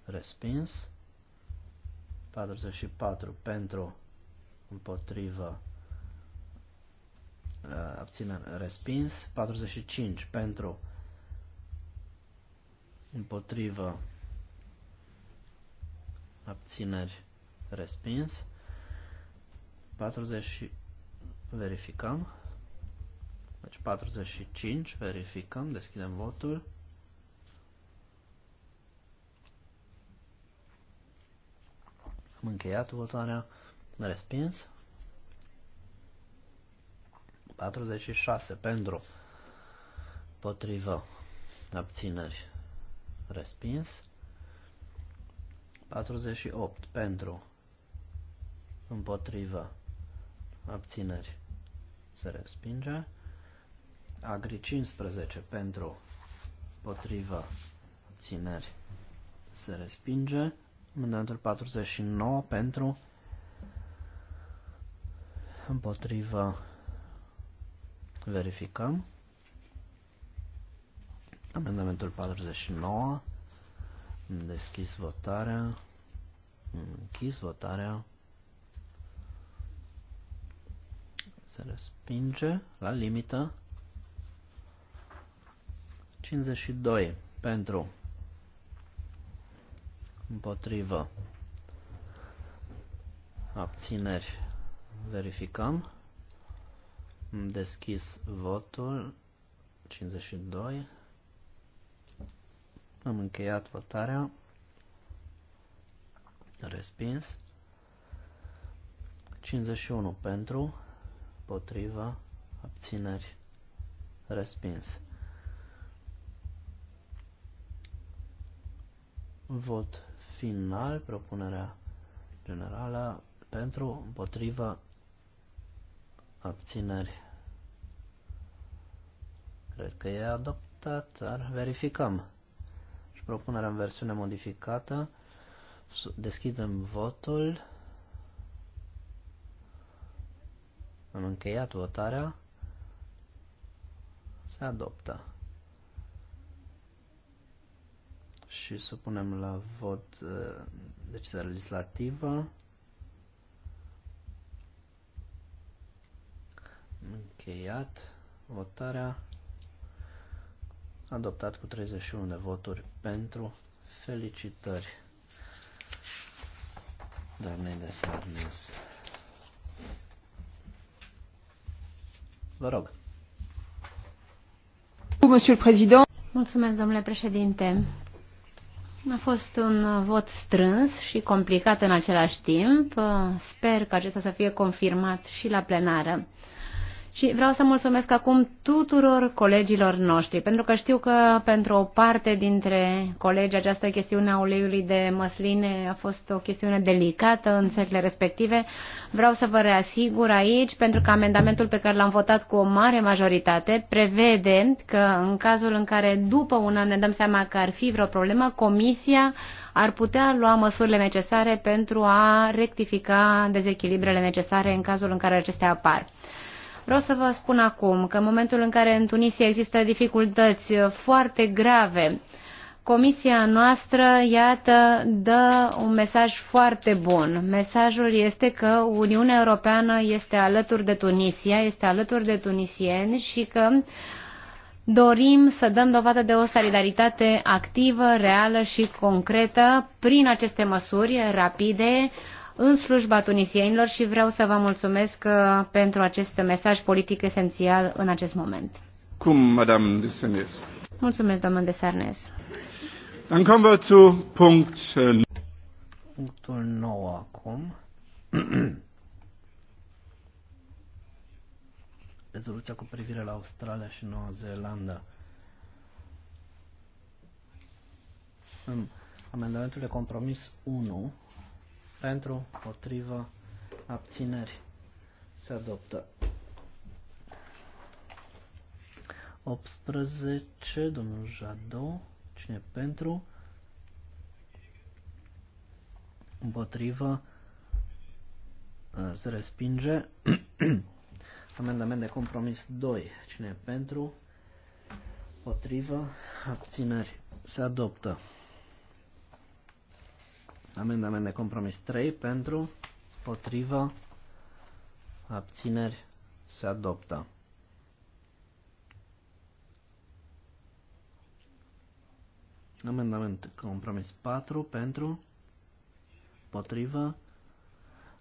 respins. 44 pentru, împotrivă, ă, abținere, respins. 45 pentru, împotrivă, abțineri, respins. 40, verificăm. Deci 45, verificăm, deschidem votul. Am încheiat votarea. Respins. 46 pentru. Potrivă. Abțineri. Respins. 48 pentru. Împotrivă. Abțineri. Se respinge. Agri 15 pentru. Potrivă. Abțineri. Se respinge. Mandamentul 49 pentru împotrivă verificăm. Amendamentul 49 deschis votarea, închis votarea, se respinge la limită 52 pentru Împotrivă. Abțineri. Verificăm. Am deschis votul. 52. Am încheiat votarea. Respins. 51 pentru, potriva, abțineri, respins. Vot final, propunerea generală pentru, împotriva, abțineri. Cred că e adoptat, dar verificăm. Și propunerea în versiune modificată. Deschidem votul. Am încheiat votarea. Se adoptă. și să punem la vot uh, decizia legislativă. Încheiat votarea. Adoptat cu 31 de voturi pentru. Felicitări doamnei de Sarnes. Vă rog. Monsieur le Président. Mulțumesc, domnule președinte. A fost un vot strâns și complicat în același timp. Sper că acesta să fie confirmat și la plenară. Și vreau să mulțumesc acum tuturor colegilor noștri, pentru că știu că pentru o parte dintre colegi această chestiune a uleiului de măsline a fost o chestiune delicată în țările respective. Vreau să vă reasigur aici, pentru că amendamentul pe care l-am votat cu o mare majoritate prevede că în cazul în care după un an ne dăm seama că ar fi vreo problemă, Comisia ar putea lua măsurile necesare pentru a rectifica dezechilibrele necesare în cazul în care acestea apar. Vreau să vă spun acum că în momentul în care în Tunisia există dificultăți uh, foarte grave, Comisia noastră, iată, dă un mesaj foarte bun. Mesajul este că Uniunea Europeană este alături de Tunisia, este alături de tunisieni și că dorim să dăm dovadă de o solidaritate activă, reală și concretă prin aceste măsuri rapide, în slujba tunisienilor și vreau să vă mulțumesc uh, pentru acest mesaj politic esențial în acest moment. Cum, Madame de Sarnes? Mulțumesc, doamnă de Sarnes. Dann kommen wir zu Punkt uh, Punctul 9 acum. Rezoluția cu privire la Australia și Noua Zeelandă. Amendamentul de compromis 1 pentru, potrivă, abțineri. Se adoptă. 18, domnul Jado cine pentru, împotrivă, se respinge. Amendament de compromis 2, cine pentru, potrivă, abțineri, se adoptă. Amendament de compromis 3 pentru, potrivă, abțineri, se adoptă. Amendament compromis 4 pentru, potrivă,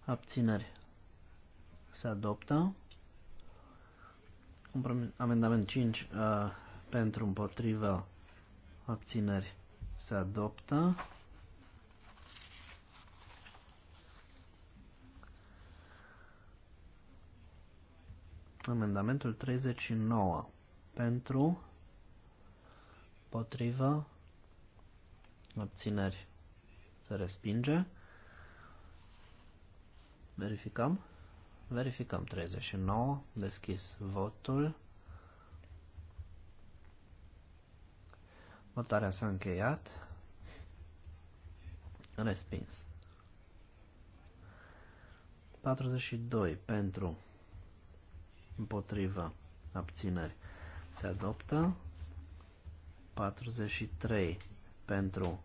abțineri, se adoptă. amendament 5 uh, pentru, împotrivă, abțineri, se adoptă. Amendamentul 39. Pentru, potrivă, abțineri se respinge. Verificăm. Verificăm 39. Deschis votul. Votarea s-a încheiat. Respins. 42 pentru împotriva abțineri se adoptă. 43 pentru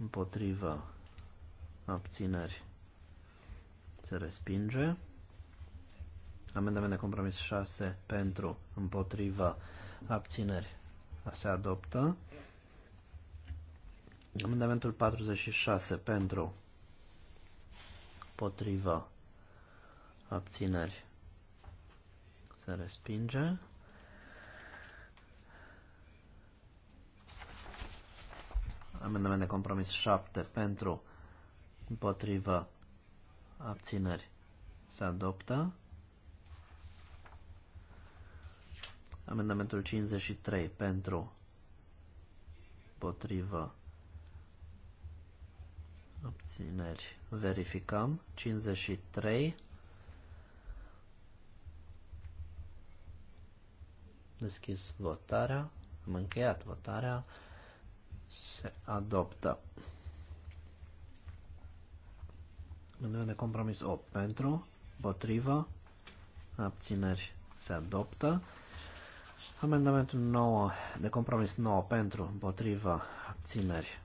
împotriva abțineri se respinge. Amendament de compromis 6 pentru împotriva abțineri se adoptă. Amendamentul 46 pentru potriva abțineri se respinge. Amendament de compromis 7 pentru împotrivă abțineri se adoptă. Amendamentul 53 pentru împotrivă abțineri verificăm. 53 deschis votarea, am încheiat votarea, se adoptă. Gândirea de compromis 8 pentru, potrivă, abțineri se adoptă. Amendamentul 9 de compromis 9 pentru, potrivă, abțineri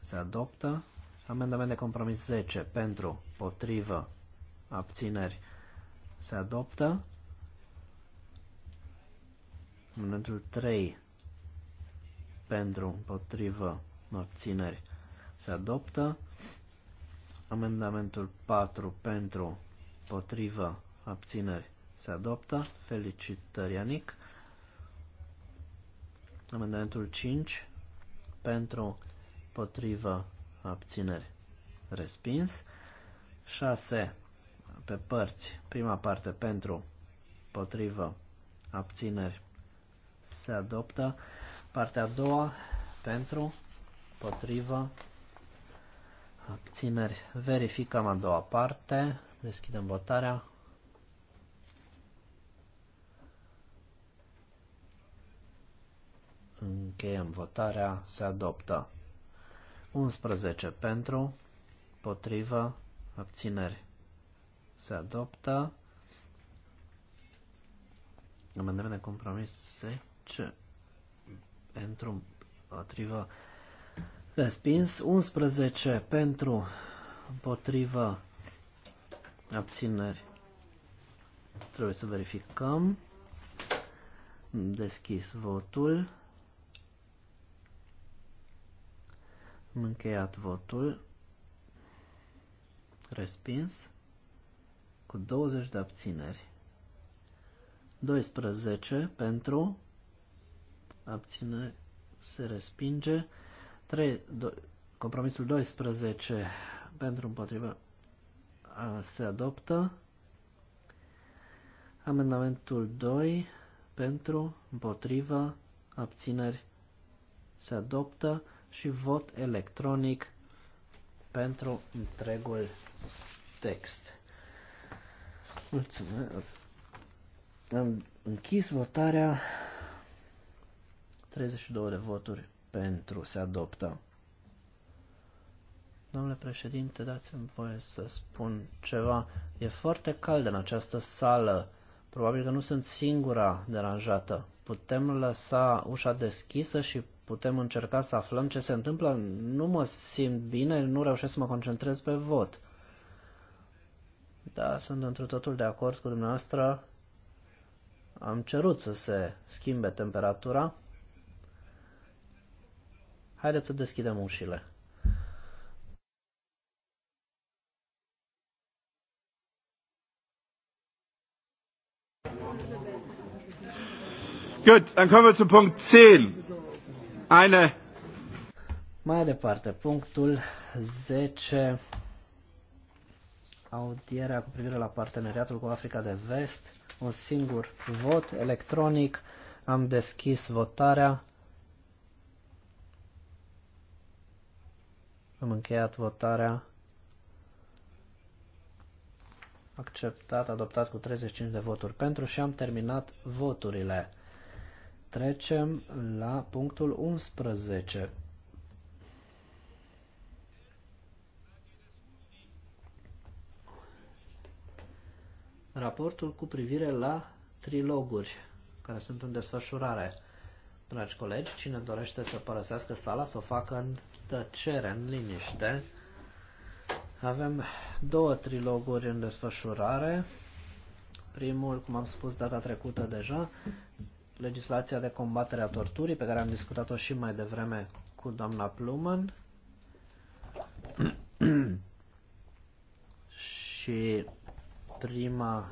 se adoptă. Amendament de compromis 10 pentru, potrivă, abțineri se adoptă. Amendamentul 3 pentru, împotrivă, abțineri se adoptă. Amendamentul 4 pentru, împotrivă, abțineri se adoptă. Felicitări, Ianic. Amendamentul 5 pentru, împotrivă, abțineri respins. 6 pe părți, prima parte pentru, împotrivă, abțineri se adoptă. Partea a doua pentru, potrivă, abțineri. Verificăm a doua parte, deschidem votarea. Încheiem votarea, se adoptă. 11 pentru, potrivă, abțineri. Se adoptă. Amendament de compromis ce pentru împotriva respins, 11 pentru împotriva abțineri. Trebuie să verificăm. Deschis votul. Am încheiat votul. Respins. Cu 20 de abțineri. 12 pentru abține, se respinge. 3, 2, compromisul 12 pentru împotriva a, se adoptă. Amendamentul 2 pentru împotriva abțineri se adoptă și vot electronic pentru întregul text. Mulțumesc! Am închis votarea. 32 de voturi pentru se adoptă. Domnule președinte, dați-mi voie să spun ceva. E foarte cald în această sală. Probabil că nu sunt singura deranjată. Putem lăsa ușa deschisă și putem încerca să aflăm ce se întâmplă. Nu mă simt bine, nu reușesc să mă concentrez pe vot. Da, sunt într totul de acord cu dumneavoastră. Am cerut să se schimbe temperatura. Haideți să deschidem ușile. Good, dann kommen wir zu Punkt 10. Eine. Mai departe, punctul 10. Audierea cu privire la parteneriatul cu Africa de Vest. Un singur vot electronic. Am deschis votarea. Am încheiat votarea. Acceptat, adoptat cu 35 de voturi pentru și am terminat voturile. Trecem la punctul 11. Raportul cu privire la triloguri care sunt în desfășurare. Dragi colegi, cine dorește să părăsească sala, să o facă în tăcere, în liniște. Avem două triloguri în desfășurare. Primul, cum am spus data trecută deja, legislația de combatere a torturii, pe care am discutat-o și mai devreme cu doamna Pluman. și prima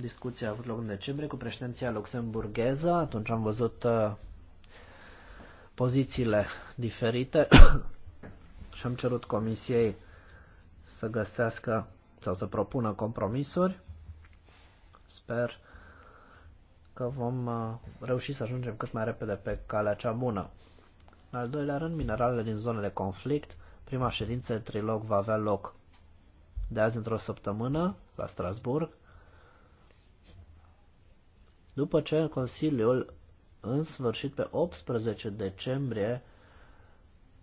discuție a avut loc în decembrie cu președinția luxemburgheză. Atunci am văzut uh, pozițiile diferite și am cerut comisiei să găsească sau să propună compromisuri. Sper că vom uh, reuși să ajungem cât mai repede pe calea cea bună. În al doilea rând, mineralele din zone de conflict. Prima ședință de trilog va avea loc de azi într-o săptămână la Strasburg, după ce Consiliul în sfârșit pe 18 decembrie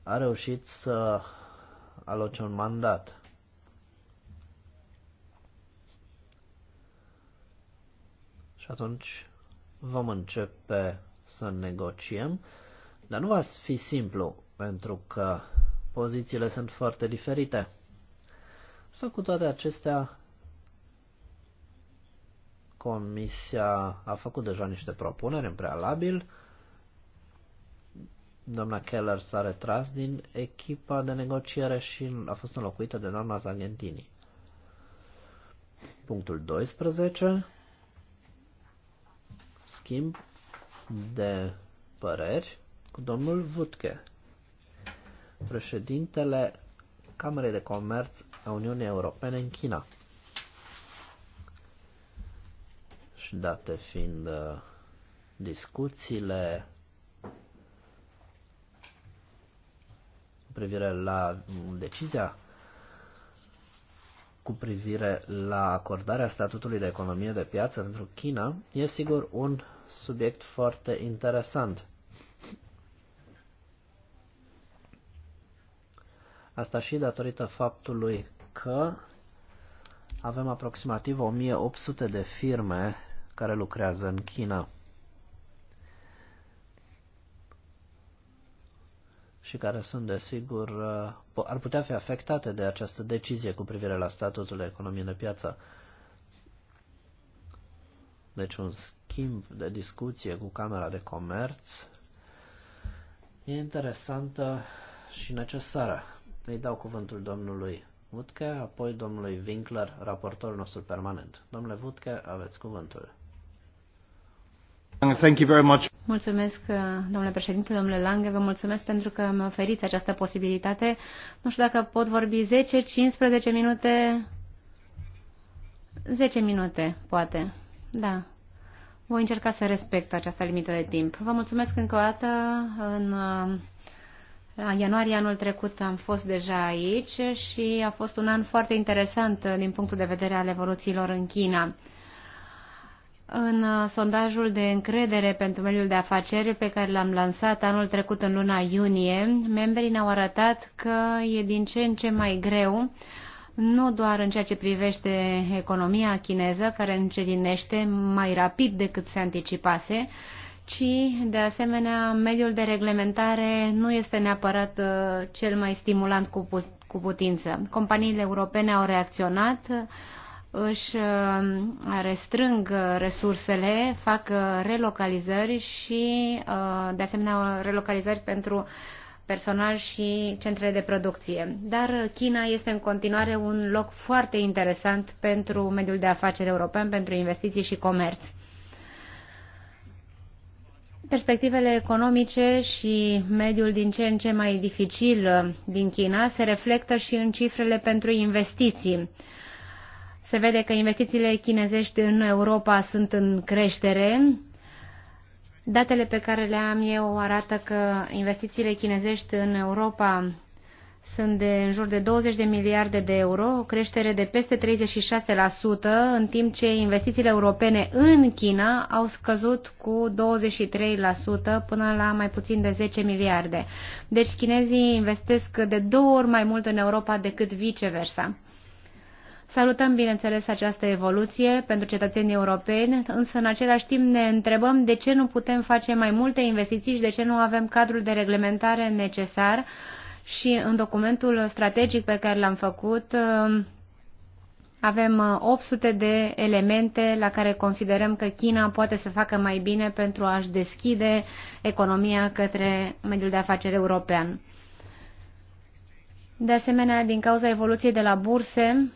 a reușit să aloce un mandat. Și atunci vom începe să negociem, dar nu va fi simplu, pentru că pozițiile sunt foarte diferite. Să cu toate acestea, Comisia a făcut deja niște propuneri în prealabil. Doamna Keller s-a retras din echipa de negociere și a fost înlocuită de doamna Zangentini. Punctul 12. Schimb de păreri cu domnul Vutke, președintele Camerei de Comerț a Uniunii Europene în China. date fiind uh, discuțiile cu privire la decizia cu privire la acordarea statutului de economie de piață pentru China, e sigur un subiect foarte interesant. Asta și datorită faptului că avem aproximativ 1800 de firme care lucrează în China și care sunt, desigur, uh, ar putea fi afectate de această decizie cu privire la statutul de economie de piață. Deci un schimb de discuție cu Camera de Comerț e interesantă și necesară. Îi dau cuvântul domnului Vutke, apoi domnului Winkler, raportorul nostru permanent. Domnule Vutke, aveți cuvântul. Mulțumesc, uh, domnule președinte, domnule Lange, vă mulțumesc pentru că mi oferiți această posibilitate. Nu știu dacă pot vorbi 10-15 minute. 10 minute, poate. Da. Voi încerca să respect această limită de timp. Vă mulțumesc încă o dată. În uh, ianuarie anul trecut am fost deja aici și a fost un an foarte interesant uh, din punctul de vedere al evoluțiilor în China în uh, sondajul de încredere pentru mediul de afaceri pe care l-am lansat anul trecut în luna iunie, membrii ne-au arătat că e din ce în ce mai greu, nu doar în ceea ce privește economia chineză, care încetinește mai rapid decât se anticipase, ci, de asemenea, mediul de reglementare nu este neapărat uh, cel mai stimulant cu, cu putință. Companiile europene au reacționat, își uh, restrâng resursele, fac uh, relocalizări și, uh, de asemenea, relocalizări pentru personal și centrele de producție. Dar China este în continuare un loc foarte interesant pentru mediul de afaceri european, pentru investiții și comerț. Perspectivele economice și mediul din ce în ce mai dificil din China se reflectă și în cifrele pentru investiții se vede că investițiile chinezești în Europa sunt în creștere. Datele pe care le am eu arată că investițiile chinezești în Europa sunt de în jur de 20 de miliarde de euro, o creștere de peste 36%, în timp ce investițiile europene în China au scăzut cu 23% până la mai puțin de 10 miliarde. Deci chinezii investesc de două ori mai mult în Europa decât viceversa. Salutăm, bineînțeles, această evoluție pentru cetățenii europeni, însă în același timp ne întrebăm de ce nu putem face mai multe investiții și de ce nu avem cadrul de reglementare necesar și în documentul strategic pe care l-am făcut um, avem 800 uh, de elemente la care considerăm că China poate să facă mai bine pentru a-și deschide economia către mediul de afaceri european. De asemenea, din cauza evoluției de la burse,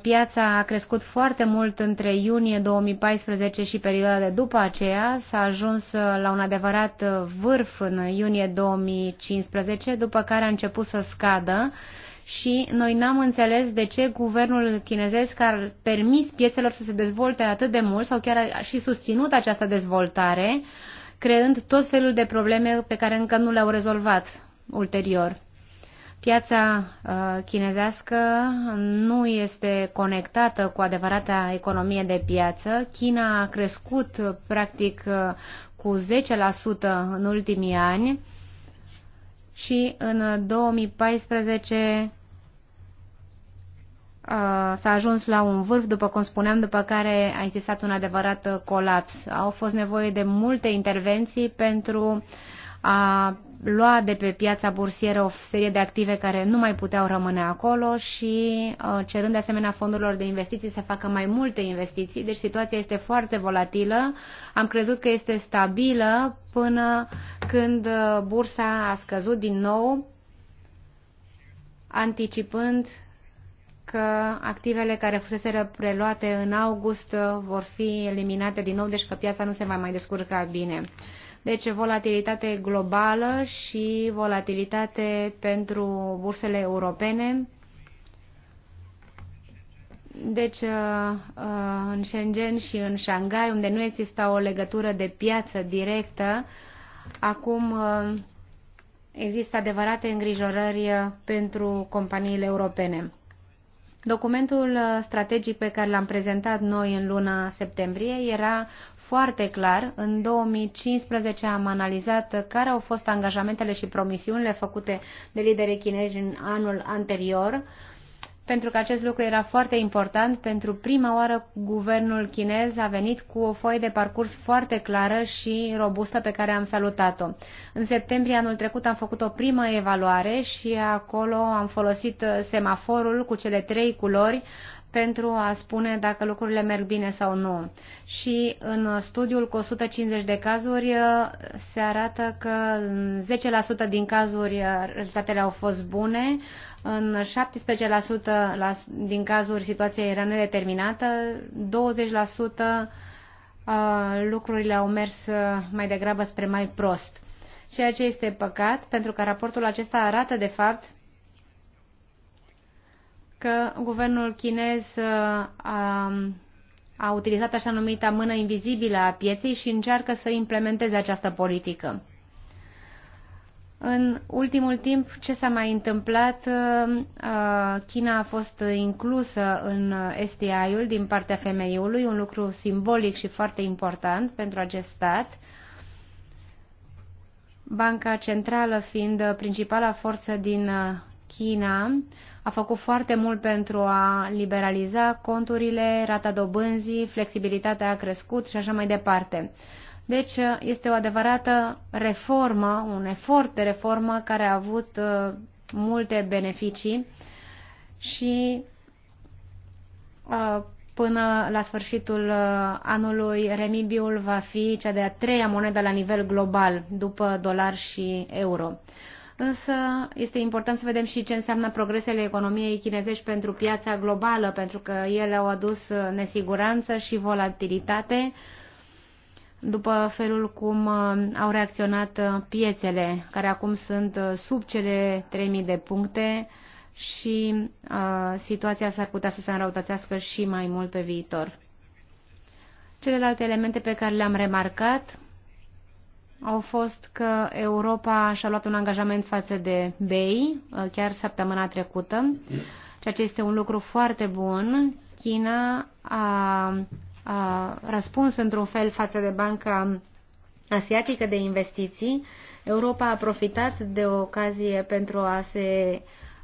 Piața a crescut foarte mult între iunie 2014 și perioada de după aceea. S-a ajuns uh, la un adevărat uh, vârf în iunie 2015, după care a început să scadă și noi n-am înțeles de ce guvernul chinezesc ar permis piețelor să se dezvolte atât de mult sau chiar a și susținut această dezvoltare, creând tot felul de probleme pe care încă nu le-au rezolvat ulterior. Piața uh, chinezească nu este conectată cu adevărata economie de piață. China a crescut practic uh, cu 10% în ultimii ani și în 2014 uh, s-a ajuns la un vârf, după cum spuneam, după care a existat un adevărat colaps. Au fost nevoie de multe intervenții pentru a lua de pe piața bursieră o serie de active care nu mai puteau rămâne acolo și uh, cerând de asemenea fondurilor de investiții să facă mai multe investiții. Deci situația este foarte volatilă. Am crezut că este stabilă până când uh, bursa a scăzut din nou, anticipând că activele care fusese preluate în august uh, vor fi eliminate din nou, deci că piața nu se va mai descurca bine. Deci volatilitate globală și volatilitate pentru bursele europene. Deci, uh, uh, în Shenzhen și în Shanghai, unde nu exista o legătură de piață directă, acum uh, există adevărate îngrijorări pentru companiile europene. Documentul strategic pe care l-am prezentat noi în luna septembrie era foarte clar. În 2015 am analizat care au fost angajamentele și promisiunile făcute de liderii chinezi în anul anterior, pentru că acest lucru era foarte important. Pentru prima oară, guvernul chinez a venit cu o foaie de parcurs foarte clară și robustă pe care am salutat-o. În septembrie anul trecut am făcut o primă evaluare și acolo am folosit semaforul cu cele trei culori pentru a spune dacă lucrurile merg bine sau nu. Și în studiul cu 150 de cazuri uh, se arată că în 10% din cazuri uh, rezultatele au fost bune, în 17% din cazuri situația era nedeterminată, 20% uh, lucrurile au mers mai degrabă spre mai prost. Ceea ce este păcat, pentru că raportul acesta arată, de fapt, că guvernul chinez uh, a, a utilizat așa numita mână invizibilă a pieței și încearcă să implementeze această politică. În ultimul timp, ce s-a mai întâmplat? Uh, uh, China a fost inclusă în STI-ul din partea femeiului, un lucru simbolic și foarte important pentru acest stat. Banca Centrală fiind principala forță din China a făcut foarte mult pentru a liberaliza conturile, rata dobânzii, flexibilitatea a crescut și așa mai departe. Deci este o adevărată reformă, un efort de reformă care a avut uh, multe beneficii și uh, până la sfârșitul uh, anului remibiul va fi cea de-a treia monedă la nivel global după dolar și euro. Însă este important să vedem și ce înseamnă progresele economiei chinezești pentru piața globală, pentru că ele au adus uh, nesiguranță și volatilitate după felul cum uh, au reacționat uh, piețele, care acum sunt sub cele 3000 de puncte și uh, situația s-ar putea să se înrăutățească și mai mult pe viitor. Celelalte elemente pe care le-am remarcat au fost că Europa și-a luat un angajament față de BEI, uh, chiar săptămâna trecută, ceea ce este un lucru foarte bun. China a, a răspuns într-un fel față de Banca Asiatică de Investiții. Europa a profitat de o ocazie pentru a se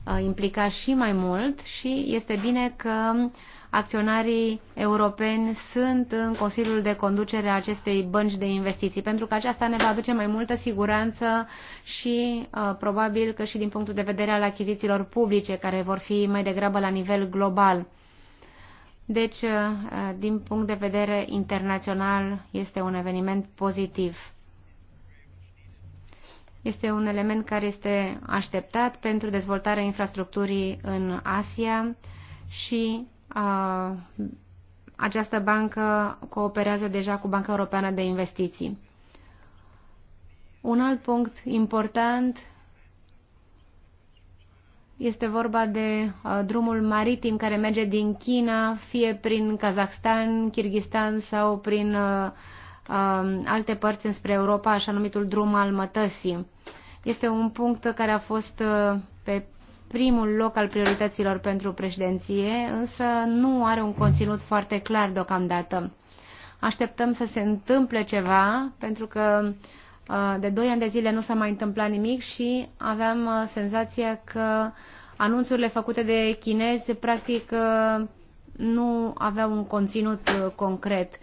uh, implica și mai mult și este bine că uh, acționarii europeni sunt în Consiliul de Conducere a acestei bănci de investiții, pentru că aceasta ne va aduce mai multă siguranță și uh, probabil că și din punctul de vedere al achizițiilor publice, care vor fi mai degrabă la nivel global. Deci, uh, din punct de vedere internațional, este un eveniment pozitiv este un element care este așteptat pentru dezvoltarea infrastructurii în Asia și această bancă cooperează deja cu Banca Europeană de Investiții. Un alt punct important este vorba de drumul maritim care merge din China, fie prin Kazakhstan, Kirghistan sau prin alte părți înspre Europa, așa numitul drum al mătăsii. Este un punct care a fost pe primul loc al priorităților pentru președinție, însă nu are un conținut foarte clar deocamdată. Așteptăm să se întâmple ceva, pentru că uh, de 2 ani de zile nu s-a mai întâmplat nimic și aveam uh, senzația că anunțurile făcute de chinezi practic uh, nu aveau un conținut concret.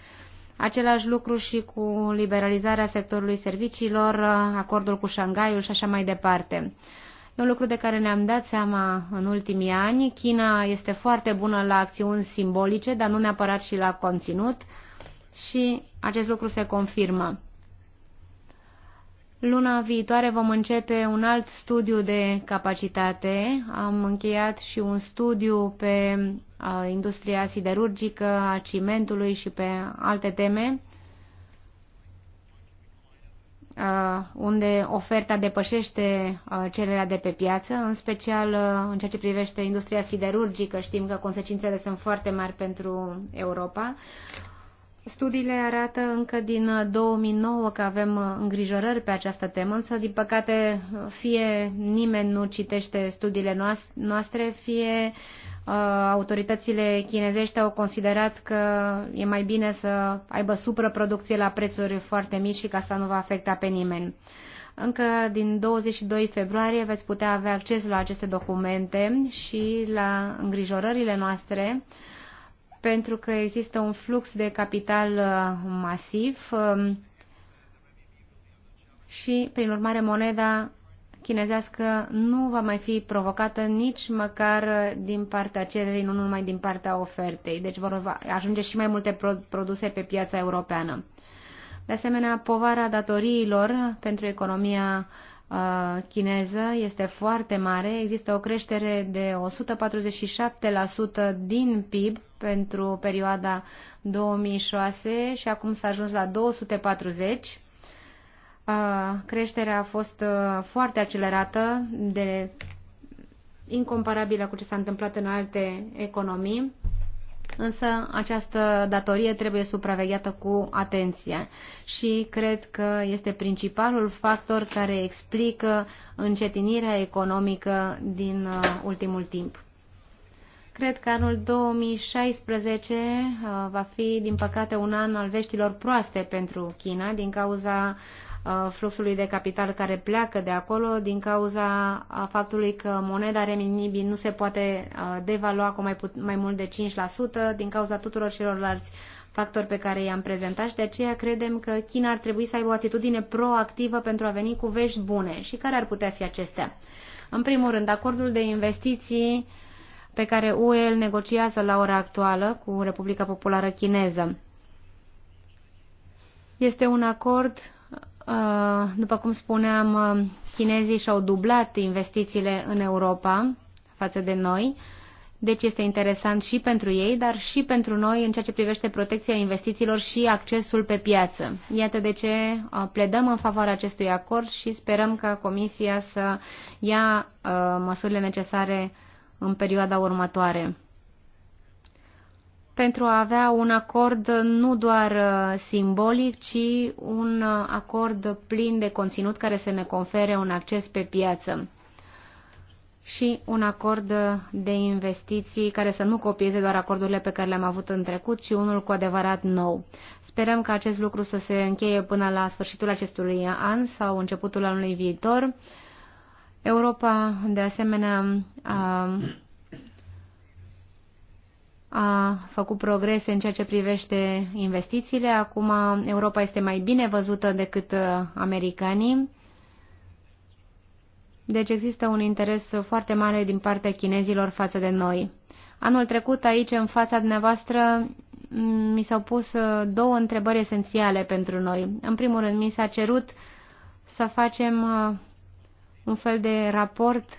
Același lucru și cu liberalizarea sectorului serviciilor, acordul cu Shanghaiul și așa mai departe. E un lucru de care ne-am dat seama în ultimii ani. China este foarte bună la acțiuni simbolice, dar nu neapărat și la conținut și acest lucru se confirmă. Luna viitoare vom începe un alt studiu de capacitate. Am încheiat și un studiu pe uh, industria siderurgică, a cimentului și pe alte teme Uh, unde oferta depășește uh, cererea de pe piață, în special uh, în ceea ce privește industria siderurgică, știm că consecințele sunt foarte mari pentru Europa. Studiile arată încă din 2009 că avem îngrijorări pe această temă, însă, din păcate, fie nimeni nu citește studiile noastre, fie uh, Uh, autoritățile chinezești au considerat că e mai bine să aibă supraproducție la prețuri foarte mici și că asta nu va afecta pe nimeni. Încă din 22 februarie veți putea avea acces la aceste documente și la îngrijorările noastre pentru că există un flux de capital uh, masiv um, și, prin urmare, moneda chinezească nu va mai fi provocată nici măcar din partea cererii, nu numai din partea ofertei. Deci vor ajunge și mai multe produse pe piața europeană. De asemenea, povara datoriilor pentru economia uh, chineză este foarte mare. Există o creștere de 147% din PIB pentru perioada 2006 și acum s-a ajuns la 240 creșterea a fost foarte accelerată, de incomparabilă cu ce s-a întâmplat în alte economii, însă această datorie trebuie supravegheată cu atenție și cred că este principalul factor care explică încetinirea economică din ultimul timp. Cred că anul 2016 va fi, din păcate, un an al veștilor proaste pentru China din cauza fluxului de capital care pleacă de acolo din cauza a faptului că moneda renminbi nu se poate devalua cu mai, put- mai mult de 5% din cauza tuturor celorlalți factori pe care i-am prezentat și de aceea credem că China ar trebui să aibă o atitudine proactivă pentru a veni cu vești bune. Și care ar putea fi acestea? În primul rând, acordul de investiții pe care UE îl negociază la ora actuală cu Republica Populară Chineză. Este un acord Uh, după cum spuneam, uh, chinezii și-au dublat investițiile în Europa față de noi, deci este interesant și pentru ei, dar și pentru noi în ceea ce privește protecția investițiilor și accesul pe piață. Iată de ce uh, pledăm în favoarea acestui acord și sperăm ca Comisia să ia măsurile necesare în perioada următoare pentru a avea un acord nu doar uh, simbolic, ci un uh, acord plin de conținut care să ne confere un acces pe piață și un acord de investiții care să nu copieze doar acordurile pe care le-am avut în trecut, ci unul cu adevărat nou. Sperăm că acest lucru să se încheie până la sfârșitul acestui an sau începutul anului viitor. Europa, de asemenea, a a făcut progrese în ceea ce privește investițiile. Acum Europa este mai bine văzută decât uh, americanii. Deci există un interes foarte mare din partea chinezilor față de noi. Anul trecut aici, în fața dumneavoastră, mi s-au pus uh, două întrebări esențiale pentru noi. În primul rând, mi s-a cerut să facem uh, un fel de raport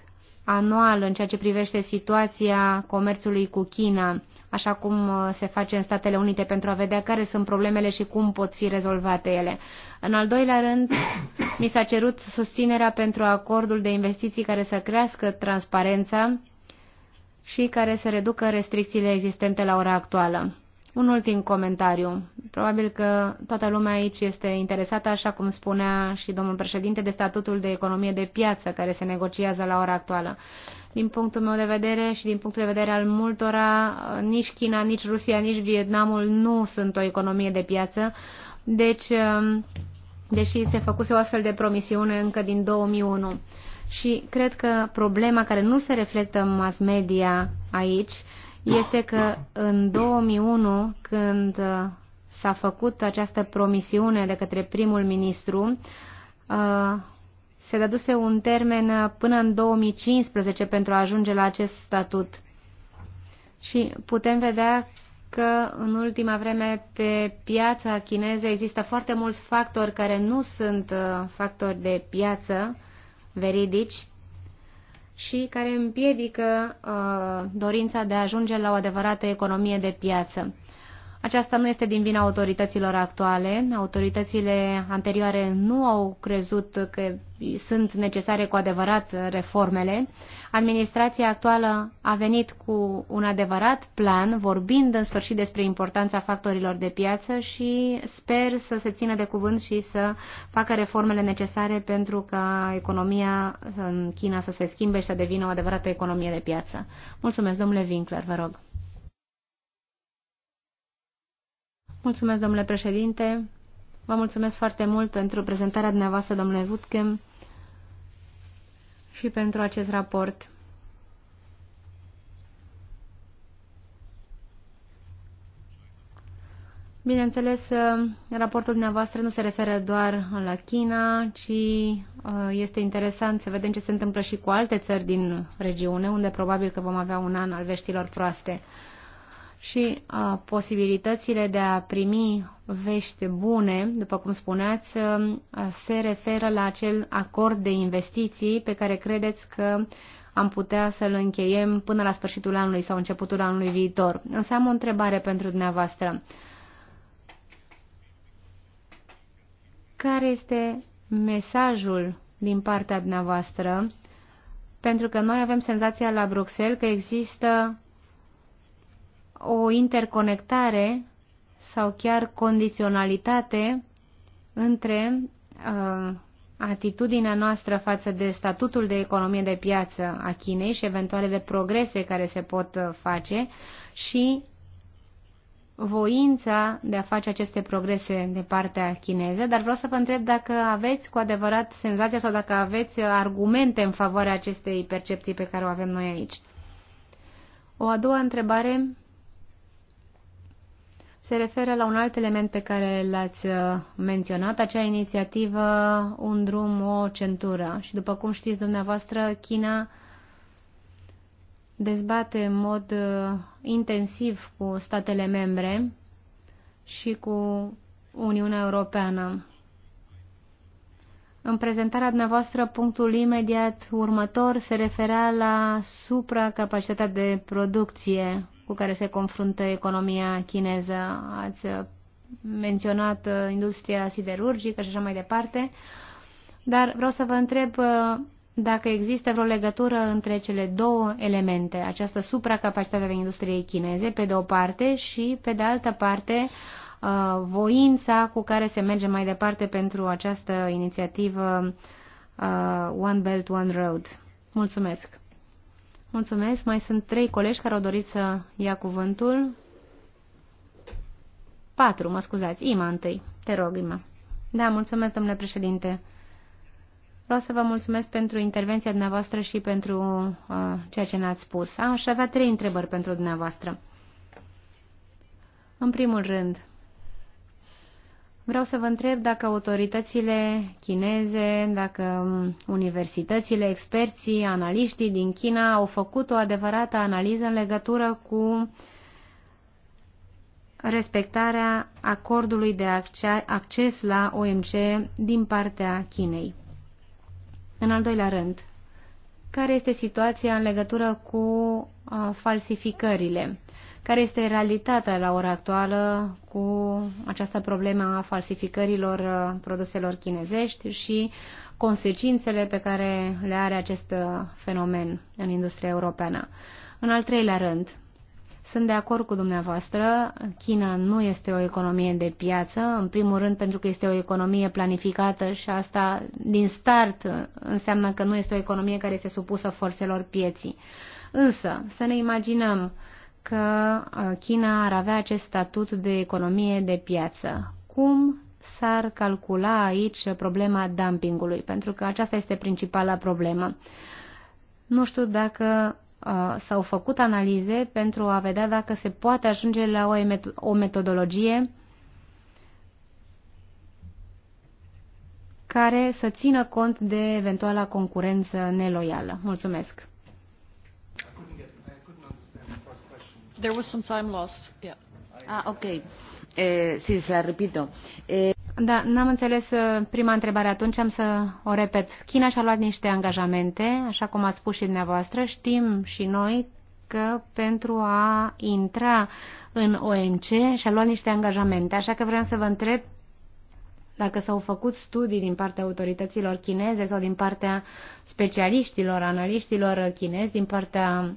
anual în ceea ce privește situația comerțului cu China așa cum uh, se face în Statele Unite, pentru a vedea care sunt problemele și cum pot fi rezolvate ele. În al doilea rând, mi s-a cerut susținerea pentru acordul de investiții care să crească transparența și care să reducă restricțiile existente la ora actuală. Un ultim comentariu. Probabil că toată lumea aici este interesată, așa cum spunea și domnul președinte, de statutul de economie de piață care se negociază la ora actuală. Din punctul meu de vedere și din punctul de vedere al multora, nici China, nici Rusia, nici Vietnamul nu sunt o economie de piață. Deci, um, deși se făcuse o astfel de promisiune încă din 2001. Și cred că problema care nu se reflectă în mass media aici, este că în 2001, când uh, s-a făcut această promisiune de către primul ministru, uh, se dăduse un termen uh, până în 2015 pentru a ajunge la acest statut. Și putem vedea că în ultima vreme pe piața chineză există foarte mulți factori care nu sunt factori de piață veridici și care împiedică uh, dorința de a ajunge la o adevărată economie de piață. Aceasta nu este din vina autorităților actuale. Autoritățile anterioare nu au crezut că sunt necesare cu adevărat reformele. Administrația actuală a venit cu un adevărat plan, vorbind în sfârșit despre importanța factorilor de piață și sper să se țină de cuvânt și să facă reformele necesare pentru ca economia în China să se schimbe și să devină o adevărată economie de piață. Mulțumesc, domnule Winkler, vă rog. Mulțumesc, domnule președinte. Vă mulțumesc foarte mult pentru prezentarea dumneavoastră, domnule Wutkem, și pentru acest raport. Bineînțeles, raportul dumneavoastră nu se referă doar la China, ci uh, este interesant să vedem ce se întâmplă și cu alte țări din regiune, unde probabil că vom avea un an al veștilor proaste și a, posibilitățile de a primi vești bune, după cum spuneați, a, se referă la acel acord de investiții pe care credeți că am putea să-l încheiem până la sfârșitul anului sau începutul anului viitor. Însă am o întrebare pentru dumneavoastră. Care este mesajul din partea dumneavoastră? Pentru că noi avem senzația la Bruxelles că există o interconectare sau chiar condiționalitate între uh, atitudinea noastră față de statutul de economie de piață a Chinei și eventualele progrese care se pot uh, face și voința de a face aceste progrese de partea chineză, dar vreau să vă întreb dacă aveți cu adevărat senzația sau dacă aveți uh, argumente în favoarea acestei percepții pe care o avem noi aici. O a doua întrebare se referă la un alt element pe care l-ați uh, menționat, acea inițiativă Un drum, o centură. Și după cum știți dumneavoastră, China dezbate în mod uh, intensiv cu statele membre și cu Uniunea Europeană. În prezentarea dumneavoastră, punctul imediat următor se referea la supracapacitatea de producție cu care se confruntă economia chineză. Ați menționat uh, industria siderurgică și așa mai departe, dar vreau să vă întreb uh, dacă există vreo legătură între cele două elemente, această supracapacitate de industriei chineze, pe de o parte, și pe de altă parte, uh, voința cu care se merge mai departe pentru această inițiativă One Belt, One Road. Mulțumesc! Mulțumesc. Mai sunt trei colegi care au dorit să ia cuvântul. Patru, mă scuzați. Ima întâi. Te rog, Ima. Da, mulțumesc, domnule președinte. Vreau să vă mulțumesc pentru intervenția dumneavoastră și pentru uh, ceea ce ne-ați spus. Aș avea trei întrebări pentru dumneavoastră. În primul rând, Vreau să vă întreb dacă autoritățile chineze, dacă um, universitățile, experții, analiștii din China au făcut o adevărată analiză în legătură cu respectarea acordului de acces la OMC din partea Chinei. În al doilea rând, care este situația în legătură cu uh, falsificările? care este realitatea la ora actuală cu această problemă a falsificărilor uh, produselor chinezești și consecințele pe care le are acest uh, fenomen în industria europeană. În al treilea rând, sunt de acord cu dumneavoastră, China nu este o economie de piață, în primul rând pentru că este o economie planificată și asta din start uh, înseamnă că nu este o economie care este supusă forțelor pieții. Însă, să ne imaginăm uh, că uh, China ar avea acest statut de economie de piață. Cum s-ar calcula aici problema dumpingului? Pentru că aceasta este principala problemă. Nu știu dacă uh, s-au făcut analize pentru a vedea dacă se poate ajunge la o metodologie care să țină cont de eventuala concurență neloială. Mulțumesc! There was some time lost. Yeah. Ah, eh, eh, Da, n-am înțeles eh, prima întrebare atunci, am să o repet. China și-a luat niște angajamente, așa cum ați spus și dumneavoastră, știm și noi că pentru a intra în OMC și-a luat niște angajamente. Așa că vreau să vă întreb dacă s-au făcut studii din partea autorităților chineze sau din partea specialiștilor, analiștilor chinezi, din partea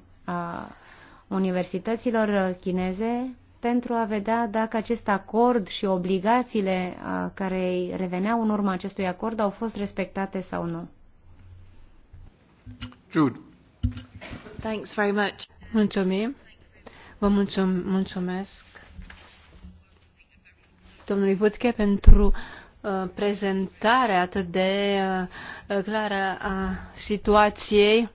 universităților chineze pentru a vedea dacă acest acord și obligațiile care îi reveneau în urma acestui acord au fost respectate sau nu. Jude. Thanks very much. Mulțumim. Vă mulțum, mulțumesc domnului Vodke pentru uh, prezentarea atât de uh, clară a situației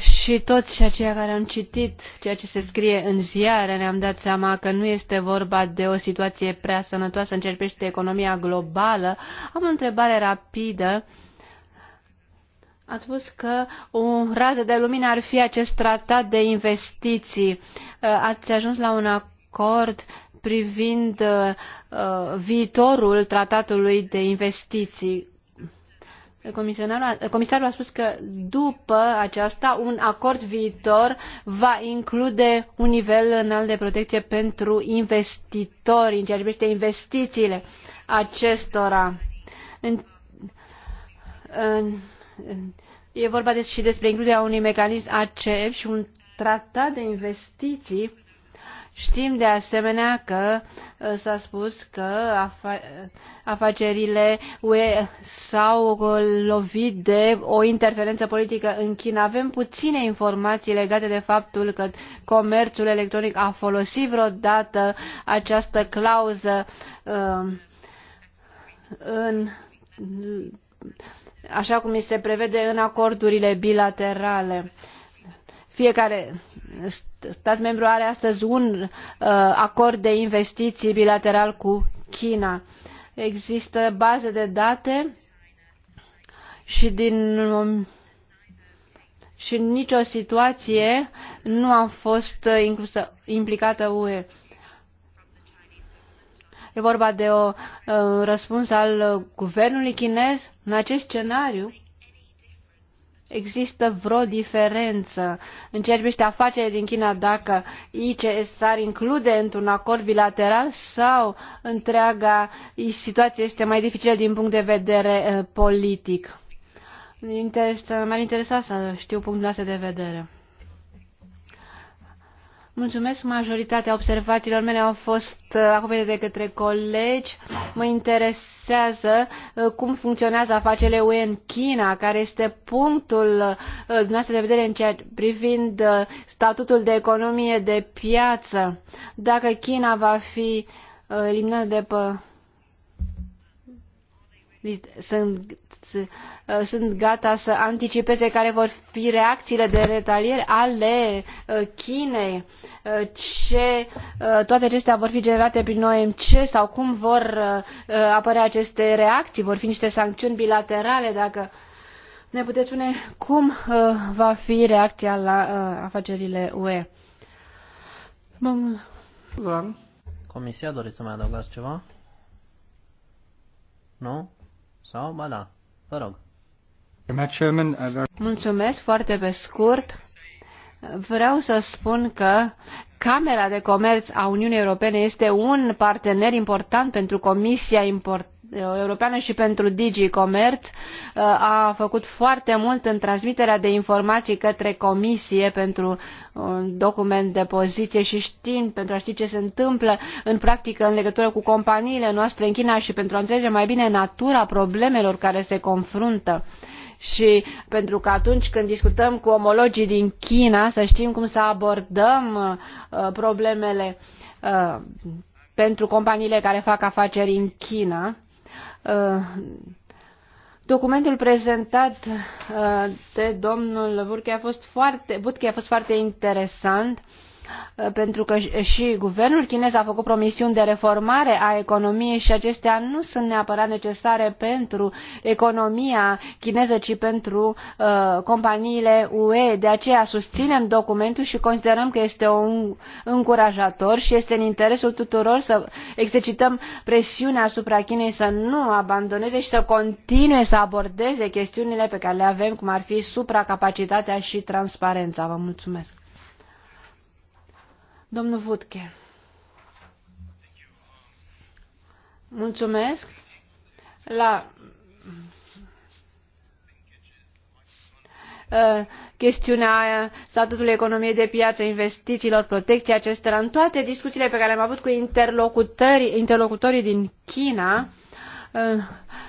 și toți aceia care am citit ceea ce se scrie în ziare ne-am dat seama că nu este vorba de o situație prea sănătoasă în ce privește economia globală. Am o întrebare rapidă. Ați spus că o rază de lumină ar fi acest tratat de investiții. Uh, ați ajuns la un acord privind uh, uh, viitorul tratatului de investiții. Comisarul, comisarul a spus că după aceasta un acord viitor va include un nivel înalt de protecție pentru investitori în ceea ce privește investițiile acestora. În, în, în, e vorba des, și despre includerea unui mecanism ACF și un tratat de investiții Știm de asemenea că uh, s-a spus că afacerile UE s-au lovit de o interferență politică în China. Avem puține informații legate de faptul că comerțul electronic a folosit vreodată această clauză uh, în așa cum se prevede în acordurile bilaterale. Uh, fiecare stat membru are astăzi un uh, acord de investiții bilateral cu China. Există baze de date și din um, și în nicio situație nu a fost uh, inclusă, implicată UE. E vorba de o uh, răspuns al uh, guvernului chinez în acest scenariu există vreo diferență în ceea ce privește afacerile din China dacă ICS s-ar include într-un acord bilateral sau întreaga situație este mai dificilă din punct de vedere eh, politic? M-ar interesa să știu punctul noastră de vedere. Mulțumesc, majoritatea observațiilor mele au fost uh, acoperite de către colegi. Mă interesează uh, cum funcționează afacerile UE în China, care este punctul uh, dumneavoastră de vedere în ceea privind statutul de economie de piață. Dacă China va fi eliminată de pe sunt Uh, sunt gata să anticipeze care vor fi reacțiile de retaliere ale uh, Chinei, uh, ce toate acestea vor fi generate prin OMC sau cum vor apărea aceste reacții, vor fi niște sancțiuni bilaterale dacă ne puteți spune cum va fi reacția la afacerile UE. Bun. Comisia, doriți să mai adăugați ceva? Nu? Sau? Ba da. Vă rog. Mulțumesc foarte pe scurt. Vreau să spun că Camera de Comerț a Uniunii Europene este un partener important pentru Comisia important Eh, europeană și pentru Digi Comerț eh, a făcut foarte mult în transmiterea de informații către Comisie pentru un eh, document de poziție și știm, pentru a ști ce se întâmplă în practică în legătură cu companiile noastre în China și pentru a înțelege mai bine natura problemelor care se confruntă și pentru că atunci când discutăm cu omologii din China să știm cum să abordăm uh, problemele uh, pentru companiile care fac afaceri în China Uh, documentul prezentat uh, de domnul Burke a fost foarte, Burke a fost foarte interesant. Uh, Uh, pentru că și guvernul chinez a făcut promisiuni de reformare a economiei și acestea nu sunt neapărat necesare pentru economia chineză, ci pentru uh, companiile UE. De aceea susținem documentul și considerăm că este un încurajator și este în interesul tuturor să exercităm presiunea asupra Chinei să nu abandoneze și să continue să abordeze chestiunile pe care le avem, cum ar fi supracapacitatea și transparența. Vă mulțumesc! Domnul Vutche. Mulțumesc. La ă, chestiunea statutului economiei de piață investițiilor protecția acestora în toate discuțiile pe care le am avut cu interlocutorii din china ă,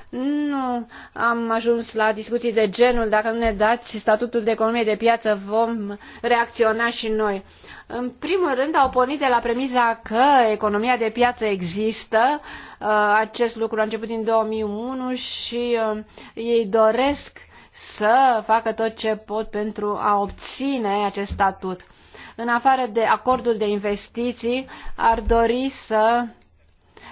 nu am ajuns la discuții de genul dacă nu ne dați statutul de economie de piață vom reacționa și noi în primul rând au pornit de la premisa că economia de piață există, uh, acest lucru a început din 2001 și uh, ei doresc să facă tot ce pot pentru a obține acest statut. În afară de acordul de investiții, ar dori să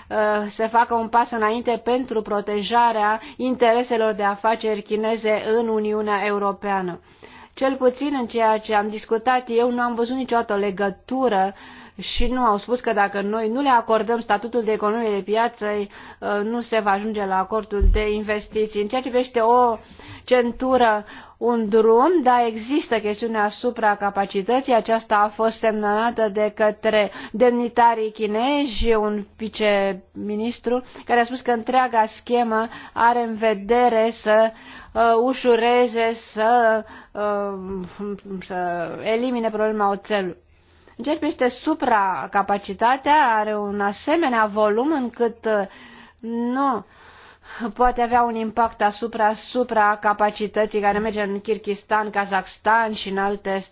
uh, se facă un pas înainte pentru protejarea intereselor de afaceri chineze în Uniunea Europeană cel puțin în ceea ce am discutat eu, nu am văzut niciodată o legătură și nu au spus că dacă noi nu le acordăm statutul de economie de piață, eh, nu se va ajunge la acordul de investiții. În ceea ce privește o centură, un drum, dar există chestiunea asupra capacității. Aceasta a fost semnalată de către demnitarii chinezi, un viceministru, care a spus că întreaga schemă are în vedere să Uh, ușureze să, uh, să elimine problema oțelului. În ceea ce privește supracapacitatea, are un asemenea volum încât uh, nu poate avea un impact asupra supracapacității care merge în Kirgistan, Kazakhstan și în alte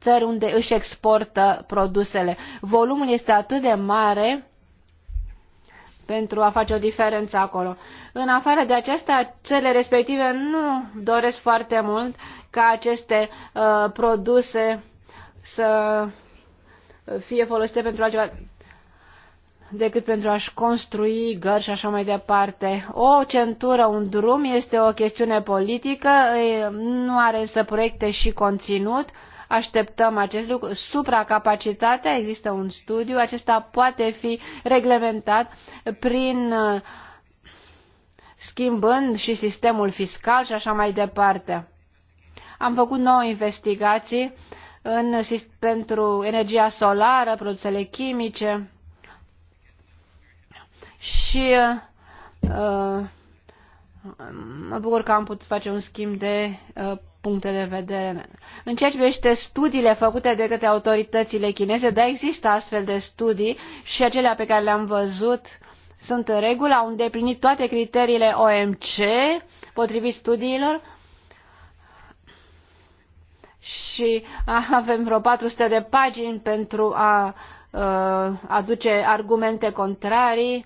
țări unde își exportă produsele. Volumul este atât de mare pentru a face o diferență acolo. În afară de acestea, cele respective nu doresc foarte mult ca aceste uh, produse să fie folosite pentru altceva decât pentru a-și construi gări și așa mai departe. O centură, un drum este o chestiune politică, nu are să proiecte și conținut. Uh, așteptăm acest lucru. Supracapacitatea, există un studiu, acesta poate fi reglementat prin uh, schimbând și sistemul fiscal și așa mai departe. Am făcut nouă investigații în, pentru energia solară, produsele chimice și uh, uh, mă bucur că am putut face un schimb de uh, puncte de vedere. În ceea ce privește studiile făcute de către autoritățile chineze, da, există astfel de studii și acelea pe care le-am văzut sunt în regulă, au îndeplinit toate criteriile OMC potrivit studiilor și avem vreo 400 de pagini pentru a ă, aduce argumente contrarii,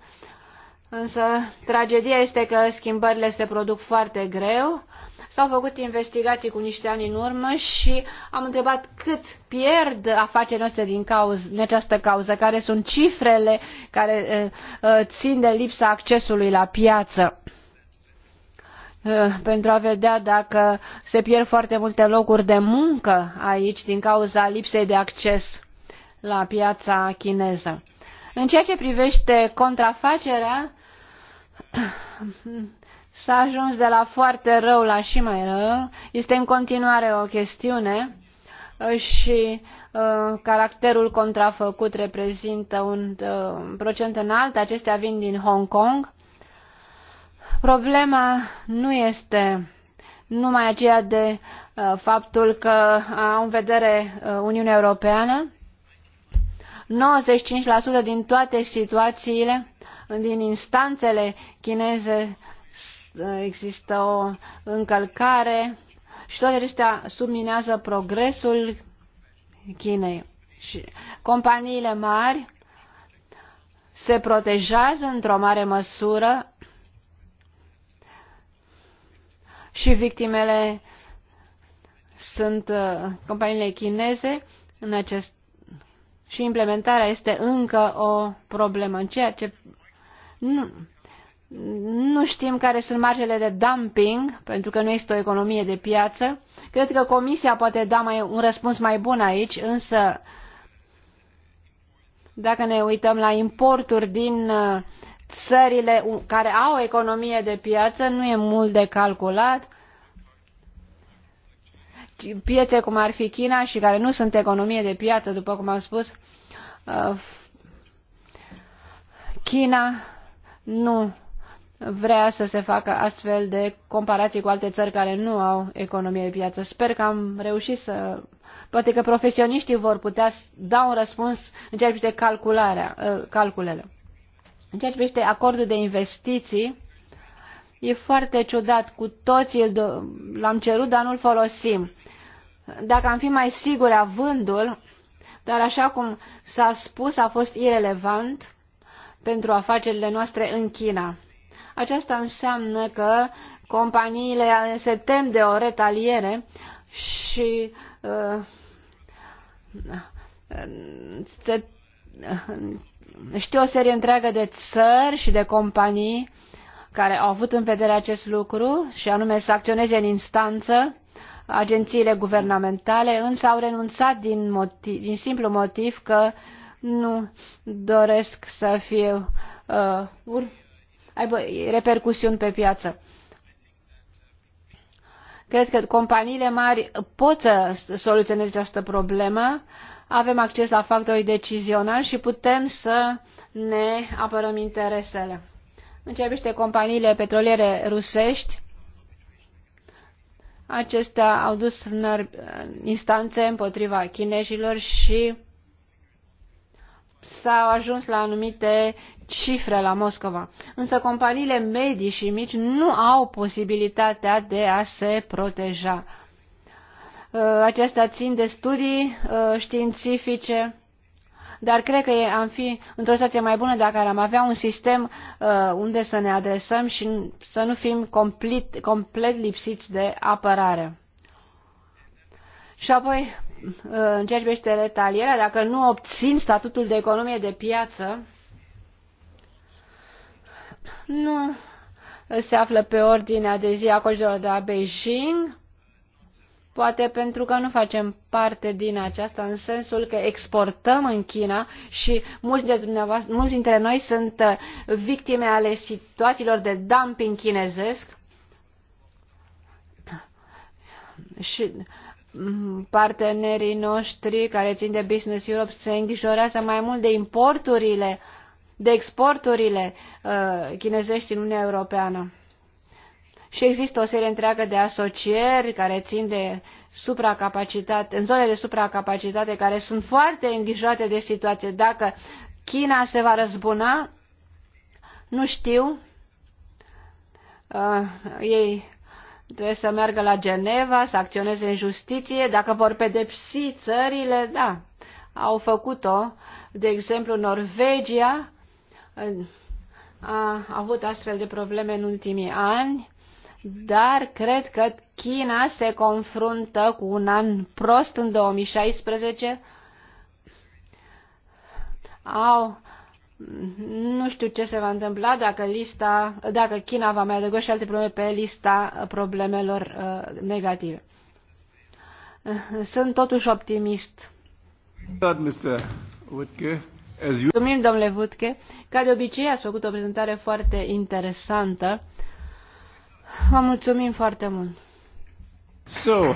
însă tragedia este că schimbările se produc foarte greu S-au făcut investigații cu niște ani în urmă și am întrebat cât pierd afacerile noastre din, cauz, din această cauză, care sunt cifrele care eh, eh, țin de lipsa accesului la piață eh, pentru a vedea dacă se pierd foarte multe locuri de muncă aici din cauza lipsei de acces la piața chineză. În ceea ce privește contrafacerea, S-a ajuns de la foarte rău la și mai rău. Este în continuare o chestiune uh, și uh, caracterul contrafăcut reprezintă un uh, procent înalt. Acestea vin din Hong Kong. Problema nu este numai aceea de uh, faptul că au în vedere uh, Uniunea Europeană. 95% din toate situațiile, din instanțele chineze există o încălcare și toate acestea subminează progresul Chinei. Și companiile mari se protejează într-o mare măsură și victimele sunt uh, companiile chineze în acest și implementarea este încă o problemă, în ceea ce nu, nu știm care sunt marjele de dumping, pentru că nu este o economie de piață. Cred că Comisia poate da mai, un răspuns mai bun aici, însă dacă ne uităm la importuri din uh, țările care au o economie de piață, nu e mult de calculat. Piețe cum ar fi China și care nu sunt economie de piață, după cum am spus, uh, China nu vrea să se facă astfel de comparații cu alte țări care nu au economie de piață. Sper că am reușit să... Poate că profesioniștii vor putea da un răspuns în ceea ce privește calcularea, ă, calculele. În ceea ce privește acordul de investiții, e foarte ciudat. Cu toții l-am cerut, dar nu-l folosim. Dacă am fi mai siguri avândul, dar așa cum s-a spus, a fost irelevant pentru afacerile noastre în China. Aceasta înseamnă că companiile se tem de o retaliere și uh, se, uh, știu o serie întreagă de țări și de companii care au avut în vedere acest lucru și anume să acționeze în instanță agențiile guvernamentale, însă au renunțat din, motiv, din simplu motiv că nu doresc să fie uh, aibă repercusiuni pe piață. Cred că companiile mari pot să soluționeze această problemă, avem acces la factorii decizionali și putem să ne apărăm interesele. În ce privește companiile petroliere rusești, acestea au dus în instanțe împotriva chinezilor și s-au ajuns la anumite cifre la Moscova. Însă companiile medii și mici nu au posibilitatea de a se proteja. Uh, acestea țin de studii uh, științifice, dar cred că am fi într-o situație mai bună dacă am avea un sistem uh, unde să ne adresăm și să nu fim complet, complet lipsiți de apărare. Și apoi Uh, în ceea ce privește retalierea, dacă nu obțin statutul de economie de piață, nu se află pe ordinea de zi a coșilor de la Beijing, poate pentru că nu facem parte din aceasta, în sensul că exportăm în China și mulți, de dumneavoastră, mulți dintre noi sunt uh, victime ale situațiilor de dumping chinezesc. Și partenerii noștri care țin de Business Europe se îngrijorează mai mult de importurile, de exporturile uh, chinezești în Uniunea Europeană. Și există o serie întreagă de asocieri care țin de supracapacitate, în zone de supracapacitate, care sunt foarte îngrijorate de situație. Dacă China se va răzbuna, nu știu. Uh, ei trebuie să meargă la Geneva, să acționeze în justiție. Dacă vor pedepsi țările, da, au făcut-o. De exemplu, Norvegia a avut astfel de probleme în ultimii ani, dar cred că China se confruntă cu un an prost în 2016. Au nu știu ce se va întâmpla dacă, lista, dacă China va mai adăuga și alte probleme pe lista problemelor uh, negative. Uh, sunt totuși optimist. Mulțumim, domnule Vutke. Ca de obicei, ați făcut o prezentare foarte interesantă. Vă mulțumim foarte mult. So,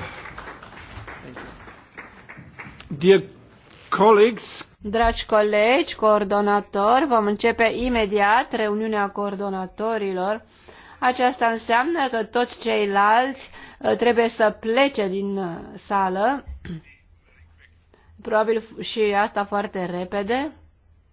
dear colleagues. Dragi colegi, coordonatori, vom începe imediat reuniunea coordonatorilor. Aceasta înseamnă că toți ceilalți uh, trebuie să plece din uh, sală, probabil și asta foarte repede.